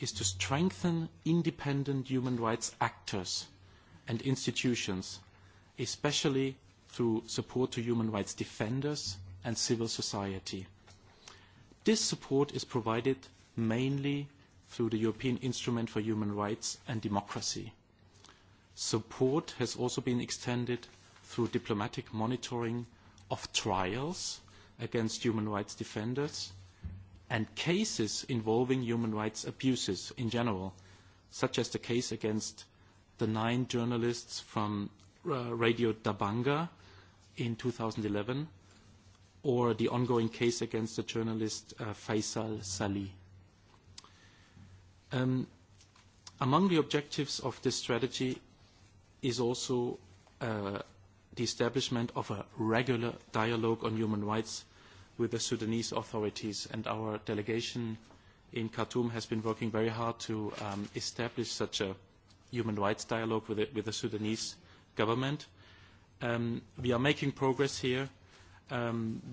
is to strengthen independent human rights actors and institutions, especially through support to human rights defenders and civil society. This support is provided mainly through the European Instrument for Human Rights and Democracy. Support has also been extended through diplomatic monitoring of trials against human rights defenders and cases involving human rights abuses in general, such as the case against the nine journalists from Radio Dabanga in 2011 or the ongoing case against the journalist uh, Faisal Salih. Um, among the objectives of this strategy is also uh, the establishment of a regular dialogue on human rights with the Sudanese authorities. And our delegation in Khartoum has been working very hard to um, establish such a human rights dialogue with the, with the Sudanese government – we are making progress here.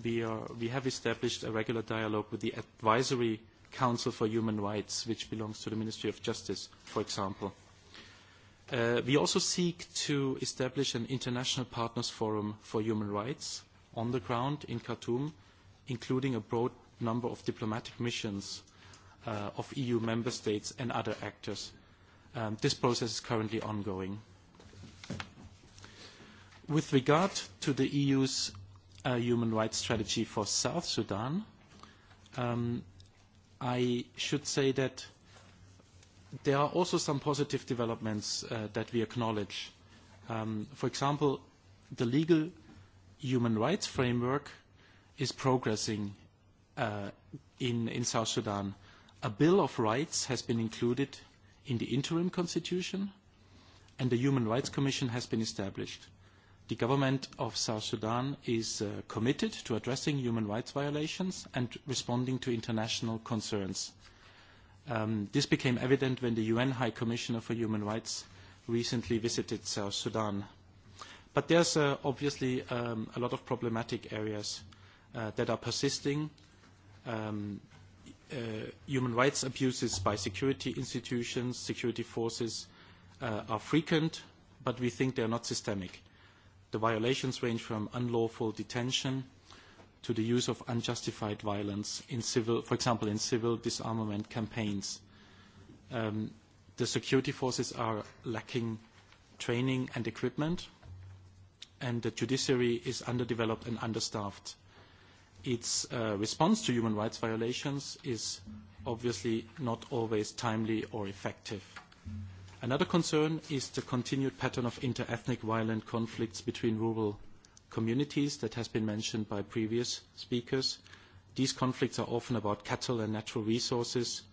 we, have established a regular dialogue with the Advisory Council for Human Rights, which belongs to the Ministry of Justice, for example. we also seek to establish an international partners forum for human rights on the ground in Khartoum, including a broad number of diplomatic missions of EU member states and other actors. this process is currently ongoing. With regard to the EU's uh, human rights strategy for South Sudan, um, I should say that there are also some positive developments uh, that we acknowledge. Um, for example, the legal human rights framework is progressing uh, in, in South Sudan. A Bill of Rights has been included in the interim constitution, and the Human Rights Commission has been established. The government of South Sudan is committed to addressing human rights violations and responding to international concerns. this became evident when the UN High Commissioner for Human Rights recently visited South Sudan. But there's uh, obviously um, a lot of problematic areas uh, that are persisting. Um, uh, human rights abuses by security institutions, security forces uh, are frequent, but we think they are not systemic. The violations range from unlawful detention to the use of unjustified violence, in civil, for example, in civil disarmament campaigns. Um, the security forces are lacking training and equipment, and the judiciary is underdeveloped and understaffed. Its uh, response to human rights violations is obviously not always timely or effective. Mm Another concern is the continued pattern of inter-ethnic violent conflicts between rural communities that has been mentioned by previous speakers. These conflicts are often about cattle and natural resources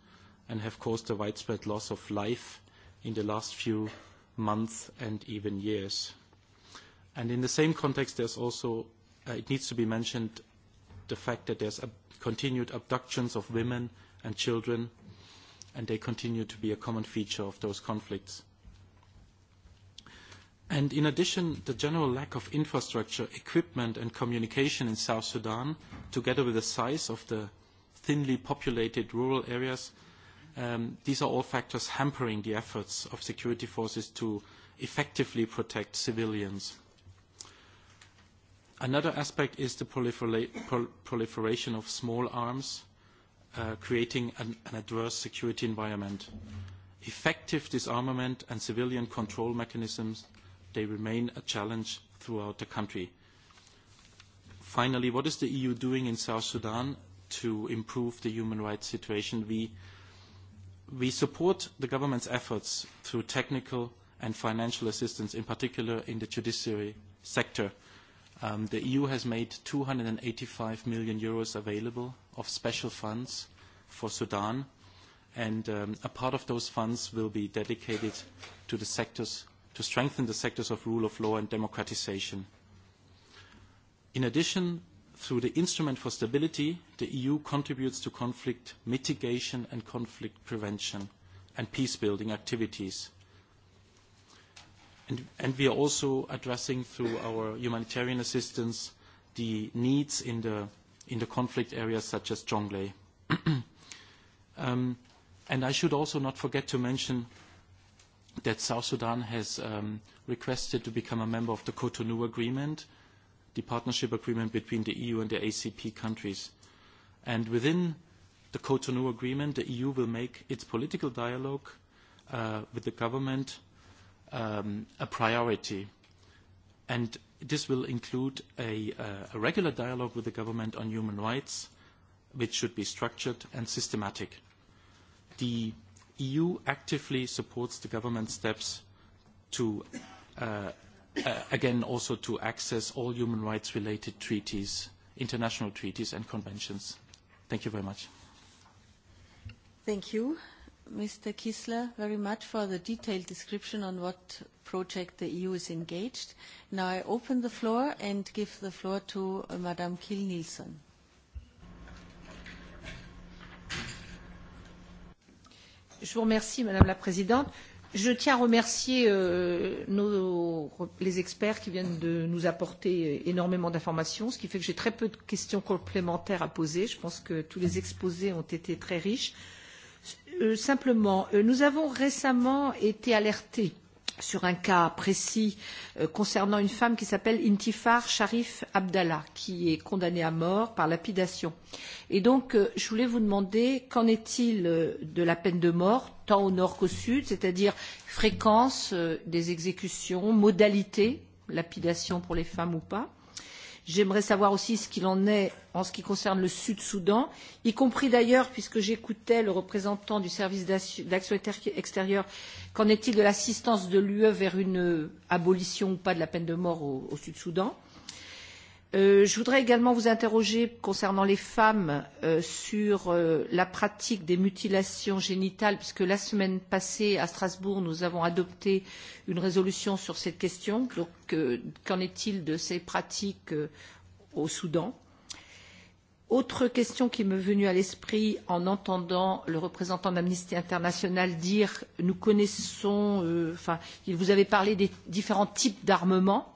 and have caused a widespread loss of life in the last few months and even years. And in the same context, there's also, uh, it needs to be mentioned, the fact that there's ab continued abductions of women and children and they continue to be a common feature of those conflicts. And in addition, the general lack of infrastructure, equipment and communication in South Sudan, together with the size of the thinly populated rural areas, um, these are all factors hampering the efforts of security forces to effectively protect civilians. Another aspect is the proliferation of small arms creating an, adverse security environment. Effective disarmament and civilian control mechanisms, remain a challenge throughout the country. Finally, what is the EU doing in South Sudan to improve the human rights situation? We, we support the government's efforts through technical and financial assistance, in particular in the judiciary sector. the EU has made EUR two hundred and eighty five million available of special funds for Sudan, and a part of those funds will be dedicated to the sectors to strengthen the sectors of rule of law and democratization. In addition, through the Instrument for Stability, the EU contributes to conflict mitigation and conflict prevention and peace-building activities. And we are also addressing through our humanitarian assistance the needs in the in the conflict areas such as Zhongli. um, and I should also not forget to mention that South Sudan has um, requested to become a member of the Cotonou Agreement, the partnership agreement between the EU and the ACP countries. And within the Cotonou Agreement, the EU will make its political dialogue uh, with the government um, a priority. And This will include a, a regular dialogue with the government on human rights, which should be structured and systematic. The EU actively supports the government steps to, again, also to access all human rights-related treaties, international treaties and conventions. Thank you very much. Thank you. Mr. Kissler very much for the detailed description on what project the EU is engaged. Now I open the floor and give the floor to uh, Madame Kiel-Nielsen. Je vous remercie, Madame la Présidente. Je tiens à remercier les experts qui viennent de nous apporter énormément d'informations, ce qui fait que j'ai très peu de questions complémentaires à poser. Je pense que tous les exposés ont été très riches. Euh, simplement, nous avons récemment été alertés sur un cas précis concernant une femme qui s'appelle Intifar Sharif Abdallah, qui est condamnée à mort par lapidation. Et donc, je voulais vous demander, qu'en est-il de la peine de mort, tant au nord qu'au sud, c'est-à-dire fréquence des exécutions, modalités, lapidation pour les femmes ou pas J'aimerais savoir aussi ce qu'il en est en ce qui concerne le Sud-Soudan, y compris d'ailleurs, puisque j'écoutais le représentant du service d'action extérieure, qu'en est-il de l'assistance de l'UE vers une abolition ou pas de la peine de mort au, Sud-Soudan je voudrais également vous interroger concernant les femmes sur la pratique des mutilations génitales, puisque la semaine passée à Strasbourg, nous avons adopté une résolution sur cette question. Donc, qu'en est-il de ces pratiques au Soudan Autre question qui m'est venue à l'esprit en entendant le représentant d'Amnesty International dire nous connaissons, enfin, il vous avait parlé des différents types d'armements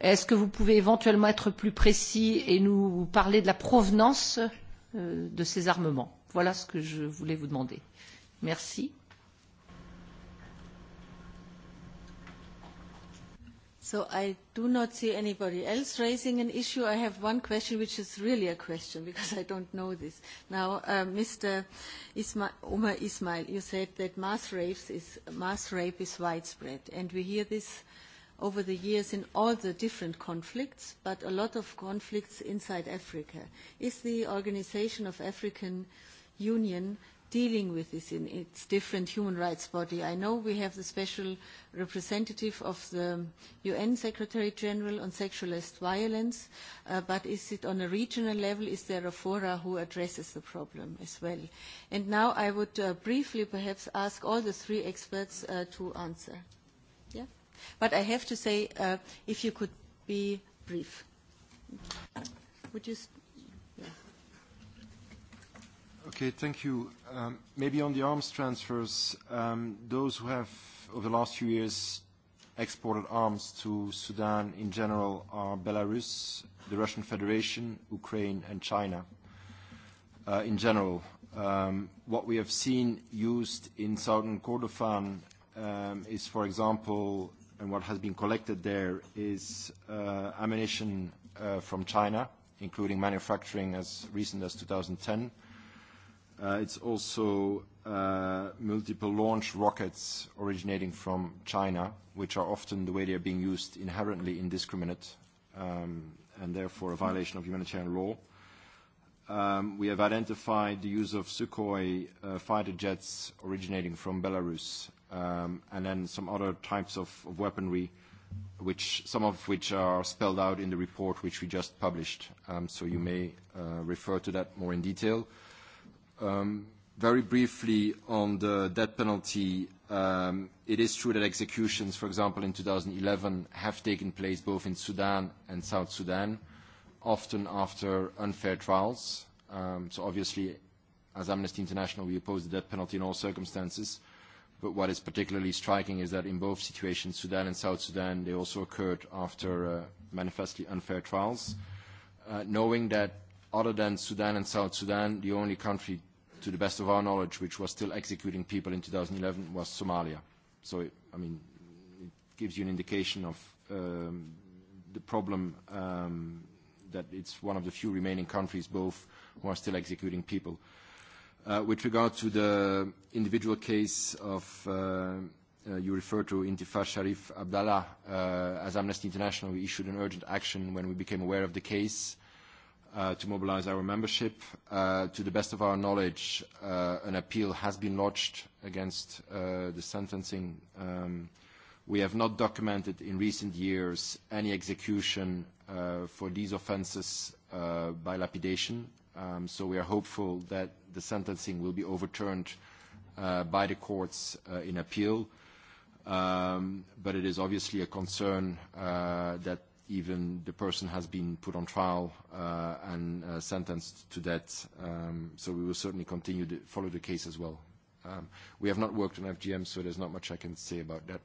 Est-ce que vous pouvez éventuellement être plus précis et nous parler de la provenance de ces armements Voilà ce que je voulais vous demander. Merci. So I do not see anybody else raising an issue. I have one question, which is really a question because I don't know this. Now, uh, Mr. Isma Omar Ismail, you said that mass, rapes is, mass rape is widespread, and we hear this over the years in all the different conflicts, but a lot of conflicts inside Africa. Is the Organization of African Union dealing with this in its different human rights body. I know we have the special representative of the UN Secretary General on sexualist violence, uh, but is it on a regional level? Is there a fora who addresses the problem as well? And now I would uh, briefly perhaps ask all the three experts uh, to answer. But I have to say, uh, if you could be brief. Would you... Yeah. Okay, thank you. Um, maybe on the arms transfers, um, those who have, over the last few years, exported arms to Sudan in general are Belarus, the Russian Federation, Ukraine, and China uh, in general. Um, what we have seen used in southern Kordofan um, is, for example, and what has been collected there is uh, ammunition uh, from China, including manufacturing as recent as 2010. Uh, it's also uh, multiple launch rockets originating from China, which are often the way they are being used inherently indiscriminate um, and therefore a violation of humanitarian law. Um, we have identified the use of Sukhoi uh, fighter jets originating from Belarus um, and then some other types of, of weaponry, which some of which are spelled out in the report which we just published. so you may uh, refer to that more in detail. very briefly on the death penalty, it is true that executions, for example, in 2011 have taken place both in Sudan and South Sudan, often after unfair trials. so obviously, as Amnesty International, we oppose the death penalty in all circumstances But what is particularly striking is that in both situations, Sudan and South Sudan, they also occurred after manifestly unfair trials. knowing that other than Sudan and South Sudan, the only country, to the best of our knowledge, which was still executing people in 2011 was Somalia. So, it, I mean, it gives you an indication of the problem that it's one of the few remaining countries both who are still executing people. With regard to the individual case of you referred to Intifa Sharif Abdallah, as Amnesty International, we issued an urgent action when we became aware of the case to mobilize our membership. To the best of our knowledge, an appeal has been lodged against the sentencing. We have not documented in recent years any execution for these offenses by lapidation Um, so we are hopeful that the sentencing will be overturned uh, by the courts uh, in appeal. Um, but it is obviously a concern uh, that even the person has been put on trial uh, and uh, sentenced to death. Um, so we will certainly continue to follow the case as well. Um, we have not worked on FGM, so there's not much I can say about that.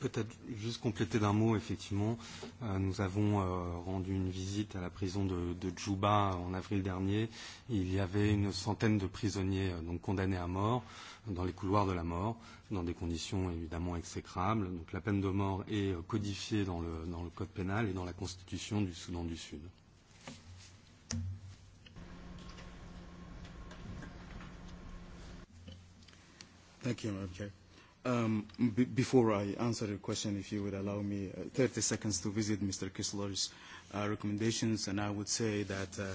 Peut-être juste compléter d'un mot, effectivement. Euh, nous avons euh, rendu une visite à la prison de, de Djouba en avril dernier. Il y avait une centaine de prisonniers euh, donc condamnés à mort dans les couloirs de la mort, dans des conditions évidemment exécrables. Donc la peine de mort est euh, codifiée dans le, dans le code pénal et dans la constitution du Soudan du Sud. Thank you, Madam Chair. Um, b- before I answer your question, if you would allow me uh, 30 seconds to visit Mr. Kissler's uh, recommendations, and I would say that uh,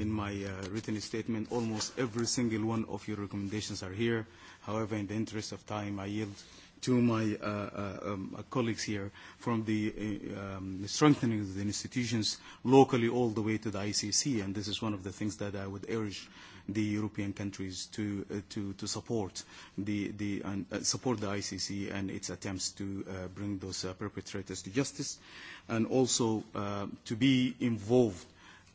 in my uh, written statement, almost every single one of your recommendations are here. However, in the interest of time, I yield to my uh, uh, um, colleagues here from the uh um, strengthening of the institutions locally all the way to the ICC, and this is one of the things that I would urge uh, the European countries to, uh, to, to support, the, the, uh, support the ICC and its attempts to uh, bring those uh, perpetrators to justice and also uh, to be involved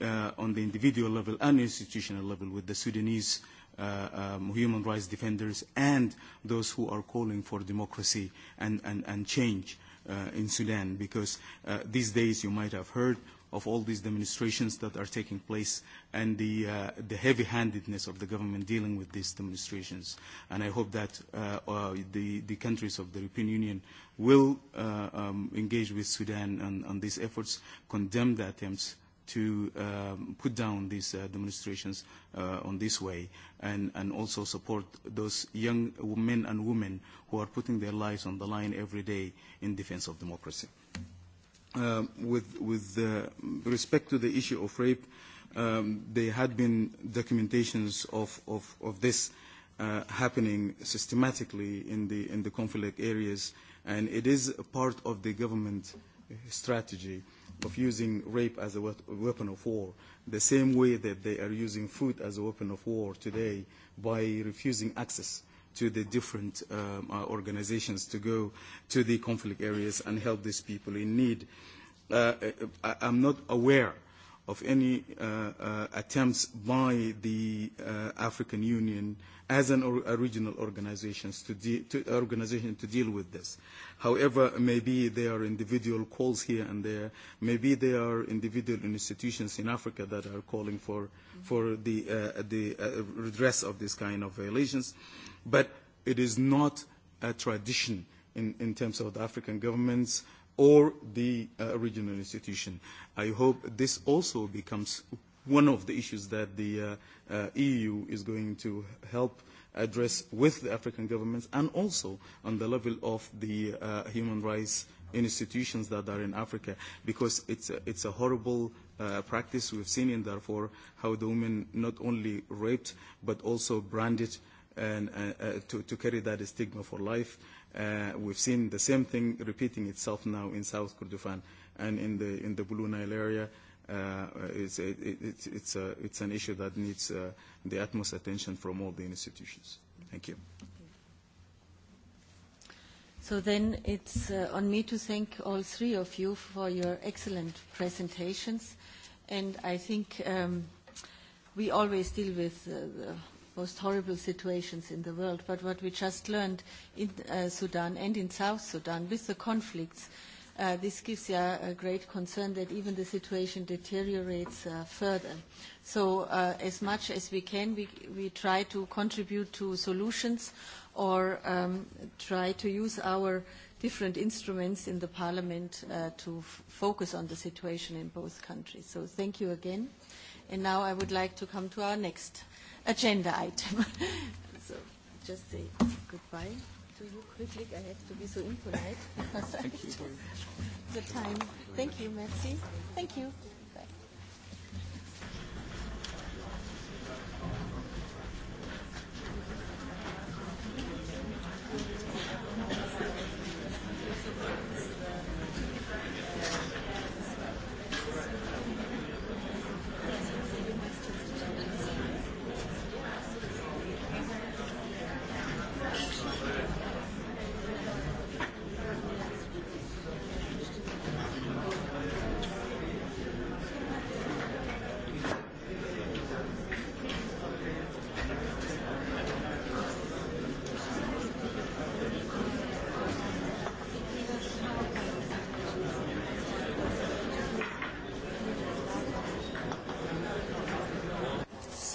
uh, on the individual level and institutional level with the Sudanese uh, um, human rights defenders and those who are calling for democracy and, and, and change uh, in Sudan because uh, these days you might have heard of all these demonstrations that are taking place and the, uh, the heavy-handedness of the government dealing with these demonstrations. And I hope that uh, uh, the, the countries of the European Union will uh, um, engage with Sudan on, on these efforts, condemn the attempts to um, put down these uh, demonstrations uh, on this way and, and also support those young men and women who are putting their lives on the line every day in defense of democracy. Mm -hmm with, with respect to the issue of rape, um, there had been documentations of, of, of this uh, happening systematically in the, in the conflict areas, and it is a part of the government strategy of using rape as a weapon of war, the same way that they are using food as a weapon of war today by refusing access uh, to the different um, uh, organizations to go to the conflict areas and help these people in need. Uh, I, I'm not aware of any uh, uh, attempts by the uh, African Union as an or, a regional organization to, de- to organization to deal with this. However, maybe there are individual calls here and there. Maybe there are individual institutions in Africa that are calling for for the uh, the uh, redress of this kind of violations. Uh, but it is not a tradition in, in terms of the African governments or the uh, regional institution. I hope this also becomes one of the issues that the uh, uh, EU is going to help address with the African governments and also on the level of the uh, human rights institutions that are in Africa because it's a, it's a horrible uh, practice we've seen in Darfur how the women not only raped but also branded uh, and, uh, to, to carry that stigma for life. Uh, we've seen the same thing repeating itself now in South Kurdistan and in the, in the Blue Nile area. Uh, it's, it, it, it's, a, it's an issue that needs uh, the utmost attention from all the institutions. Thank you. So then it's uh, on me to thank all three of you for your excellent presentations. And I think um, we always deal with uh, the most horrible situations in the world. But what we just learned in uh, Sudan and in South Sudan with the conflicts, uh, this gives yeah, a great concern that even the situation deteriorates uh, further. So uh, as much as we can, we, we try to contribute to solutions or um, try to use our different instruments in the parliament uh, to f focus on the situation in both countries. So thank you again. And now I would like to come to our next agenda item. so just say goodbye to you quickly. I have to be so impolite because Thank you. the time. Thank you, Merci. Thank you.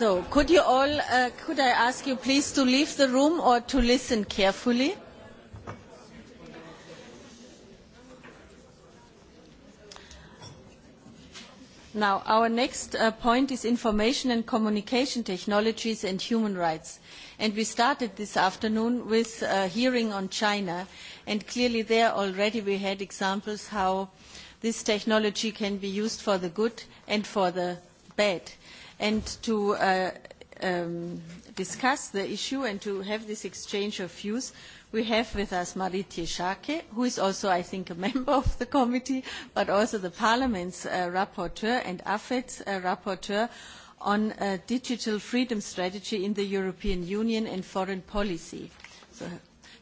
So, could you all, uh, could I ask you please to leave the room or to listen carefully? Now, our next uh, point is information and communication technologies and human rights. And we started this afternoon with a hearing on China. And clearly there already we had examples how this technology can be used for the good and for the bad and to discuss the issue and to have this exchange of views, we have with us Marit Shake, who is also, I think, a member of the committee, but also the Parliament's rapporteur and AFET's rapporteur on a digital freedom strategy in the European Union and foreign policy. So,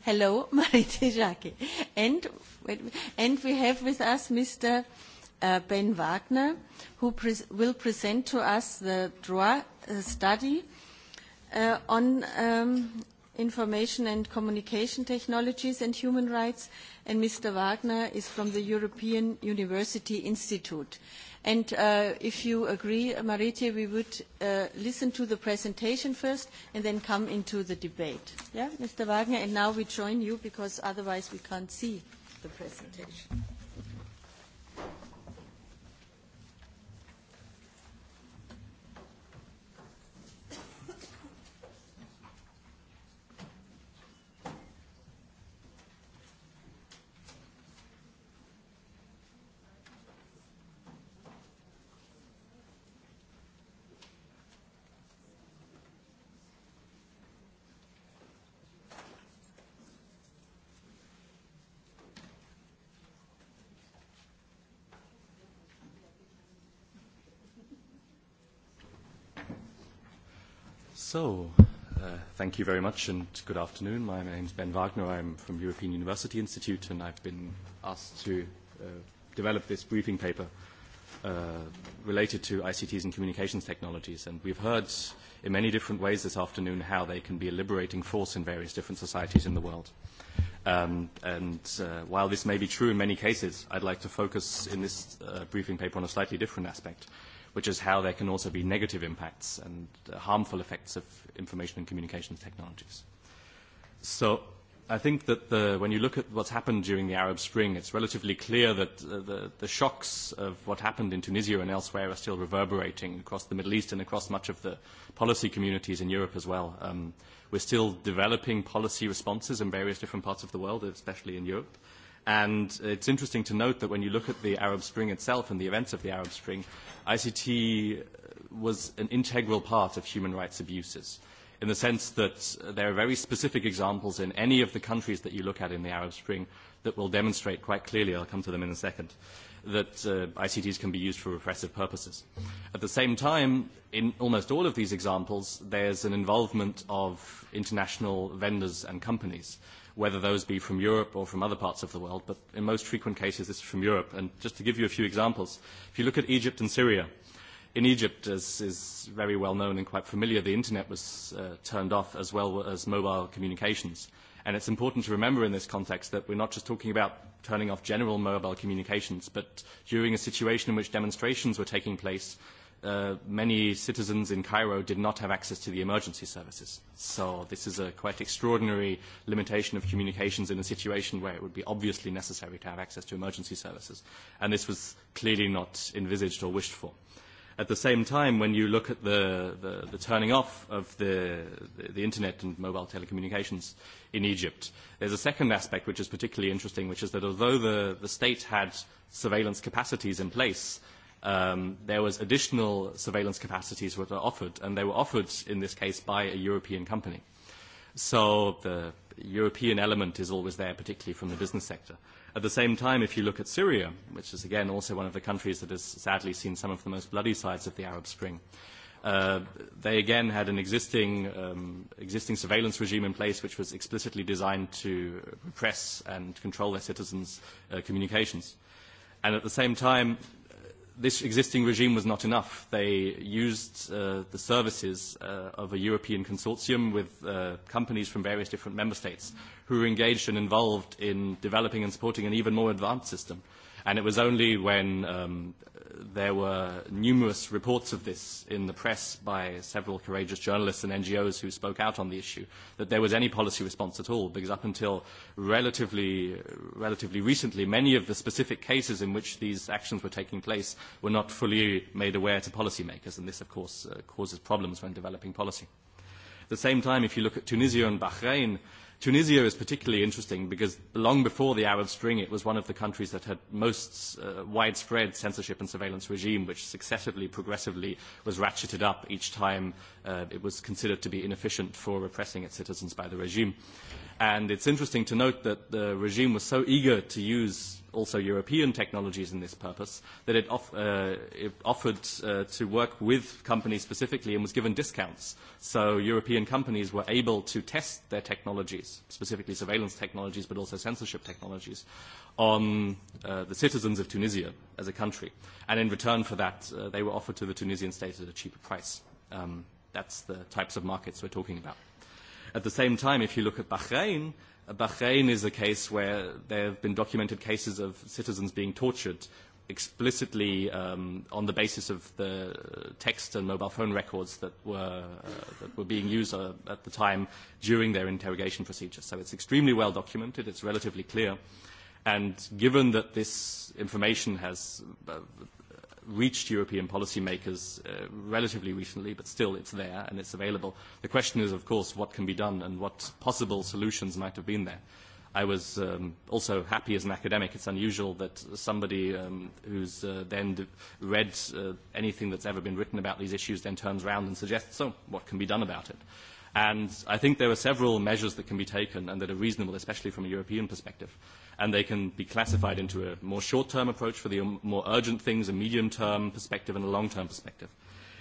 hello, Marit Shake. And, and we have with us Mr. Ben Wagner, who will present to us the DROA study on information and communication technologies and human rights. And Mr. Wagner is from the European University Institute. And if you agree, Marietje, we would listen to the presentation first and then come into the debate. Yeah, Mr. Wagner, and now we join you because otherwise we can't see the presentation. So, uh, thank you very much and good afternoon. My name is Ben Wagner. I'm from European University Institute and I've been asked to uh, develop this briefing paper uh, related to ICTs and communications technologies. And we've heard in many different ways this afternoon how they can be a liberating force in various different societies in the world. Um, and uh, while this may be true in many cases, I'd like to focus in this uh, briefing paper on a slightly different aspect which is how there can also be negative impacts and harmful effects of information and communications technologies. So I think that the, when you look at what's happened during the Arab Spring, it's relatively clear that the, the shocks of what happened in Tunisia and elsewhere are still reverberating across the Middle East and across much of the policy communities in Europe as well. Um, we're still developing policy responses in various different parts of the world, especially in Europe. And it's interesting to note that when you look at the Arab Spring itself and the events of the Arab Spring, ICT was an integral part of human rights abuses in the sense that there are very specific examples in any of the countries that you look at in the Arab Spring that will demonstrate quite clearly, I'll come to them in a second, that ICTs can be used for repressive purposes. At the same time, in almost all of these examples, there's an involvement of international vendors and companies whether those be from Europe or from other parts of the world, but in most frequent cases this is from Europe. And just to give you a few examples, if you look at Egypt and Syria, in Egypt, as is very well known and quite familiar, the internet was uh, turned off as well as mobile communications. And it's important to remember in this context that we're not just talking about turning off general mobile communications, but during a situation in which demonstrations were taking place many citizens in Cairo did not have access to the emergency services. So this is a quite extraordinary limitation of communications in a situation where it would be obviously necessary to have access to emergency services. And this was clearly not envisaged or wished for. At the same time, when you look at the, the, the turning off of the, the, the internet and mobile telecommunications in Egypt, there's a second aspect which is particularly interesting, which is that although the, the state had surveillance capacities in place, um, there was additional surveillance capacities that were offered, and they were offered in this case by a European company. So the European element is always there, particularly from the business sector. At the same time, if you look at Syria, which is again also one of the countries that has sadly seen some of the most bloody sides of the Arab Spring, uh, they again had an existing, um, existing surveillance regime in place which was explicitly designed to repress and control their citizens' uh, communications. And at the same time, this existing regime was not enough. They used uh, the services uh, of a European consortium with uh, companies from various different member states who were engaged and involved in developing and supporting an even more advanced system. And it was only when um, there were numerous reports of this in the press by several courageous journalists and NGOs who spoke out on the issue, that there was any policy response at all, because up until relatively, relatively recently, many of the specific cases in which these actions were taking place were not fully made aware to policymakers, and this, of course, uh, causes problems when developing policy. At the same time, if you look at Tunisia and Bahrain, uh, Tunisia is particularly interesting because long before the Arab Spring, it was one of the countries that had most uh, widespread censorship and surveillance regime, which successively, progressively was ratcheted up each time uh, it was considered to be inefficient for repressing its citizens by the regime. And it's interesting to note that the regime was so eager to use also European technologies in this purpose, that it, off, uh, it offered uh, to work with companies specifically and was given discounts. So European companies were able to test their technologies, specifically surveillance technologies, but also censorship technologies, on uh, the citizens of Tunisia as a country. And in return for that, uh, they were offered to the Tunisian state at a cheaper price. Um, that's the types of markets we're talking about. At the same time, if you look at Bahrain, Bahrain is a case where there have been documented cases of citizens being tortured explicitly um, on the basis of the text and mobile phone records that were, uh, that were being used uh, at the time during their interrogation procedure. So it's extremely well documented, it's relatively clear. And given that this information has reached European policymakers uh, relatively recently, but still it's there and it's available. The question is, of course, what can be done and what possible solutions might have been there. I was um, also happy as an academic. It's unusual that somebody um, who's uh, then read uh, anything that's ever been written about these issues then turns around and suggests, so what can be done about it? And I think there are several measures that can be taken and that are reasonable, especially from a European perspective and they can be classified into a more short-term approach for the more urgent things, a medium-term perspective, and a long-term perspective.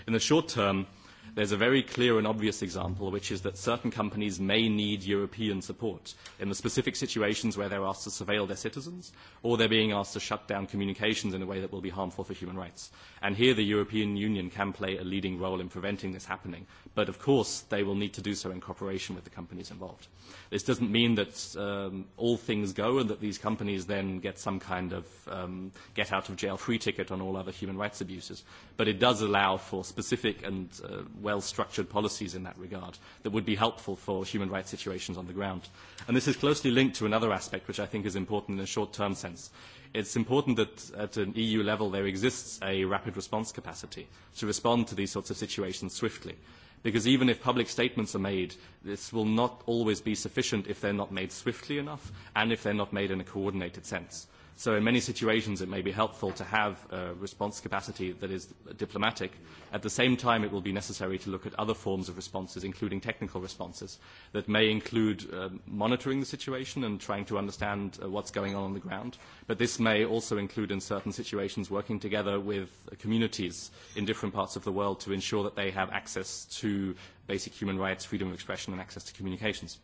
In the short term, There's a very clear and obvious example, which is that certain companies may need European support in the specific situations where they're asked to surveil their citizens or they're being asked to shut down communications in a way that will be harmful for human rights. And here the European Union can play a leading role in preventing this happening. But of course, they will need to do so in cooperation with the companies involved. This doesn't mean that um, all things go and that these companies then get some kind of um, get out of jail free ticket on all other human rights abuses. But it does allow for specific and uh, well-structured policies in that regard that would be helpful for human rights situations on the ground. And this is closely linked to another aspect which I think is important in a short-term sense. It's important that at an EU level there exists a rapid response capacity to respond to these sorts of situations swiftly. Because even if public statements are made, this will not always be sufficient if they're not made swiftly enough and if they're not made in a coordinated sense. So in many situations, it may be helpful to have a response capacity that is diplomatic. At the same time, it will be necessary to look at other forms of responses, including technical responses, that may include uh, monitoring the situation and trying to understand uh, what's going on on the ground. But this may also include, in certain situations, working together with communities in different parts of the world to ensure that they have access to basic human rights, freedom of expression, and access to communications.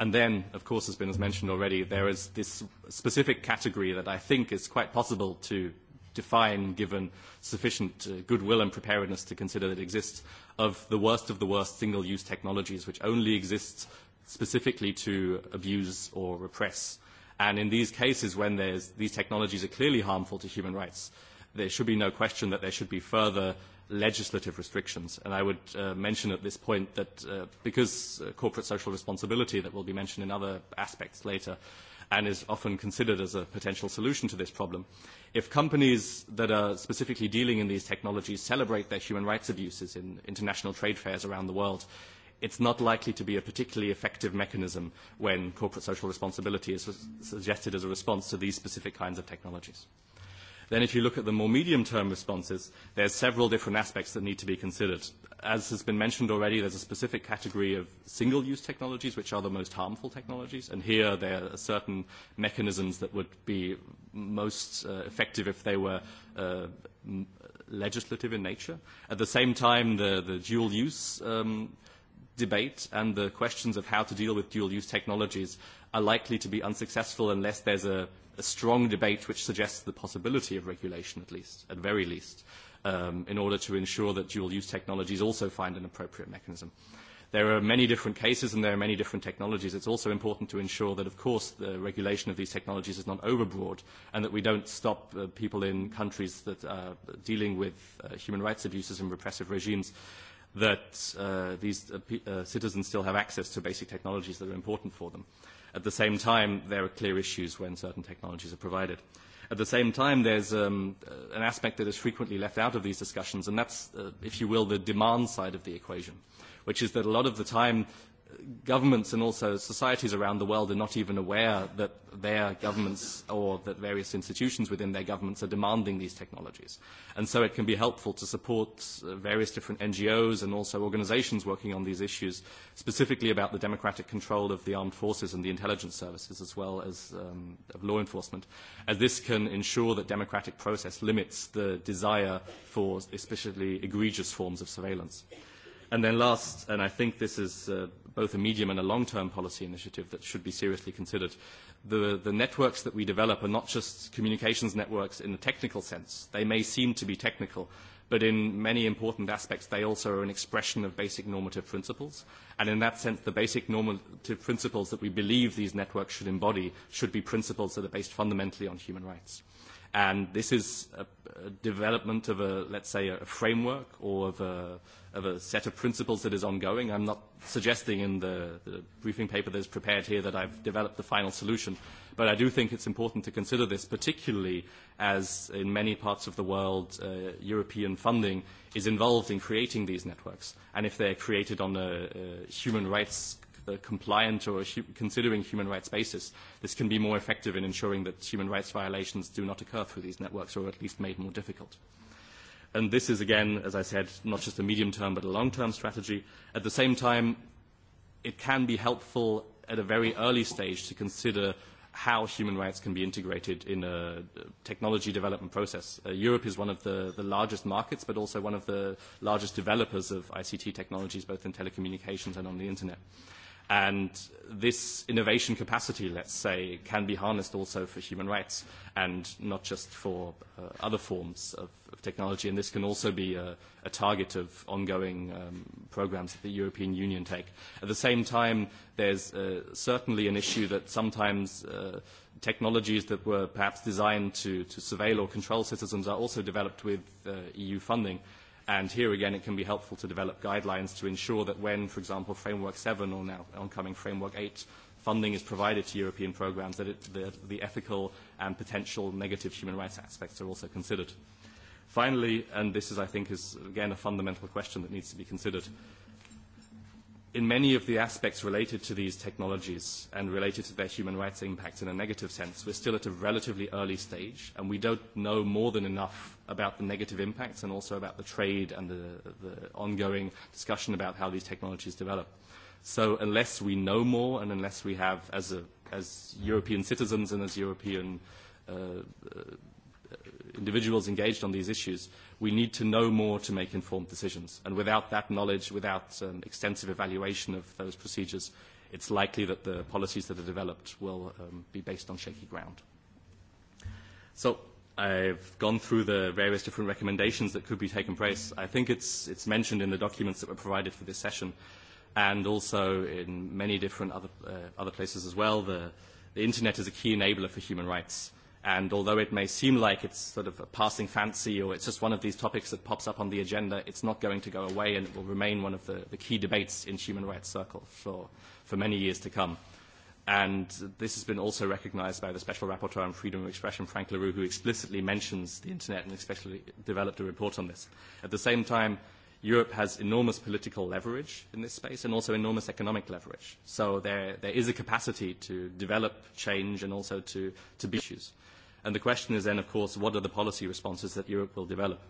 And then, of course, as been as mentioned already, there is this specific category that I think is quite possible to define given sufficient uh, goodwill and preparedness to consider that exists of the worst of the worst single-use technologies, which only exists specifically to abuse or repress. And in these cases, when there's, these technologies are clearly harmful to human rights, there should be no question that there should be further legislative restrictions. And I would uh, mention at this point that uh, because uh, corporate social responsibility that will be mentioned in other aspects later and is often considered as a potential solution to this problem, if companies that are specifically dealing in these technologies celebrate their human rights abuses in international trade fairs around the world, it's not likely to be a particularly effective mechanism when corporate social responsibility is suggested as a response to these specific kinds of technologies. Then if you look at the more medium-term responses, there are several different aspects that need to be considered. As has been mentioned already, there's a specific category of single-use technologies, which are the most harmful technologies. And here there are certain mechanisms that would be most uh, effective if they were uh, legislative in nature. At the same time, the, the dual-use um, debate and the questions of how to deal with dual-use technologies are likely to be unsuccessful unless there's a, a strong debate which suggests the possibility of regulation, at least, at very least, um, in order to ensure that dual-use technologies also find an appropriate mechanism. There are many different cases and there are many different technologies. It's also important to ensure that, of course, the regulation of these technologies is not overbroad and that we don't stop uh, people in countries that are dealing with uh, human rights abuses and repressive regimes that uh, these uh, uh, citizens still have access to basic technologies that are important for them. At the same time, there are clear issues when certain technologies are provided. At the same time, there's um, an aspect that is frequently left out of these discussions, and that's, uh, if you will, the demand side of the equation, which is that a lot of the time governments and also societies around the world are not even aware that their governments or that various institutions within their governments are demanding these technologies. And so it can be helpful to support various different NGOs and also organizations working on these issues, specifically about the democratic control of the armed forces and the intelligence services as well as um, of law enforcement. And this can ensure that democratic process limits the desire for especially egregious forms of surveillance. And then last, and I think this is uh, both a medium and a long-term policy initiative that should be seriously considered, the, the networks that we develop are not just communications networks in the technical sense. They may seem to be technical, but in many important aspects, they also are an expression of basic normative principles. And in that sense, the basic normative principles that we believe these networks should embody should be principles that are based fundamentally on human rights. And this is a, a development of a, let's say, a framework or of a, of a set of principles that is ongoing. I'm not suggesting in the, the briefing paper that is prepared here that I've developed the final solution, but I do think it's important to consider this, particularly as in many parts of the world, uh, European funding is involved in creating these networks. And if they're created on a, a human rights compliant or hu- considering human rights basis, this can be more effective in ensuring that human rights violations do not occur through these networks or at least made more difficult. And this is, again, as I said, not just a medium-term but a long-term strategy. At the same time, it can be helpful at a very early stage to consider how human rights can be integrated in a technology development process. Uh, Europe is one of the, the largest markets, but also one of the largest developers of ICT technologies, both in telecommunications and on the internet. And this innovation capacity, let's say, can be harnessed also for human rights and not just for uh, other forms of, of technology. And this can also be a, a target of ongoing um, programs that the European Union take. At the same time, there's uh, certainly an issue that sometimes uh, technologies that were perhaps designed to, to surveil or control citizens are also developed with uh, EU funding. Uh, And here again, it can be helpful to develop guidelines to ensure that when, for example, Framework 7 or now oncoming Framework 8 funding is provided to European programs, that it, the, the ethical and potential negative human rights aspects are also considered. Finally, and this is, I think, is again a fundamental question that needs to be considered, in many of the aspects related to these technologies and related to their human rights impact in a negative sense, we're still at a relatively early stage, and we don't know more than enough about the negative impacts and also about the trade and the, the ongoing discussion about how these technologies develop. So unless we know more and unless we have, as, a, as European citizens and as European uh, individuals engaged on these issues, we need to know more to make informed decisions. And without that knowledge, without um, extensive evaluation of those procedures, it's likely that the policies that are developed will um, be based on shaky ground. So I've gone through the various different recommendations that could be taken place. I think it's, it's mentioned in the documents that were provided for this session and also in many different other, uh, other places as well. The, the Internet is a key enabler for human rights And although it may seem like it's sort of a passing fancy or it's just one of these topics that pops up on the agenda, it's not going to go away and it will remain one of the, the key debates in human rights circles for, for many years to come. And this has been also recognized by the Special Rapporteur on Freedom of Expression, Frank LaRue, who explicitly mentions the Internet and especially developed a report on this. At the same time, Europe has enormous political leverage in this space and also enormous economic leverage. So there, there is a capacity to develop change and also to, to be issues. And the question is then, of course, what are the policy responses that Europe will develop?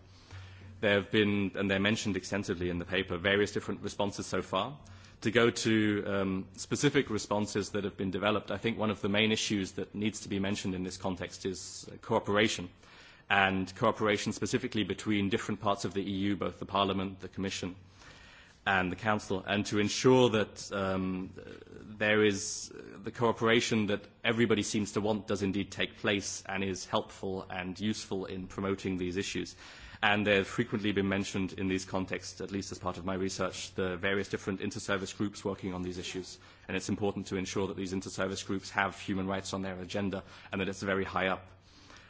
There have been, and they're mentioned extensively in the paper, various different responses so far. To go to um, specific responses that have been developed, I think one of the main issues that needs to be mentioned in this context is cooperation, and cooperation specifically between different parts of the EU, both the Parliament, the Commission, and the Council, and to ensure that um, there is the cooperation that everybody seems to want does indeed take place and is helpful and useful in promoting these issues. And they've frequently been mentioned in these contexts, at least as part of my research, the various different inter-service groups working on these issues. And it's important to ensure that these inter-service groups have human rights on their agenda and that it's very high up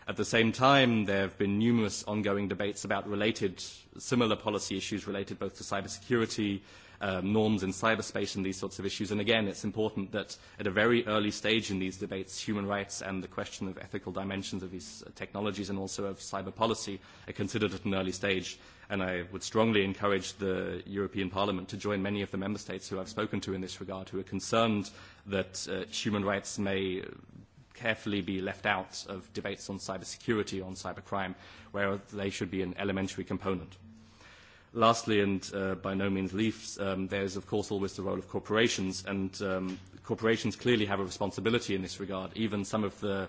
At the same time, there have been numerous ongoing debates about related, similar policy issues related both to cybersecurity, um, norms in cyberspace and these sorts of issues. And again, it's important that at a very early stage in these debates, human rights and the question of ethical dimensions of these technologies and also of cyber policy are considered at an early stage. And I would strongly encourage the European Parliament to join many of the member states who I've spoken to in this regard who are concerned that uh, human rights may carefully be left out of debates on cybersecurity, on cybercrime, where they should be an elementary component. Lastly, and uh, by no means least, um, there is of course always the role of corporations, and um, corporations clearly have a responsibility in this regard. Even some of the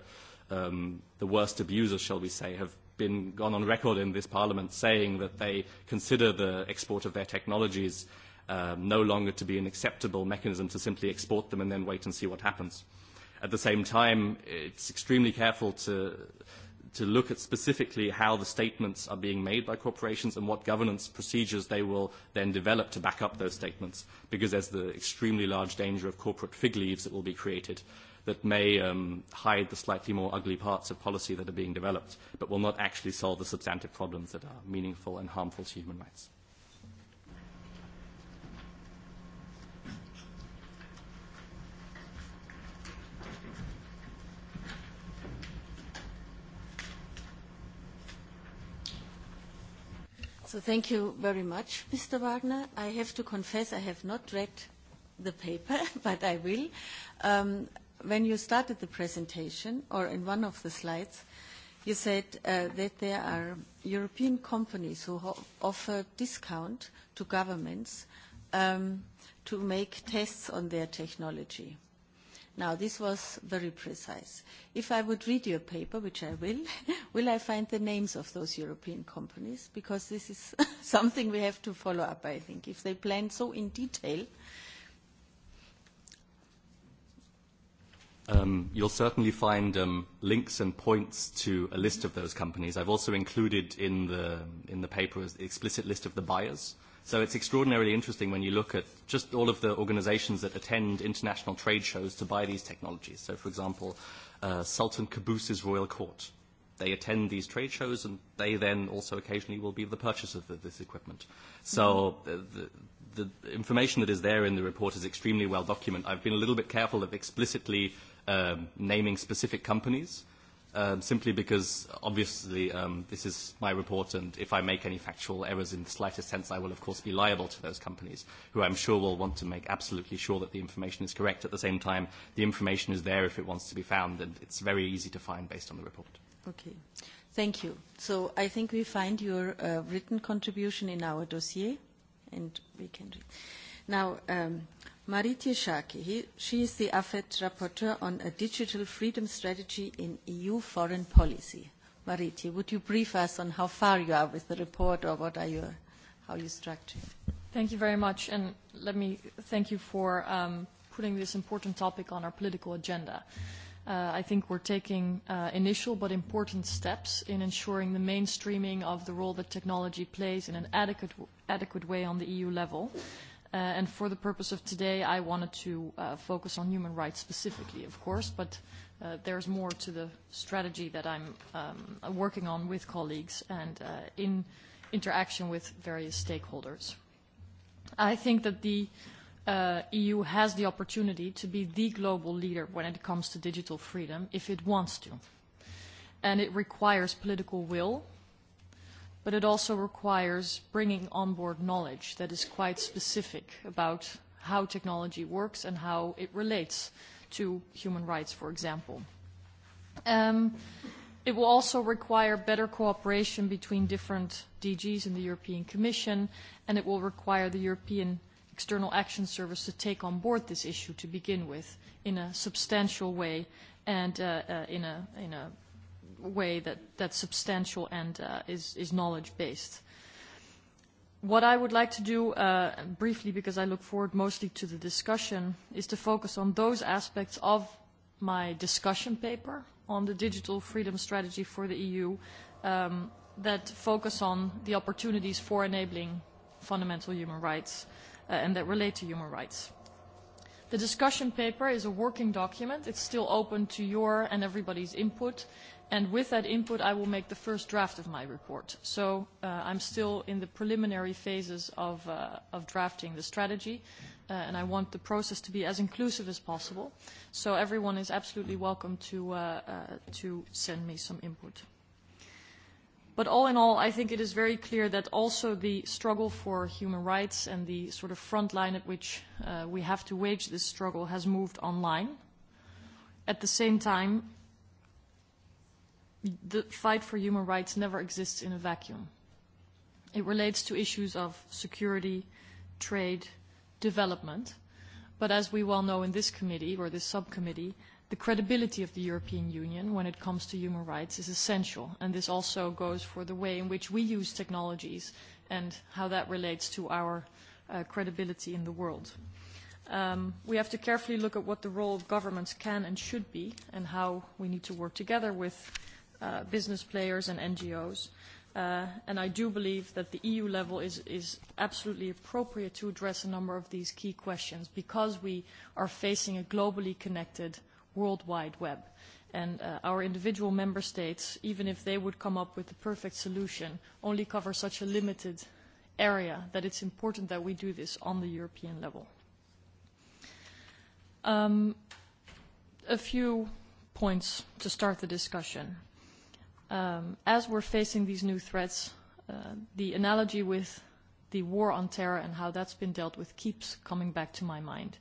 um, the worst abusers, shall we say, have been gone on record in this parliament saying that they consider the export of their technologies um, no longer to be an acceptable mechanism to simply export them and then wait and see what happens. At the same time, it's extremely careful to to look at specifically how the statements are being made by corporations and what governance procedures they will then develop to back up those statements, because there's the extremely large danger of corporate fig leaves that will be created that may um, hide the slightly more ugly parts of policy that are being developed, but will not actually solve the substantive problems that are meaningful and harmful to human rights. So thank you very much, Mr. Wagner. I have to confess I have not read the paper, but I will. Um, when you started the presentation, or in one of the slides, you said uh, that there are European companies who offer discount to governments um, to make tests on their technology. Now, this was very precise. If I would read your paper, which I will, will I find the names of those European companies? Because this is something we have to follow up, I think. If they plan so in detail, Um, you'll certainly find um, links and points to a list of those companies. I've also included in the, in the paper an explicit list of the buyers So it's extraordinarily interesting when you look at just all of the organizations that attend international trade shows to buy these technologies. So, for example, uh, Sultan Qaboos's royal court. They attend these trade shows, and they then also occasionally will be the purchaser of this equipment. So the, the information that is there in the report is extremely well documented. I've been a little bit careful of explicitly um, naming specific companies um, simply because obviously um, this is my report and if I make any factual errors in the slightest sense, I will of course be liable to those companies who I'm sure will want to make absolutely sure that the information is correct. At the same time, the information is there if it wants to be found and it's very easy to find based on the report. Okay. Thank you. So I think we find your uh, written contribution in our dossier and we can... read Now, um, Marit Yeshaki, she is the AFET rapporteur on a digital freedom strategy in EU foreign policy. Mariti, would you brief us on how far you are with the report or what are your, how you structure it? Thank you very much, and let me thank you for um, putting this important topic on our political agenda. Uh, I think we're taking uh, initial but important steps in ensuring the mainstreaming of the role that technology plays in an adequate, adequate way on the EU level and for the purpose of today, I wanted to uh, focus on human rights specifically, of course, but uh, there's more to the strategy that I'm um, working on with colleagues and uh, in interaction with various stakeholders. I think that the uh, EU has the opportunity to be the global leader when it comes to digital freedom if it wants to. And it requires political will but it also requires bringing on board knowledge that is quite specific about how technology works and how it relates to human rights, for example. Um, it will also require better cooperation between different DGs in the European Commission, and it will require the European External Action Service to take on board this issue to begin with in a substantial way and uh, uh, in, a, in a way that, that's substantial and uh, is, is knowledge-based. What I would like to do, uh, briefly, because I look forward mostly to the discussion, is to focus on those aspects of my discussion paper on the digital freedom strategy for the EU um, that focus on the opportunities for enabling fundamental human rights uh, and that relate to human rights. The discussion paper is a working document. It's still open to your and everybody's input and with that input, I will make the first draft of my report. So uh, I'm still in the preliminary phases of, uh, of drafting the strategy, uh, and I want the process to be as inclusive as possible. So everyone is absolutely welcome to, uh, uh, to send me some input. But all in all, I think it is very clear that also the struggle for human rights and the sort of front line at which uh, we have to wage this struggle has moved online. At the same time, the fight for human rights never exists in a vacuum. It relates to issues of security, trade, development. But as we well know in this committee or this subcommittee, the credibility of the European Union when it comes to human rights is essential. And this also goes for the way in which we use technologies and how that relates to our uh, credibility in the world. Um, we have to carefully look at what the role of governments can and should be and how we need to work together with uh, business players and NGOs. Uh, and I do believe that the EU level is, is absolutely appropriate to address a number of these key questions because we are facing a globally connected worldwide web. And uh, our individual member states, even if they would come up with the perfect solution, only cover such a limited area that it's important that we do this on the European level. Um, a few points to start the discussion um, as we're facing these new threats, uh, the analogy with the war on terror and how that's been dealt with keeps coming back to my mind,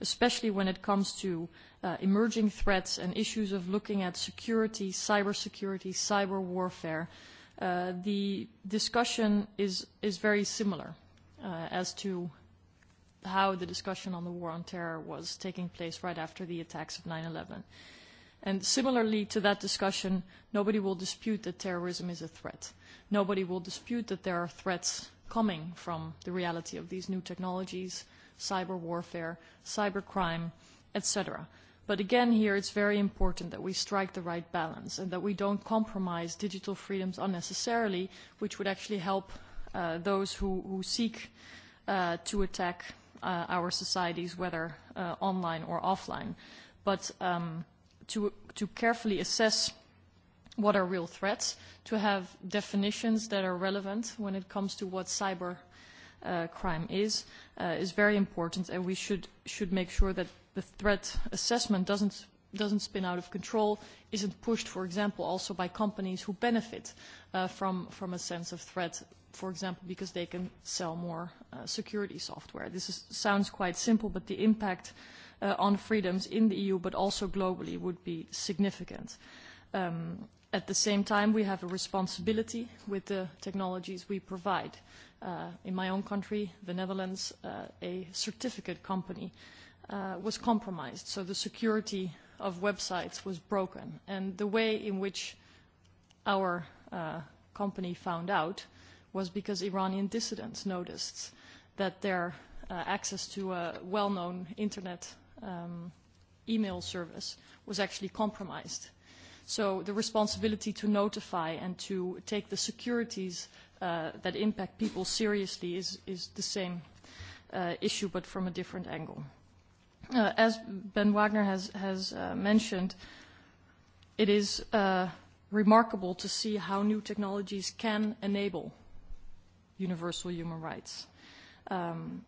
especially when it comes to uh, emerging threats and issues of looking at security, cybersecurity, cyber warfare. Uh, the discussion is, is very similar uh, as to how the discussion on the war on terror was taking place right after the attacks of 9 11 And similarly to that discussion, nobody will dispute that terrorism is a threat. Nobody will dispute that there are threats coming from the reality of these new technologies, cyber warfare, cybercrime, etc. But again, here it's very important that we strike the right balance and that we don't compromise digital freedoms unnecessarily, which would actually help uh, those who, who seek uh, to attack uh, our societies, whether uh, online or offline. But um, to, to carefully assess what are real threats, to have definitions that are relevant when it comes to what cyber uh, crime is, uh, is very important, and we should, should make sure that the threat assessment doesn't doesn't spin out of control, isn't pushed, for example, also by companies who benefit uh, from, from a sense of threat, for example, because they can sell more uh, security software. This is, sounds quite simple, but the impact uh, on freedoms in the EU, but also globally, would be significant. at the same time, we have a responsibility with the technologies we provide. in my own country, the Netherlands, a certificate company was compromised, so the security of websites was broken. And the way in which our company found out was because Iranian dissidents noticed that their access to a well-known internet um, email service was actually compromised. So the responsibility to notify and to take the securities uh, that impact people seriously is, is the same uh, issue, but from a different angle. Uh, as Ben Wagner has, has uh, mentioned, it is uh, remarkable to see how new technologies can enable universal human rights. Um,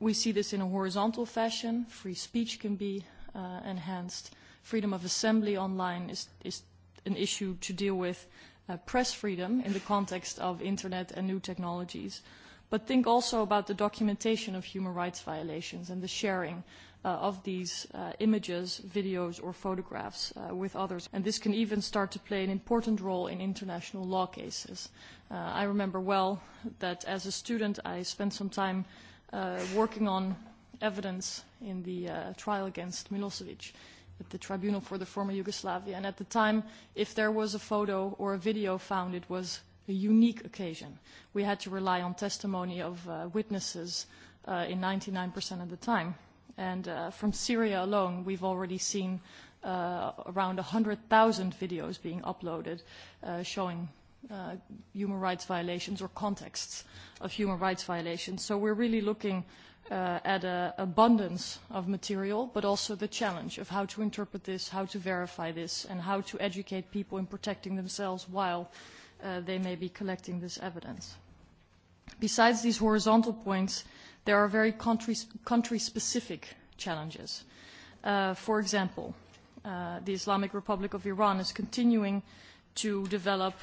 We see this in a horizontal fashion. Free speech can be uh, enhanced. Freedom of assembly online is, is an issue to deal with. Uh, press freedom in the context of internet and new technologies. But think also about the documentation of human rights violations and the sharing uh, of these uh, images, videos, or photographs uh, with others. And this can even start to play an important role in international law cases. Uh, I remember well that as a student, I spent some time uh, working on evidence in the uh, trial against Milosevic at the Tribunal for the Former Yugoslavia. And at the time, if there was a photo or a video found, it was a unique occasion. We had to rely on testimony of uh, witnesses uh, in 99% of the time. And uh, from Syria alone, we've already seen uh, around 100,000 videos being uploaded uh, showing uh, human rights violations or contexts of human rights violations. So we're really looking uh, at an abundance of material, but also the challenge of how to interpret this, how to verify this, and how to educate people in protecting themselves while uh, they may be collecting this evidence. Besides these horizontal points, there are very country-specific challenges. Uh, for example, uh, the Islamic Republic of Iran is continuing to develop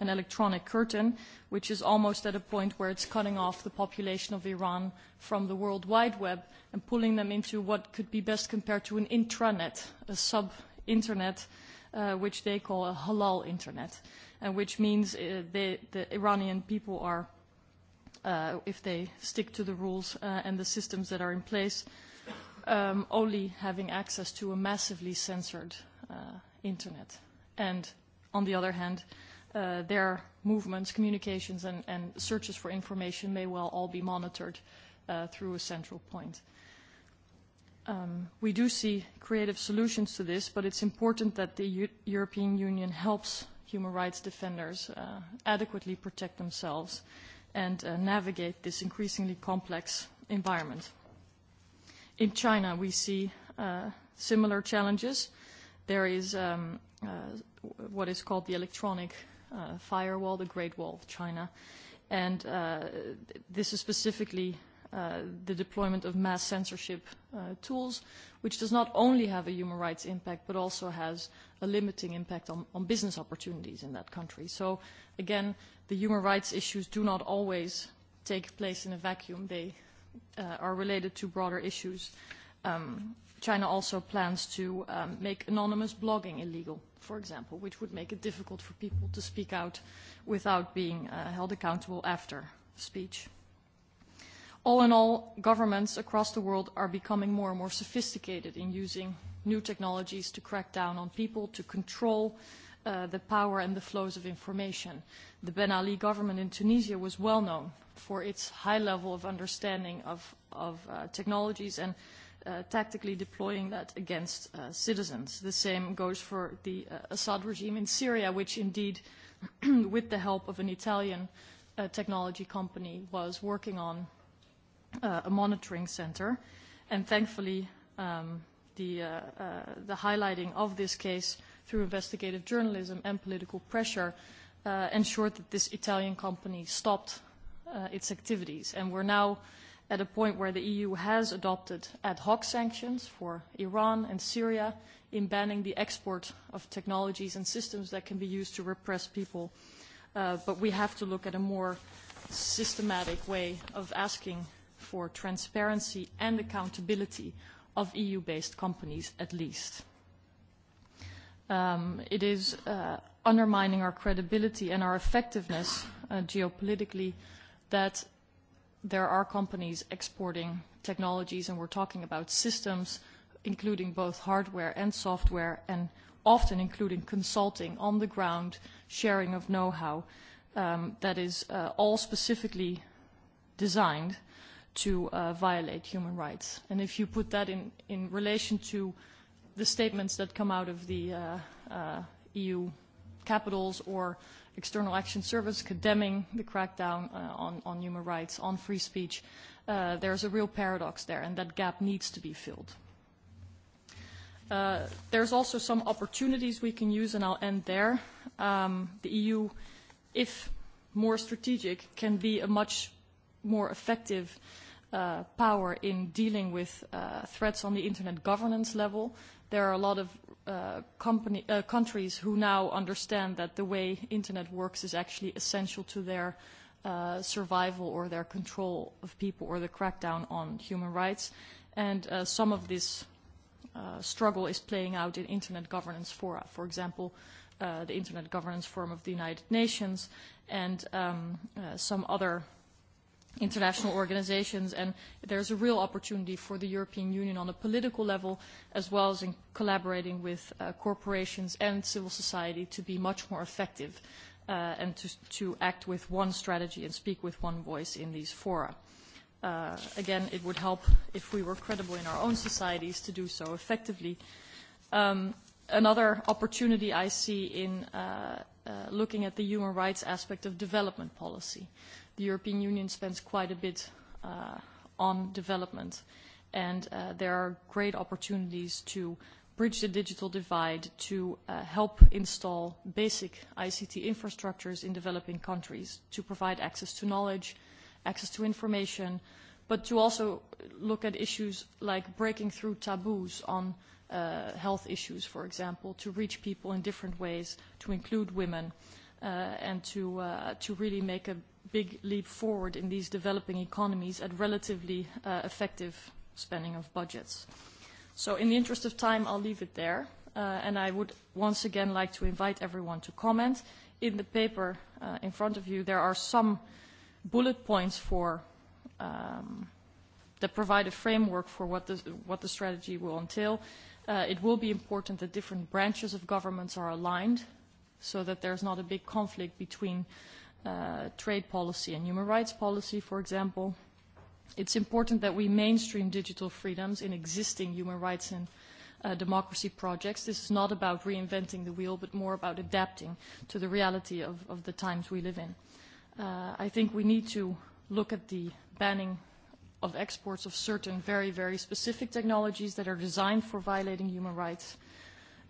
an electronic curtain, which is almost at a point where it's cutting off the population of Iran from the World Wide Web and pulling them into what could be best compared to an intranet, a sub-internet, uh, which they call a halal internet, and which means uh, they, the Iranian people are, uh, if they stick to the rules uh, and the systems that are in place, um, only having access to a massively censored uh, internet. And on the other hand, uh, their movements, communications, and, and searches for information may well all be monitored uh, through a central point. Um, we do see creative solutions to this, but it's important that the U European Union helps human rights defenders uh, adequately protect themselves and uh, navigate this increasingly complex environment. In China, we see uh, similar challenges. There is um, uh, what is called the electronic uh, firewall, the Great Wall of China. And uh, this is specifically uh, the deployment of mass censorship uh, tools, which does not only have a human rights impact, but also has a limiting impact on, on business opportunities in that country. So again, the human rights issues do not always take place in a vacuum. They uh, are related to broader issues. Uh, China also plans to make anonymous blogging illegal, for example, which would make it difficult for people to speak out without being held accountable after speech. All in all, governments across the world are becoming more and more sophisticated in using new technologies to crack down on people, to control the power and the flows of information. The Ben Ali government in Tunisia was well known for its high level of understanding of, of technologies and uh, tactically deploying that against uh, citizens. The same goes for the uh, Assad regime in Syria, which indeed, with the help of an Italian uh, technology company, was working on uh, a monitoring center. And thankfully, um, the, uh, uh, the highlighting of this case through investigative journalism and political pressure uh, ensured that this Italian company stopped uh, its activities. And we're now at a point where the EU has adopted ad hoc sanctions for Iran and Syria in banning the export of technologies and systems that can be used to repress people. but we have to look at a more systematic way of asking for transparency and accountability of EU-based companies at least. it is undermining our credibility and our effectiveness geopolitically that there are companies exporting technologies, and we're talking about systems, including both hardware and software, and often including consulting on the ground, sharing of know-how, that is all specifically designed to violate human rights. And if you put that in, in relation to the statements that come out of the EU capitals or External Action Service condemning the crackdown uh, on, on human rights, on free speech. Uh, there's a real paradox there, and that gap needs to be filled. Uh, there's also some opportunities we can use, and I'll end there. Um, the EU, if more strategic, can be a much more effective uh, power in dealing with uh, threats on the internet governance level. There are a lot of company, uh, countries who now understand that the way internet works is actually essential to their uh, survival or their control of people or the crackdown on human rights. And uh, some of this uh, struggle is playing out in internet governance fora. For example, uh, the Internet Governance Forum of the United Nations and um, uh, some other uh, international organizations, and there's a real opportunity for the European Union on a political level, as well as in collaborating with uh, corporations and civil society to be much more effective uh, and to, to act with one strategy and speak with one voice in these fora. Uh, again, it would help if we were credible in our own societies to do so effectively. Um, another opportunity I see in uh, uh, looking at the human rights aspect of development policy. Uh, the European Union spends quite a bit uh, on development. And uh, there are great opportunities to bridge the digital divide to uh, help install basic ICT infrastructures in developing countries to provide access to knowledge, access to information, but to also look at issues like breaking through taboos on uh, health issues, for example, to reach people in different ways, to include women, uh, and to, uh, to really make a big leap forward in these developing economies at relatively uh, effective spending of budgets. So in the interest of time, I'll leave it there. Uh, and I would once again like to invite everyone to comment. In the paper uh, in front of you, there are some bullet points for um, that provide a framework for what the, what the strategy will entail. Uh, it will be important that different branches of governments are aligned so that there's not a big conflict between uh, uh, trade policy and human rights policy, for example. It's important that we mainstream digital freedoms in existing human rights and uh, democracy projects. This is not about reinventing the wheel, but more about adapting to the reality of, of the times we live in. Uh, I think we need to look at the banning of exports of certain very, very specific technologies that are designed for violating human rights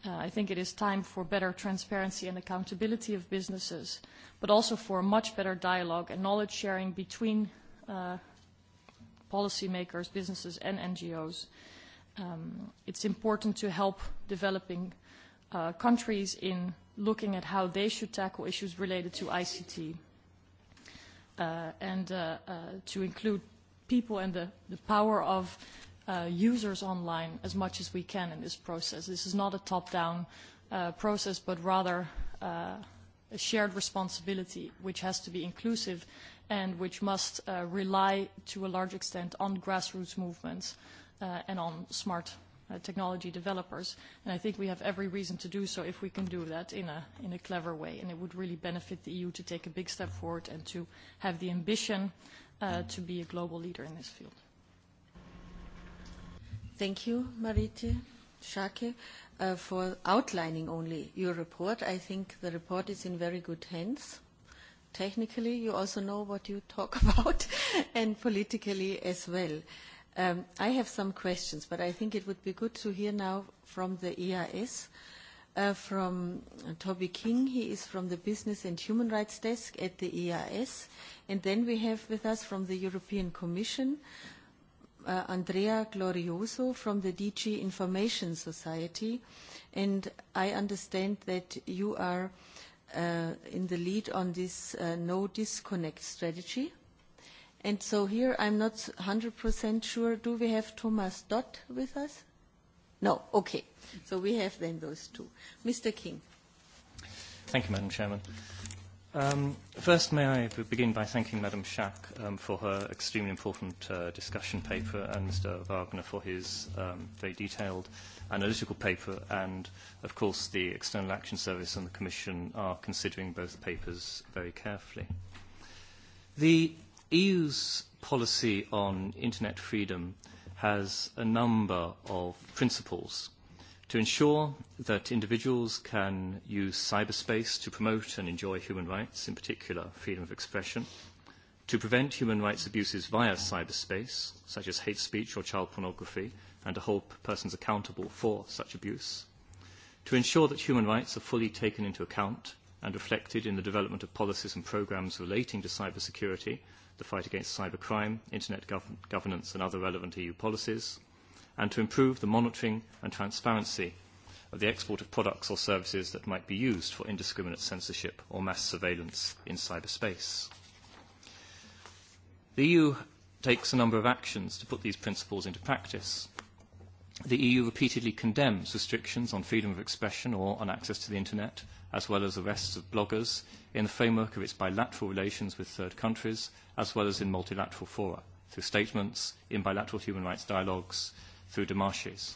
I think it is time for better transparency and accountability of businesses, but also for a much better dialogue and knowledge sharing between uh, policymakers, businesses, and NGOs. Um, it's important to help developing uh, countries in looking at how they should tackle issues related to ICT uh, and uh, uh, to include people and the, the power of uh, users online as much as we can in this process. This is not a top-down uh, process, but rather uh, a shared responsibility which has to be inclusive and which must uh, rely to a large extent on grassroots movements uh, and on smart uh, technology developers. And I think we have every reason to do so if we can do that in a, in a clever way. And it would really benefit the EU to take a big step forward and to have the ambition uh, to be a global leader in this field. Thank you, Marite Schake, uh, for outlining only your report. I think the report is in very good hands. Technically, you also know what you talk about, and politically as well. Um, I have some questions, but I think it would be good to hear now from the EIS, uh, from Toby King. He is from the Business and Human Rights Desk at the EIS. And then we have with us from the European Commission, Andrea Glorioso from the DG Information Society, and I understand that you are in the lead on this no disconnect strategy. And so here I'm not 100% sure. Do we have Thomas Dodd with us? No. Okay. So we have then those two. Mr. King. Thank you, Madam Chairman. Um, first, may I begin by thanking Madam Schack um, for her extremely important uh, discussion paper and Mr. Wagner for his um, very detailed analytical paper. And, of course, the External Action Service and the Commission are considering both papers very carefully. The EU's policy on internet freedom has a number of principles To ensure that individuals can use cyberspace to promote and enjoy human rights, in particular freedom of expression, to prevent human rights abuses via cyberspace, such as hate speech or child pornography, and to hold persons accountable for such abuse, to ensure that human rights are fully taken into account and reflected in the development of policies and programmes relating to cybersecurity, the fight against cybercrime, internet governance and other relevant EU policies, and to improve the monitoring and transparency of the export of products or services that might be used for indiscriminate censorship or mass surveillance in cyberspace. The EU takes a number of actions to put these principles into practice. The EU repeatedly condemns restrictions on freedom of expression or on access to the Internet, as well as arrests of bloggers, in the framework of its bilateral relations with third countries, as well as in multilateral fora, through statements, in bilateral human rights dialogues, through demarches.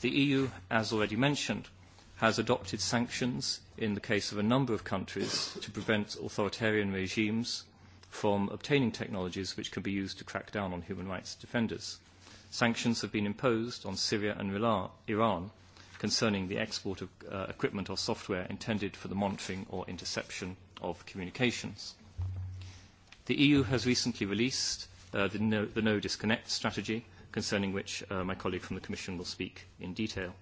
The EU, as already mentioned, has adopted sanctions in the case of a number of countries to prevent authoritarian regimes from obtaining technologies which can be used to crack down on human rights defenders. Sanctions have been imposed on Syria and Iran concerning the export of uh, equipment or software intended for the monitoring or interception of communications. The EU has recently released uh, the, no, the No Disconnect strategy, concerning which uh, my colleague from the Commission will speak in detail.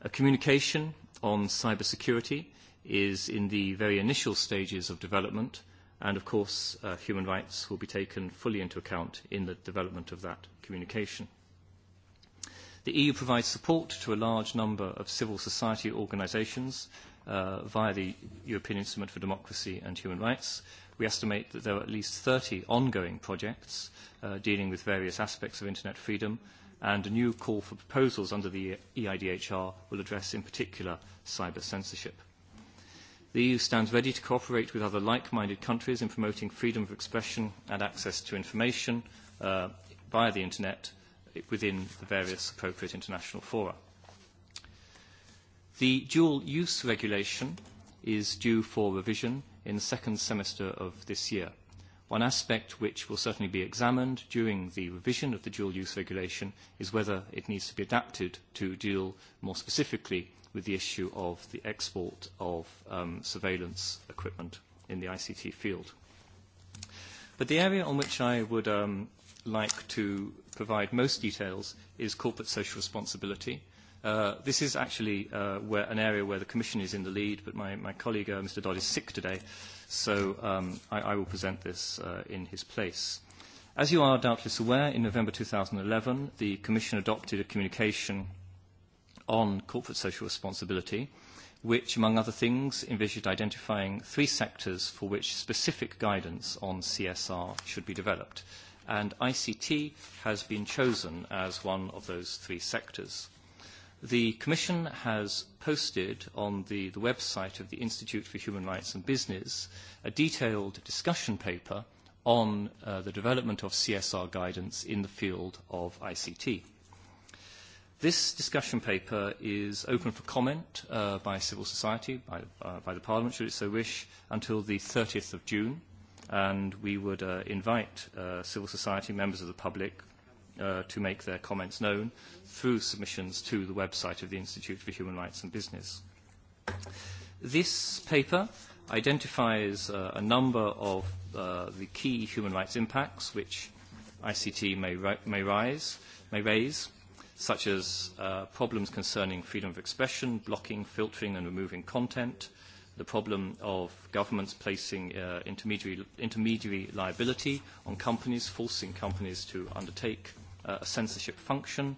A communication on cybersecurity is in the very initial stages of development, and of course uh, human rights will be taken fully into account in the development of that communication. The EU provides support to a large number of civil society organisations uh, via the European Instrument for Democracy and Human Rights, uh, We estimate that there are at least 30 ongoing projects uh, dealing with various aspects of internet freedom, and a new call for proposals under the EIDHR will address in particular cyber censorship. The EU stands ready to cooperate with other like-minded countries in promoting freedom of expression and access to information uh, via the internet within the various appropriate international fora. The dual use regulation is due for revision in the second semester of this year. One aspect which will certainly be examined during the revision of the dual use regulation is whether it needs to be adapted to deal more specifically with the issue of the export of surveillance equipment in the ICT field. But the area on which I would like to provide most details is corporate social responsibility This is actually where an area where the Commission is in the lead, but my my colleague, Mr. Dodd, is sick today, so um I I will present this uh in his place. As you are doubtless aware, in November 2011, the Commission adopted a communication on corporate social responsibility, which, among other things, envisioned identifying three sectors for which specific guidance on CSR should be developed, and ICT has been chosen as one of those three sectors. The Commission has posted on the, the website of the Institute for Human Rights and Business a detailed discussion paper on uh, the development of CSR guidance in the field of ICT. This discussion paper is open for comment uh, by civil society, by, uh, by the Parliament, should it so wish, until the 30th of June. And we would uh, invite uh, civil society, members of the public, to make their comments known through submissions to the website of the Institute for Human Rights and Business. This paper identifies a number of the key human rights impacts which ICT may, may, rise, may raise, such as problems concerning freedom of expression, blocking, filtering and removing content, the problem of governments placing intermediary, liability on companies, forcing companies to undertake a censorship function,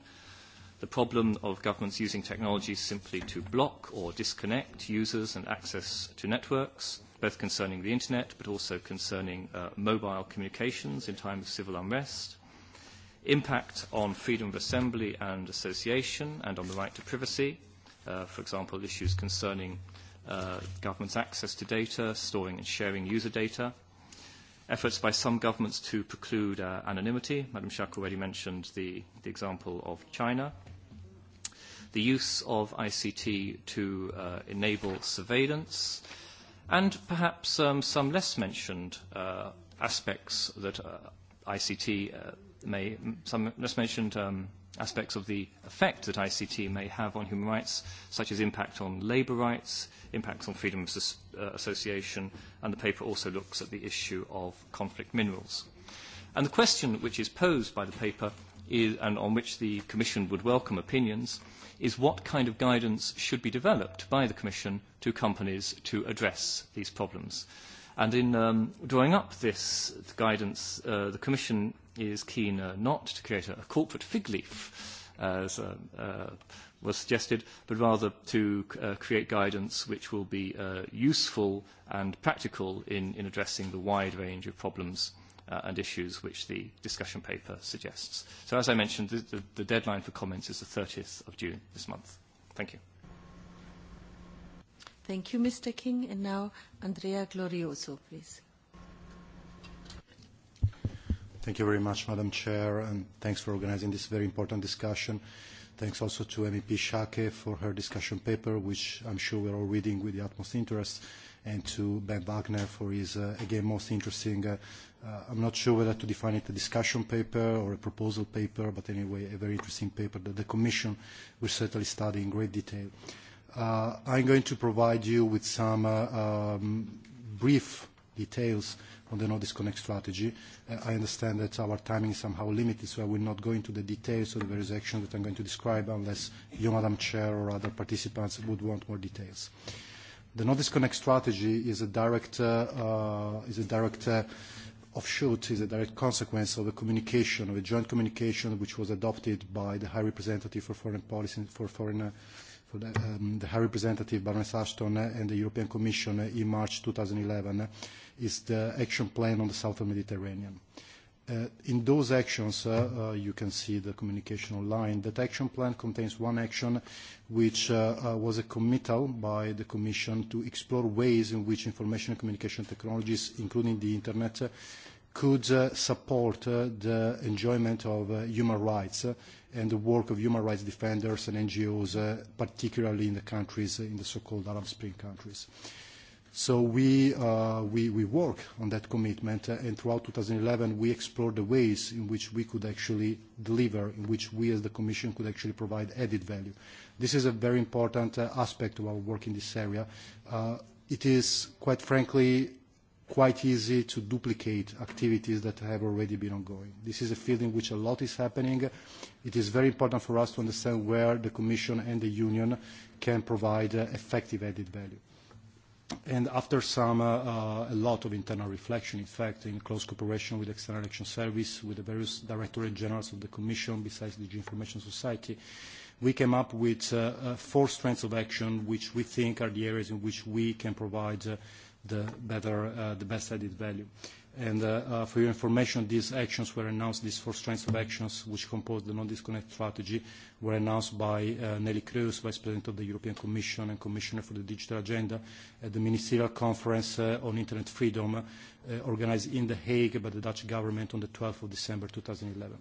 the problem of governments using technology simply to block or disconnect users and access to networks, both concerning the internet but also concerning uh, mobile communications in time of civil unrest, impact on freedom of assembly and association and on the right to privacy, uh, for example, issues concerning uh, government's access to data, storing and sharing user data, efforts by some governments to preclude uh, anonymity. Madam Shaku already mentioned the, the example of China. The use of ICT to uh, enable surveillance, and perhaps um, some less mentioned uh, aspects that uh, ICT uh, may, some less mentioned um, aspects of the effect that ICT may have on human rights, such as impact on labour rights, impacts on freedom of association, and the paper also looks at the issue of conflict minerals. And the question which is posed by the paper is, and on which the Commission would welcome opinions is what kind of guidance should be developed by the Commission to companies to address these problems. And in um, drawing up this guidance, uh, the Commission is keen uh, not to create a, corporate fig leaf, as uh, uh, was suggested, but rather to uh, create guidance which will be uh, useful and practical in, in addressing the wide range of problems uh, and issues which the discussion paper suggests. So as I mentioned, the, the, the deadline for comments is the 30th of June this month. Thank you. Thank you, Mr. King. And now, Andrea Glorioso, please. Thank you very much, Madam Chair, and thanks for organizing this very important discussion. Thanks also to MEP Shake for her discussion paper, which I'm sure we're all reading with the utmost interest, and to Ben Wagner for his, uh, again, most interesting, uh, uh, I'm not sure whether to define it a discussion paper or a proposal paper, but anyway, a very interesting paper that the Commission will certainly study in great detail. Uh, I'm going to provide you with some uh, um, brief details on the no disconnect strategy. I understand that our timing is somehow limited, so I will not go into the details of the various actions that I'm going to describe unless you, Madam Chair, or other participants would want more details. The no disconnect strategy is a direct offshoot is a direct consequence of a communication, of a joint communication which was adopted by the High Representative for Foreign Policy for Foreign the High Representative Baroness Ashton and the European Commission in March 2011 is the action plan on the southern Mediterranean. in those actions, you can see the communication online, that action plan contains one action which was a committal by the Commission to explore ways in which information and communication technologies, including the Internet, could support the enjoyment of human rights and the work of human rights defenders and NGOs, uh, particularly in the countries, in the so-called Arab Spring countries. So we, uh, we, we work on that commitment, uh, and throughout 2011 we explored the ways in which we could actually deliver, in which we as the Commission could actually provide added value. This is a very important uh, aspect of our work in this area. Uh, it is, quite frankly, quite easy to duplicate activities that have already been ongoing. This is a field in which a lot is happening. It is very important for us to understand where the Commission and the Union can provide effective added value. And after some, a lot of internal reflection, in fact, in close cooperation with the External Action Service, with the various Directorate Generals of the Commission, besides the Information Society, we came up with four strands of action, which we think are the areas in which we can provide the better, uh, the best added value. And uh, for your information, these actions were announced, these four strengths of actions which compose the non-disconnect strategy were announced by Neelie Nelly Vice President of the European Commission and Commissioner for the Digital Agenda at the Ministerial Conference on Internet Freedom organized in The Hague by the Dutch government on the 12th of December 2011.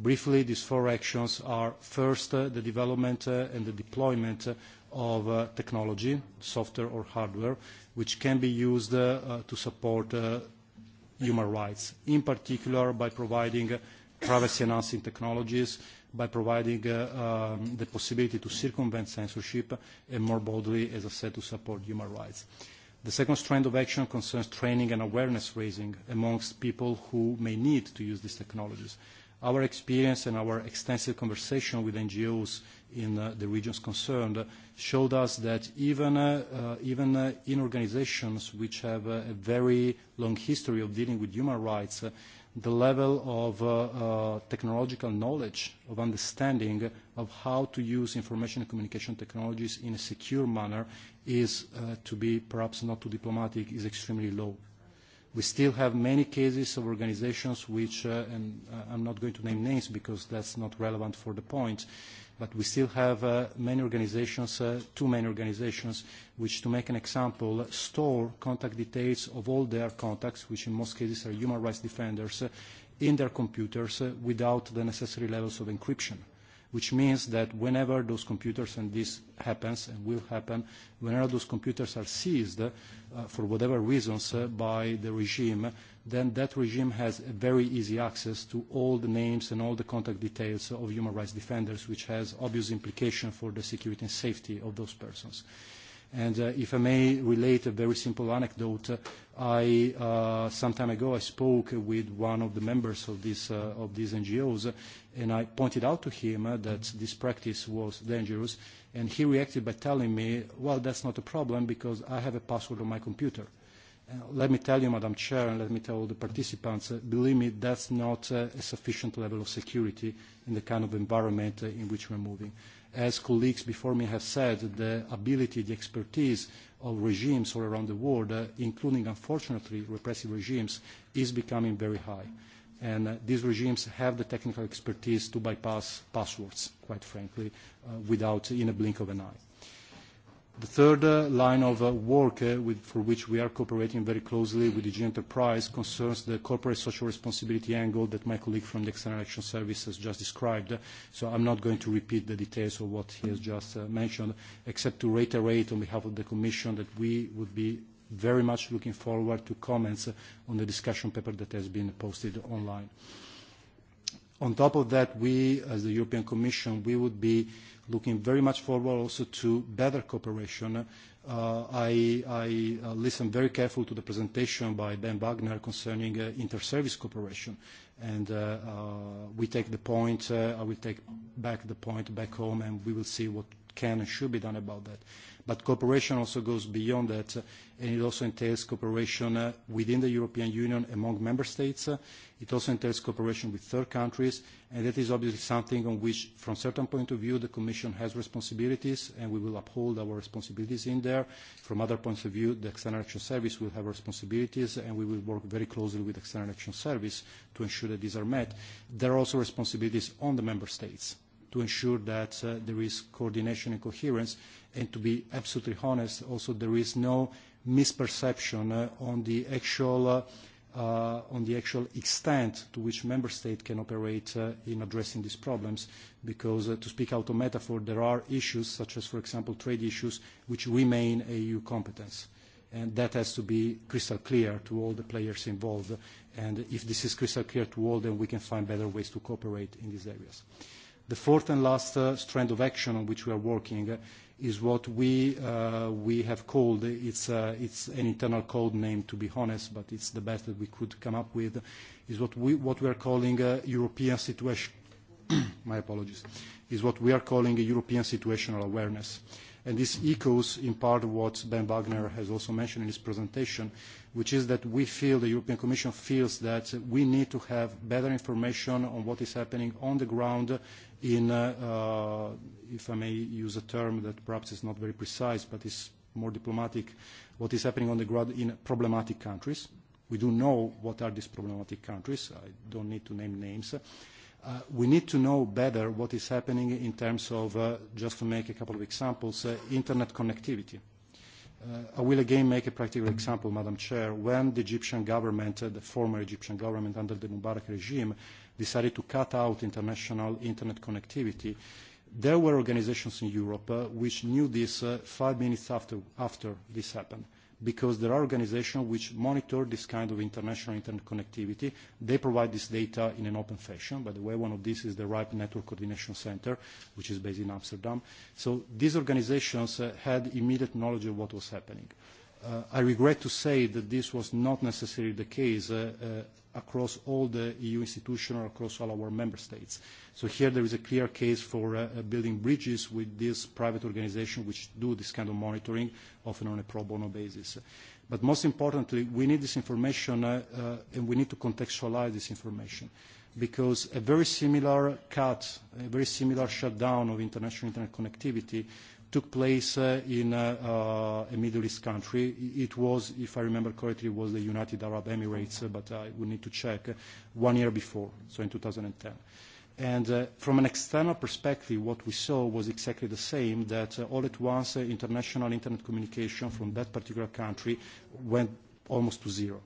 Briefly, these four actions are first, the development and the deployment of technology, software or hardware, which can be used to support human rights, in particular by providing privacy-enhancing technologies, by providing the possibility to circumvent censorship, and more broadly, as I said, to support human rights. The second strand of action concerns training and awareness raising amongst people who may need to use these technologies. Our experience and our extensive conversation with NGOs in uh, the regions concerned showed us that even, uh, uh, even uh, in organizations which have uh, a very long history of dealing with human rights, uh, the level of uh, uh, technological knowledge, of understanding of how to use information and communication technologies in a secure manner is, uh, to be perhaps not too diplomatic, is extremely low. We still have many cases of organizations which, uh, and I'm not going to name names because that's not relevant for the point, uh, but we still have uh, many organizations, uh, too many organizations, which, to make an example, store contact details of all their contacts, which in most cases are human rights defenders, in their computers without the necessary levels of encryption. Uh, which means that whenever those computers, and this happens and will happen, whenever those computers are seized for whatever reasons by the regime, then that regime has very easy access to all the names and all the contact details of human rights defenders, which has obvious implication for the security and safety of those persons. And uh, if I may relate a very simple anecdote, I, uh, some time ago I spoke with one of the members of, this, uh, of these NGOs and I pointed out to him uh, that this practice was dangerous and he reacted by telling me, well, that's not a problem because I have a password on my computer. Let me tell you, Madam Chair, and let me tell all the participants, believe me, that's not a sufficient level of security in the kind of environment in which we're moving as colleagues before me have said, the ability, the expertise of regimes all around the world, including, unfortunately, repressive regimes, is becoming very high. And these regimes have the technical expertise to bypass passwords, quite frankly, without in a blink of an eye. The third line of work for which we are cooperating very closely with DG Enterprise concerns the corporate social responsibility angle that my colleague from the External Action Service has just described. So I'm not going to repeat the details of what he has just mentioned, except to reiterate on behalf of the Commission that we would be very much looking forward to comments on the discussion paper that has been posted online. On top of that, we, as the European Commission, we would be looking very much forward also to better cooperation. I, I listened very carefully to the presentation by Ben Wagner concerning inter-service cooperation. And we take the point, I will take back the point back home, and we will see what can and should be done about that. But cooperation also goes beyond that, and it also entails cooperation within the European Union among member states. It also entails cooperation with third countries, and that is obviously something on which, from a certain point of view, the Commission has responsibilities, and we will uphold our responsibilities in there. From other points of view, the External Action Service will have responsibilities, and we will work very closely with the External Action Service to ensure that these are met. There are also responsibilities on the member states to ensure that there is coordination and coherence and to be absolutely honest, also there is no misperception on the actual on the actual extent to which member states can operate in addressing these problems because to speak out of metaphor there are issues such as for example trade issues which remain a EU competence and that has to be crystal clear to all the players involved and if this is crystal clear to all then we can find better ways to cooperate in these areas. The fourth and last strand of action on which we are working is what we uh, we have called it's uh, an internal code name to be honest, but it's the best that we could come up with. Is what we what we are calling a European situation. my apologies. Is what we are calling a European situational awareness. this echoes in part what Ben Wagner has also mentioned in his presentation, which is that we feel, the European Commission feels that we need to have better information on what is happening on the ground in, uh, if I may use a term that perhaps is not very precise, but is more diplomatic, what is happening on the ground in problematic countries. We do know what are these problematic countries. I don't need to name names. Uh, we need to know better what is happening in terms of, uh, just to make a couple of examples, uh, internet connectivity. I will again make a practical example, Madam Chair. When the Egyptian government, the former Egyptian government under the Mubarak regime, decided to cut out international internet connectivity, there were organizations in Europe uh, which knew this uh, five minutes after, after this happened because there are organizations which monitor this kind of international internet connectivity. They provide this data in an open fashion. By the way, one of these is the RIPE Network Coordination Center, which is based in Amsterdam. So these organizations uh, had immediate knowledge of what was happening. Uh, I regret to say that this was not necessarily the case across all the EU institutions or across all our member states. So here there is a clear case for building bridges with these private organizations which do this kind of monitoring, often on a pro bono basis. But most importantly, we need this information and we need to contextualize this information because a very similar cut, a very similar shutdown of international internet connectivity took place uh, in uh, a Middle East country. It was, if I remember correctly, was the United Arab Emirates, uh, but I would need to check, uh, one year before, so in 2010. And uh, from an external perspective, what we saw was exactly the same, that uh, all at once uh, international internet communication from that particular country went almost to zero.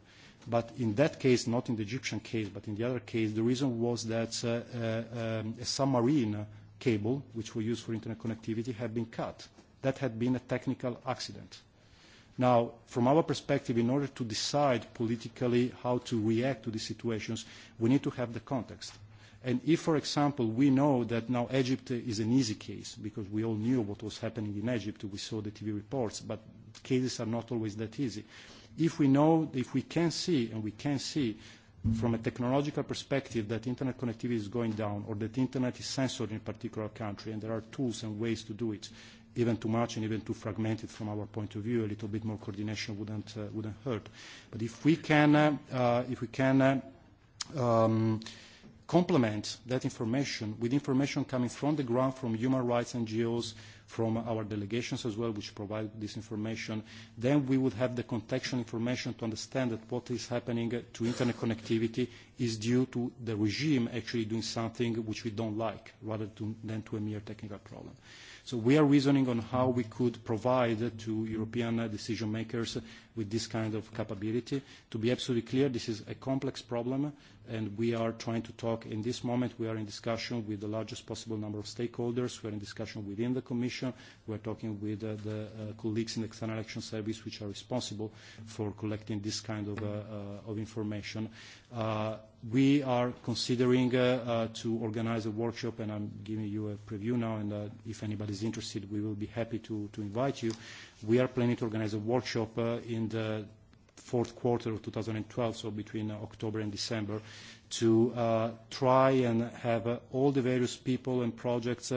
But in that case, not in the Egyptian case, but in the other case, the reason was that uh, uh, um, a submarine cable, which we use for internet connectivity, had been cut. That had been a technical accident. Now, from our perspective, in order to decide politically how to react to these situations, we need to have the context. And if, for example, we know that now Egypt is an easy case, because we all knew what was happening in Egypt, we saw the TV reports, but cases are not always that easy. If we know, if we can see, and we can see from a technological perspective that internet connectivity is going down or that internet is censored in a particular country and there are tools and ways to do it even too much and even too fragmented from our point of view a little bit more coordination wouldn't uh, wouldn't hurt but if we can uh, uh, if we can uh, um, complement that information with information coming from the ground from human rights NGOs from our delegations as well, which provide this information. Then we would have the contextual information to understand that what is happening to internet connectivity is due to the regime actually doing something which we don't like, rather to, than to a mere technical problem. So we are reasoning on how we could provide to European decision makers with this kind of capability. To be absolutely clear, this is a complex problem, and we are trying to talk. In this moment, we are in discussion with the largest possible number of stakeholders. We are in discussion within the Commission. We are talking with uh, the uh, colleagues in the External Action Service, which are responsible for collecting this kind of, uh, uh, of information. Uh, we are considering uh, uh, to organize a workshop, and I'm giving you a preview now, and uh, if anybody's interested, we will be happy to, to invite you We are planning to organize a workshop in the fourth quarter of 2012, so between October and December, to try and have all the various people and projects,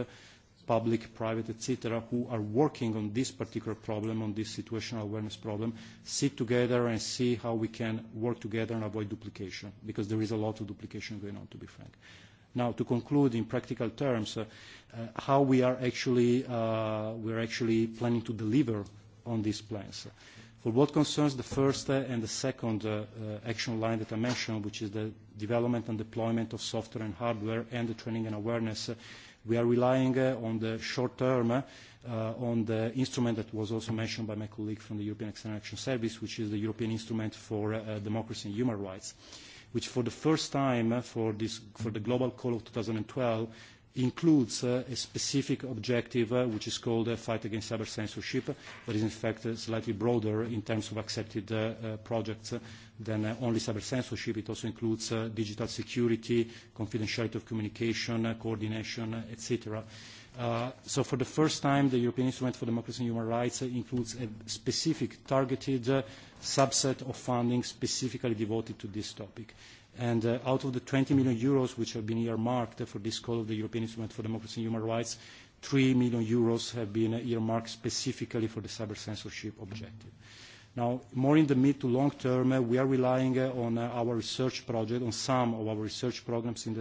public, private, etc., who are working on this particular problem, on this situational awareness problem, sit together and see how we can work together and avoid duplication, because there is a lot of duplication going on, to be frank. Now, to conclude in practical terms, how we are actually planning to deliver on these plans. For what concerns the first and the second action line that I mentioned, which is the development and deployment of software and hardware and the training and awareness, we are relying on the short term on the instrument that was also mentioned by my colleague from the European External Action Service, which is the European Instrument for Democracy and Human Rights. Uh, which for the first time for, this, for the Global Call of twelve includes a specific objective which is called a fight against cyber censorship, but is in fact slightly broader in terms of accepted projects than only cyber censorship. It also includes digital security, confidentiality of communication, coordination, etc. cetera so for the first time, the European Instrument for Democracy and Human Rights includes a specific targeted subset of funding specifically devoted to this topic. And out of the 20 million euros which have been earmarked for this call of the European Instrument for Democracy and Human Rights, 3 million euros have been earmarked specifically for the cyber censorship objective. Now, more in the mid to long term, we are relying on our research project, on some of our research programs in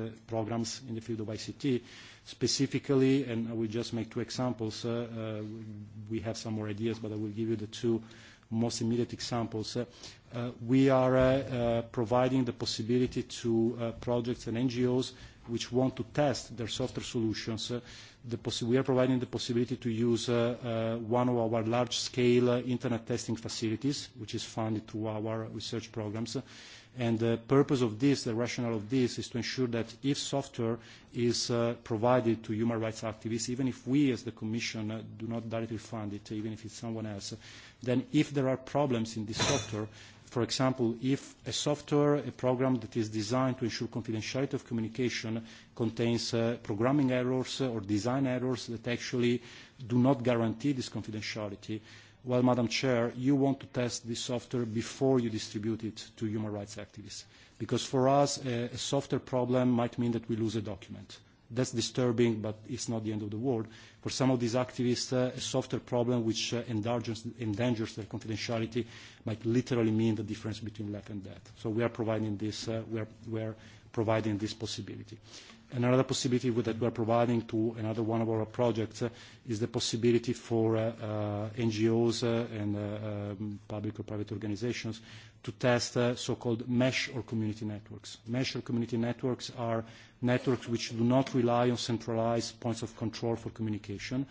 the field of ICT, specifically, and I will just make two examples. We have some more ideas, but I will give you the two most immediate examples. We are providing the possibility to projects and NGOs which want to test their software solutions. We are providing the possibility to use one of our large-scale internet testing facilities, which is funded through our research programs the purpose of this, the rationale of this, is to ensure that if software is provided to human rights activists, even if we as the Commission do not directly fund it, even if it's someone else, then if there are problems in this software, for example, if a software, a program that is designed to ensure confidentiality of communication contains programming errors or design errors that actually do not guarantee this confidentiality, well, Madam Chair, you want to test this software before you distribute it to human rights activists. Because for us, a, a software problem might mean that we lose a document. That's disturbing, but it's not the end of the world. For some of these activists, uh, a software problem which uh, endangers, endangers their confidentiality might literally mean the difference between life and death. So we are providing this, uh, we, are, we are providing this possibility. Uh, Another possibility that we are providing to another one of our projects is the possibility for NGOs and public or private organizations to test so-called mesh or community networks. Mesh or community networks are networks which do not rely on centralized points of control for communication.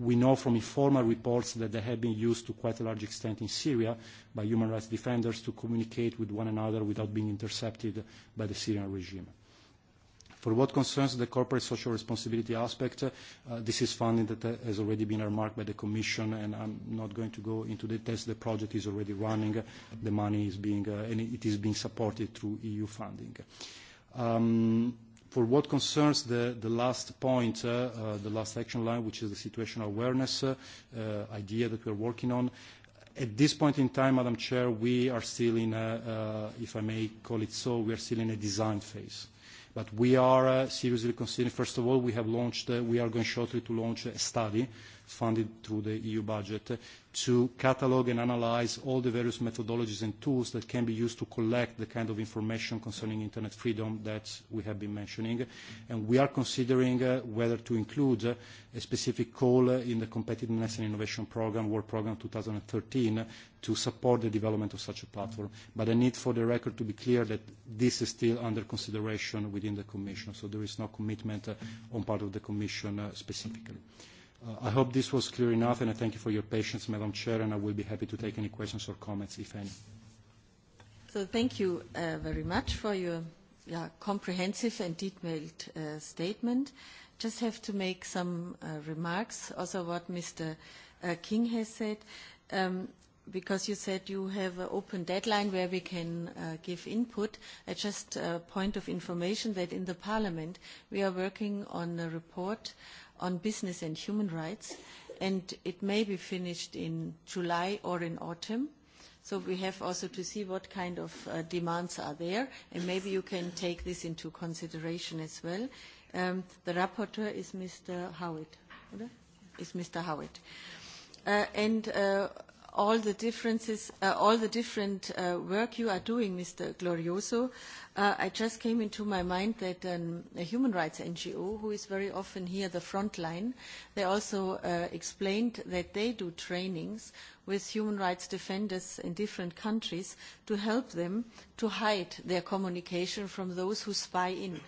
We know from informal reports that they have been used to quite a large extent in Syria by human rights defenders to communicate with one another without being intercepted by the Syrian regime. For what concerns the corporate social responsibility aspect, this is funding that has already been earmarked by the Commission, and I'm not going to go into details. The project is already running. The money is being, and it is being supported through EU funding. For what concerns the last point, the last action line, which is the situational awareness idea that we're working on, At this point in time, Madam Chair, we are still in a, if I may call it so, we are still in a design phase. But we are seriously considering, first of all, we have launched, we are going shortly to launch a study funded through the EU budget to catalog and analyze all the various methodologies and tools that can be used to collect the kind of information concerning internet freedom that we have been mentioning. And we are considering uh, whether to include uh, a specific call uh, in the Competitiveness and Innovation Program, World Program 2013, to support the development of such a platform. But I need for the record to be clear that this is still under consideration within the Commission, so there is no commitment uh, on part of the Commission uh, specifically. Mm -hmm. I hope this was clear enough, and I thank you for your patience, Madam Chair, and I will be happy to take any questions or comments, if any. So Thank you uh, very much for your yeah, comprehensive and detailed uh, statement. Just have to make some uh, remarks, also what Mr. Uh, King has said, um, because you said you have an open deadline where we can uh, give input. I Just a uh, point of information that in the parliament, we are working on a report on business and human rights, and it may be finished in July or in autumn. So we have also to see what kind of uh, demands are there, and maybe you can take this into consideration as well. Um, the rapporteur is Mr. Howitt, Is Mr. Howitt. Uh, and uh, all the differences, uh, all the different uh, work you are doing, Mr. Glorioso. Uh, I just came into my mind that um, a human rights NGO, who is very often here the front line, they also uh, explained that they do trainings with human rights defenders in different countries to help them to hide their communication from those who spy in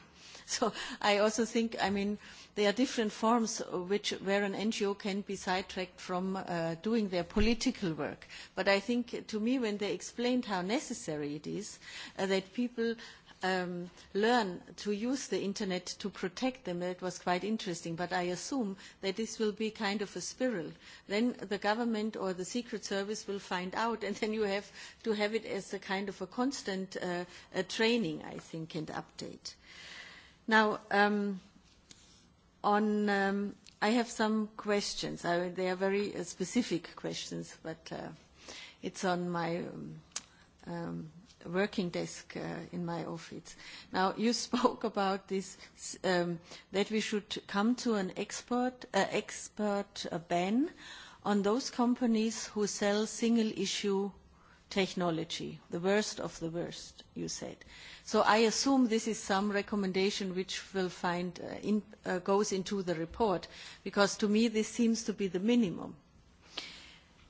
So I also think, I mean, there are different forms which, where an NGO can be sidetracked from uh, doing their political work. But I think, to me, when they explained how necessary it is uh, that people um, learn to use the internet to protect them. That was quite interesting, but I assume that this will be kind of a spiral. Then the government or the Secret Service will find out, and then you have to have it as a kind of a constant uh, uh, training, I think, and update. Uh, Now, um, on, um, I have some questions. I, they are very uh, specific questions, but uh, it's on my um, um, working desk uh, in my office. Now, you spoke about this, um, that we should come to an export, uh, expert uh, ban on those companies who sell single-issue technology, the worst of the worst, you said. So I assume this is some recommendation which will find uh, in, uh, goes into the report, because to me this seems to be the minimum.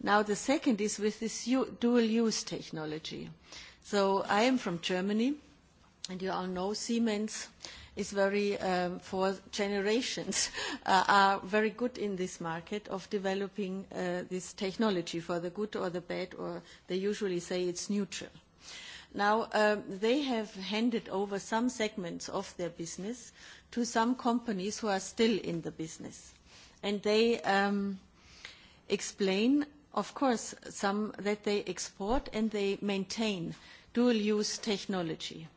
Now the second is with this dual-use technology. So I am from Germany, and you all know Siemens is very, um, for generations, uh, are very good in this market of developing uh, this technology for the good or the bad, or they usually say it's neutral. Now, um, they have handed over some segments of their business to some companies who are still in the business. And they um, explain, of course, some that they export and they maintain dual-use technology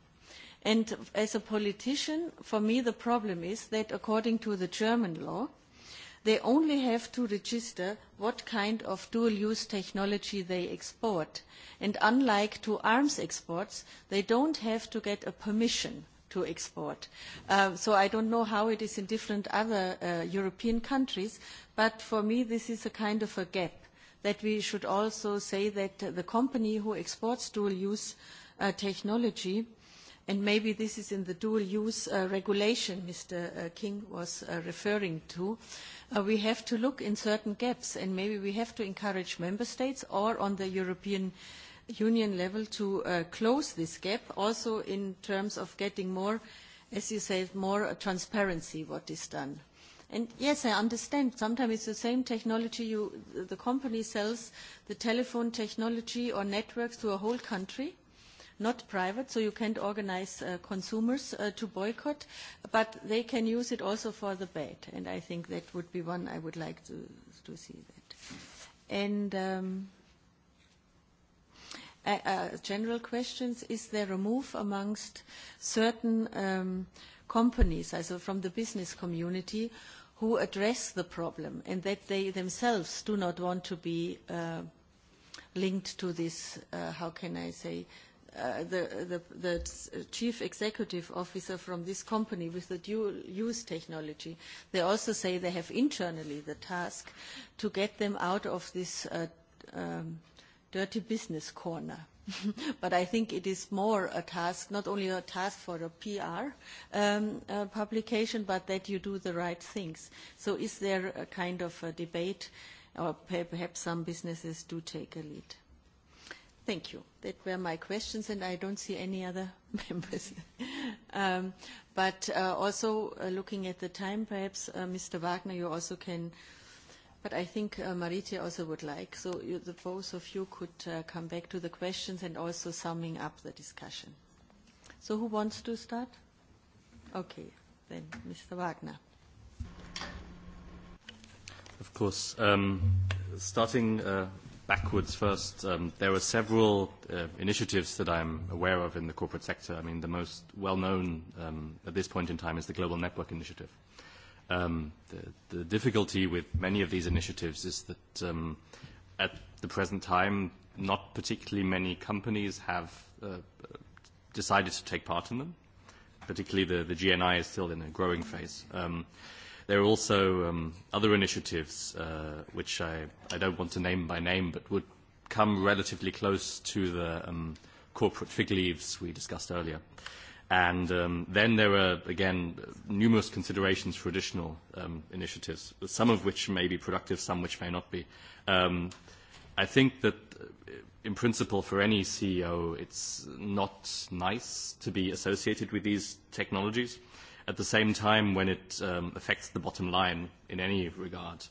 And as a politician, for me, the problem is that according to the German law, they only have to register what kind of dual-use technology they export. And unlike to arms exports, they don't have to get a permission to export. so I don't know how it is in different other European countries, but for me this is a kind of a gap that we should also say that the company who exports dual-use technology And maybe this is in the dual-use regulation Mr. King was referring to. we have to look in certain gaps, and maybe we have to encourage member states or on the European Union level to close this gap, also in terms of getting more, as you say, more transparency what is done. And yes, I understand. Sometimes it's the same technology. You, the company sells the telephone technology or networks to a whole country not private, so you can't organize uh, consumers uh, to boycott, but they can use it also for the bad, and I think that would be one I would like to, to see that. And... Um, general questions. Is there a move amongst certain um companies, also from the business community, who address the problem and that they themselves do not want to be uh linked to this, uh how can I say, the, the, the chief executive officer from this company with the dual use technology. They also say they have internally the task to get them out of this uh, um, dirty business corner. but I think it is more a task, not only a task for a PR um, uh, publication, but that you do the right things. So is there a kind of a debate, or perhaps some businesses do take a lead? Thank you. That were my questions, and I don't see any other members. Um But uh also uh looking at the time, perhaps, uh Mr. Wagner, you also can... But I think uh Marite also would like, so you the both of you could uh come back to the questions and also summing up the discussion. So who wants to start? Okay, then Mr. Wagner. Of course. Starting backwards first, um, there are several uh, initiatives that I'm aware of in the corporate sector. I mean, the most well-known um, at this point in time is the Global Network Initiative. Um, the, the difficulty with many of these initiatives is that um, at the present time, not particularly many companies have uh, decided to take part in them. Particularly the, the GNI is still in a growing phase. Um, There are also um, other initiatives uh, which I, I don't want to name by name, but would come relatively close to the um, corporate fig leaves we discussed earlier. And um, then there are, again, numerous considerations for additional um, initiatives, some of which may be productive, some which may not be. Um, I think that, in principle, for any CEO, it's not nice to be associated with these technologies At the same time, when it um, affects the bottom line in any regard,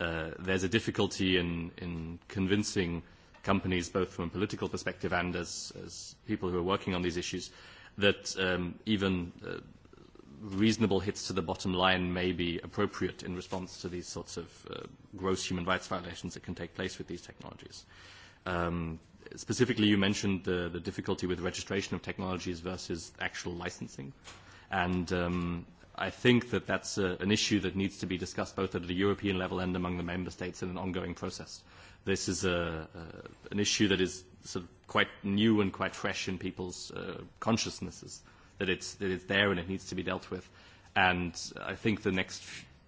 uh, there's a difficulty in, in convincing companies, both from a political perspective and as, as people who are working on these issues, that um, even uh, reasonable hits to the bottom line may be appropriate in response to these sorts of uh, gross human rights violations that can take place with these technologies. Um, specifically, you mentioned the, the difficulty with registration of technologies versus actual licensing. Uh, And um, I think that that's a, an issue that needs to be discussed both at the European level and among the member states in an ongoing process. This is a, uh, an issue that is sort of quite new and quite fresh in people's uh, consciousnesses, that it's, that it's there and it needs to be dealt with. And I think the next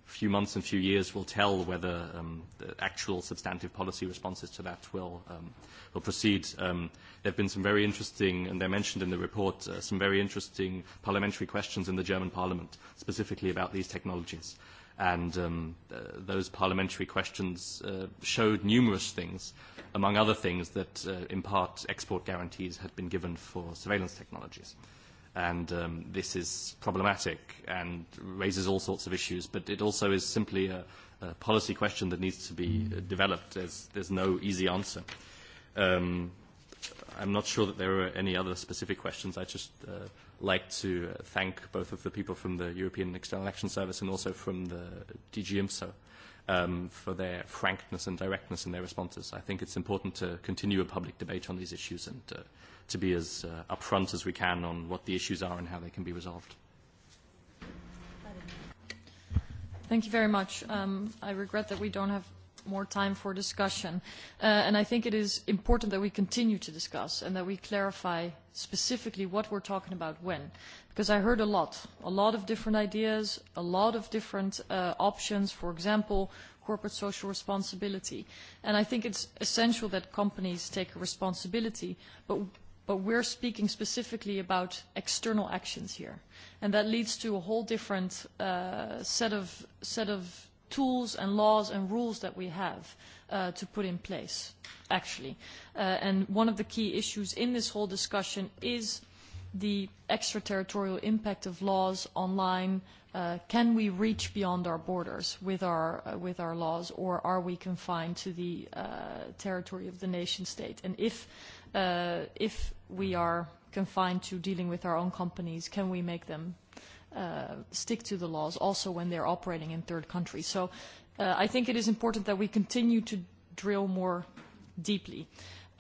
few months and few years will tell whether um, the actual substantive policy responses to that will, um, will proceed. Um, there have been some very interesting, and they're mentioned in the report, uh, some very interesting parliamentary questions in the German parliament, specifically about these technologies. And um, uh, those parliamentary questions uh, showed numerous things, among other things that uh, in part export guarantees had been given for surveillance technologies. Uh, and um, this is problematic and raises all sorts of issues, but it also is simply a, a policy question that needs to be developed. There's, there's no easy answer. Um, I'm not sure that there are any other specific questions. I just uh, like to thank both of the people from the European External Action Service and also from the DG IMSO um, for their frankness and directness in their responses. I think it's important to continue a public debate on these issues and uh, to be as uh, upfront as we can on what the issues are and how they can be resolved. Thank you very much. Um, I regret that we don't have more time for discussion. Uh, and I think it is important that we continue to discuss and that we clarify specifically what we're talking about when. Because I heard a lot, a lot of different ideas, a lot of different uh, options, for example, corporate social responsibility. And I think it's essential that companies take a responsibility, but but we're speaking specifically about external actions here. And that leads to a whole different uh, set, of, set of tools and laws and rules that we have uh, to put in place, actually. Uh, and one of the key issues in this whole discussion is the extraterritorial impact of laws online. Uh, can we reach beyond our borders with our, uh, with our laws, or are we confined to the uh, territory of the nation state? And if uh, if we are confined to dealing with our own companies, can we make them uh, stick to the laws also when they're operating in third countries? So uh, I think it is important that we continue to drill more deeply.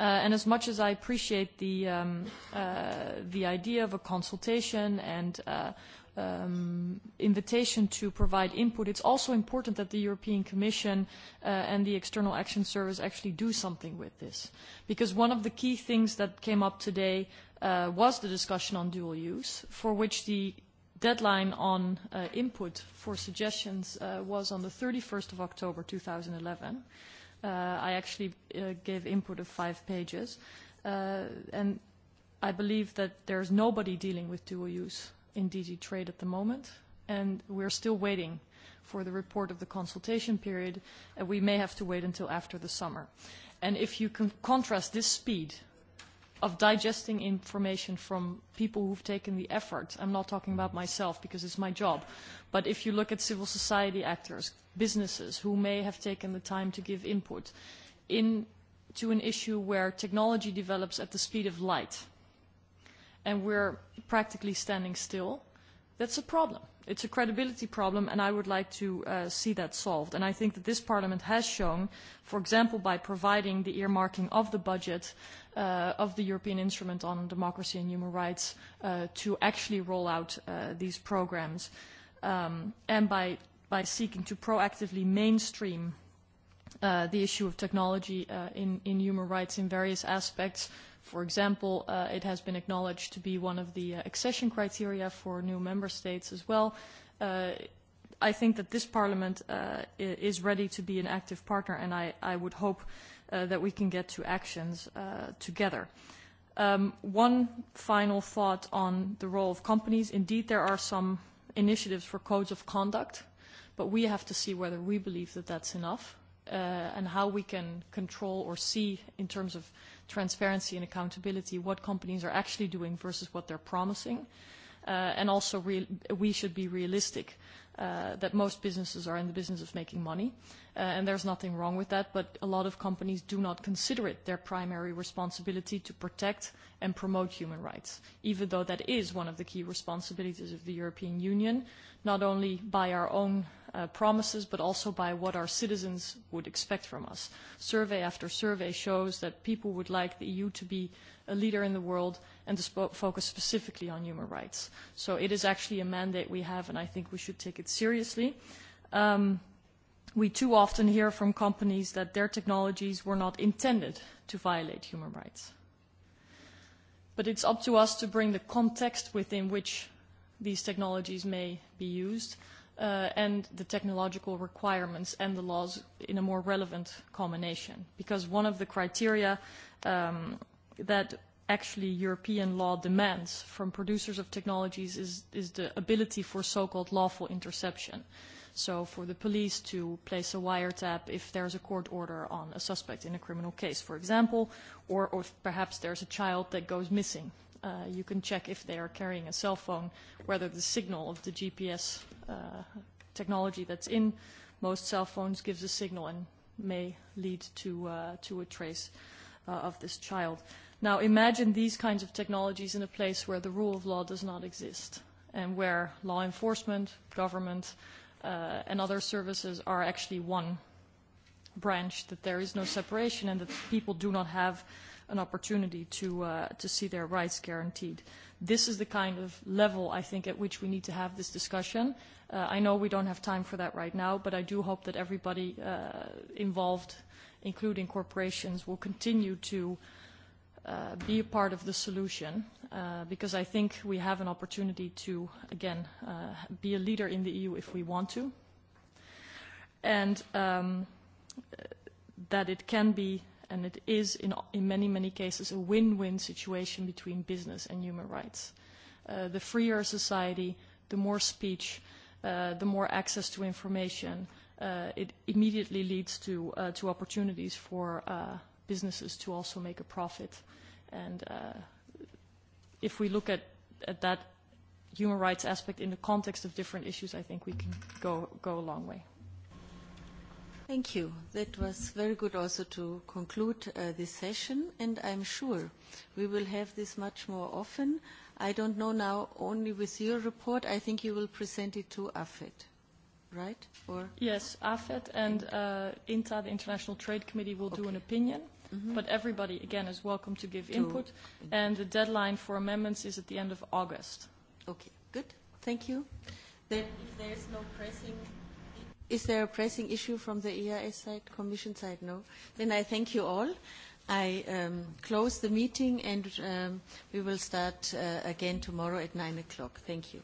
Uh, and as much as I appreciate the, um, uh, the idea of a consultation and uh, invitation to provide input, it's also important that the European Commission and the External Action Service actually do something with this. Because one of the key things that came up today was the discussion on dual use, for which the deadline on input for suggestions was on the 31st of October 2011. Uh, I actually gave input of five pages. and I believe that there's nobody dealing with dual use in DG Trade at the moment, and we're still waiting for the report of the consultation period, and we may have to wait until after the summer. And if you can contrast this speed of digesting information from people who've taken the effort, I'm not talking about myself because it's my job, but if you look at civil society actors, businesses who may have taken the time to give input into an issue where technology develops at the speed of light – and we're practically standing still, that's a problem. It's a credibility problem, and I would like to uh, see that solved. And I think that this Parliament has shown, for example, by providing the earmarking of the budget uh, of the European Instrument on Democracy and Human Rights uh, to actually roll out uh, these programs, um, and by, by seeking to proactively mainstream uh, the issue of technology uh, in, in human rights in various aspects, uh, For example, uh, it has been acknowledged to be one of the uh, accession criteria for new member states as well. Uh, I think that this parliament uh, is ready to be an active partner, and I, I would hope uh, that we can get to actions uh, together. Um, one final thought on the role of companies. Indeed, there are some initiatives for codes of conduct, but we have to see whether we believe that that's enough uh, and how we can control or see in terms of transparency and accountability, what companies are actually doing versus what they're promising. and also we should be realistic that most businesses are in the business of making money. and there's nothing wrong with that, but a lot of companies do not consider it their primary responsibility to protect and promote human rights, even though that is one of the key responsibilities of the European Union, not only by our own promises, but also by what our citizens would expect from us. Survey after survey shows that people would like the EU to be a leader in the world and to focus specifically on human rights. So it is actually a mandate we have, and I think we should take it seriously. we too often hear from companies that their technologies were not intended to violate human rights. But it's up to us to bring the context within which these technologies may be used and the technological requirements and the laws in a more relevant combination. Because one of the criteria that actually European law demands from producers of technologies is, is the ability for so-called lawful interception. So for the police to place a wiretap if there's a court order on a suspect in a criminal case, for example, or, or perhaps there's a child that goes missing uh, you can check if they are carrying a cell phone, whether the signal of the GPS uh, technology that's in most cell phones gives a signal and may lead to, uh, to a trace uh, of this child. Now imagine these kinds of technologies in a place where the rule of law does not exist and where law enforcement, government, uh, and other services are actually one branch, that there is no separation and that people do not have an opportunity to, uh, to see their rights guaranteed. This is the kind of level, I think, at which we need to have this discussion. Uh, I know we don't have time for that right now, but I do hope that everybody uh, involved, including corporations, will continue to uh, be a part of the solution uh, because I think we have an opportunity to, again, uh, be a leader in the EU if we want to. And um, that it can be And it is, in, in many, many cases, a win-win situation between business and human rights. Uh, the freer society, the more speech, uh, the more access to information, uh, it immediately leads to, uh, to opportunities for uh, businesses to also make a profit. And uh, if we look at, at that human rights aspect in the context of different issues, I think we can go, go a long way. Thank you. That was very good also to conclude uh, this session, and I'm sure we will have this much more often. I don't know now only with your report. I think you will present it to AFET, right? Or Yes, AFET and uh, INTA, the International Trade Committee, will do an opinion. Mm-hmm. But everybody, again, is welcome to give input. And the deadline for amendments is at the end of August. Okay, good. Thank you. Then if there's no pressing... Is there a pressing issue from the EIS side, Commission side? No. Then I thank you all. I um, close the meeting and um, we will start uh, again tomorrow at 9 o'clock. Thank you.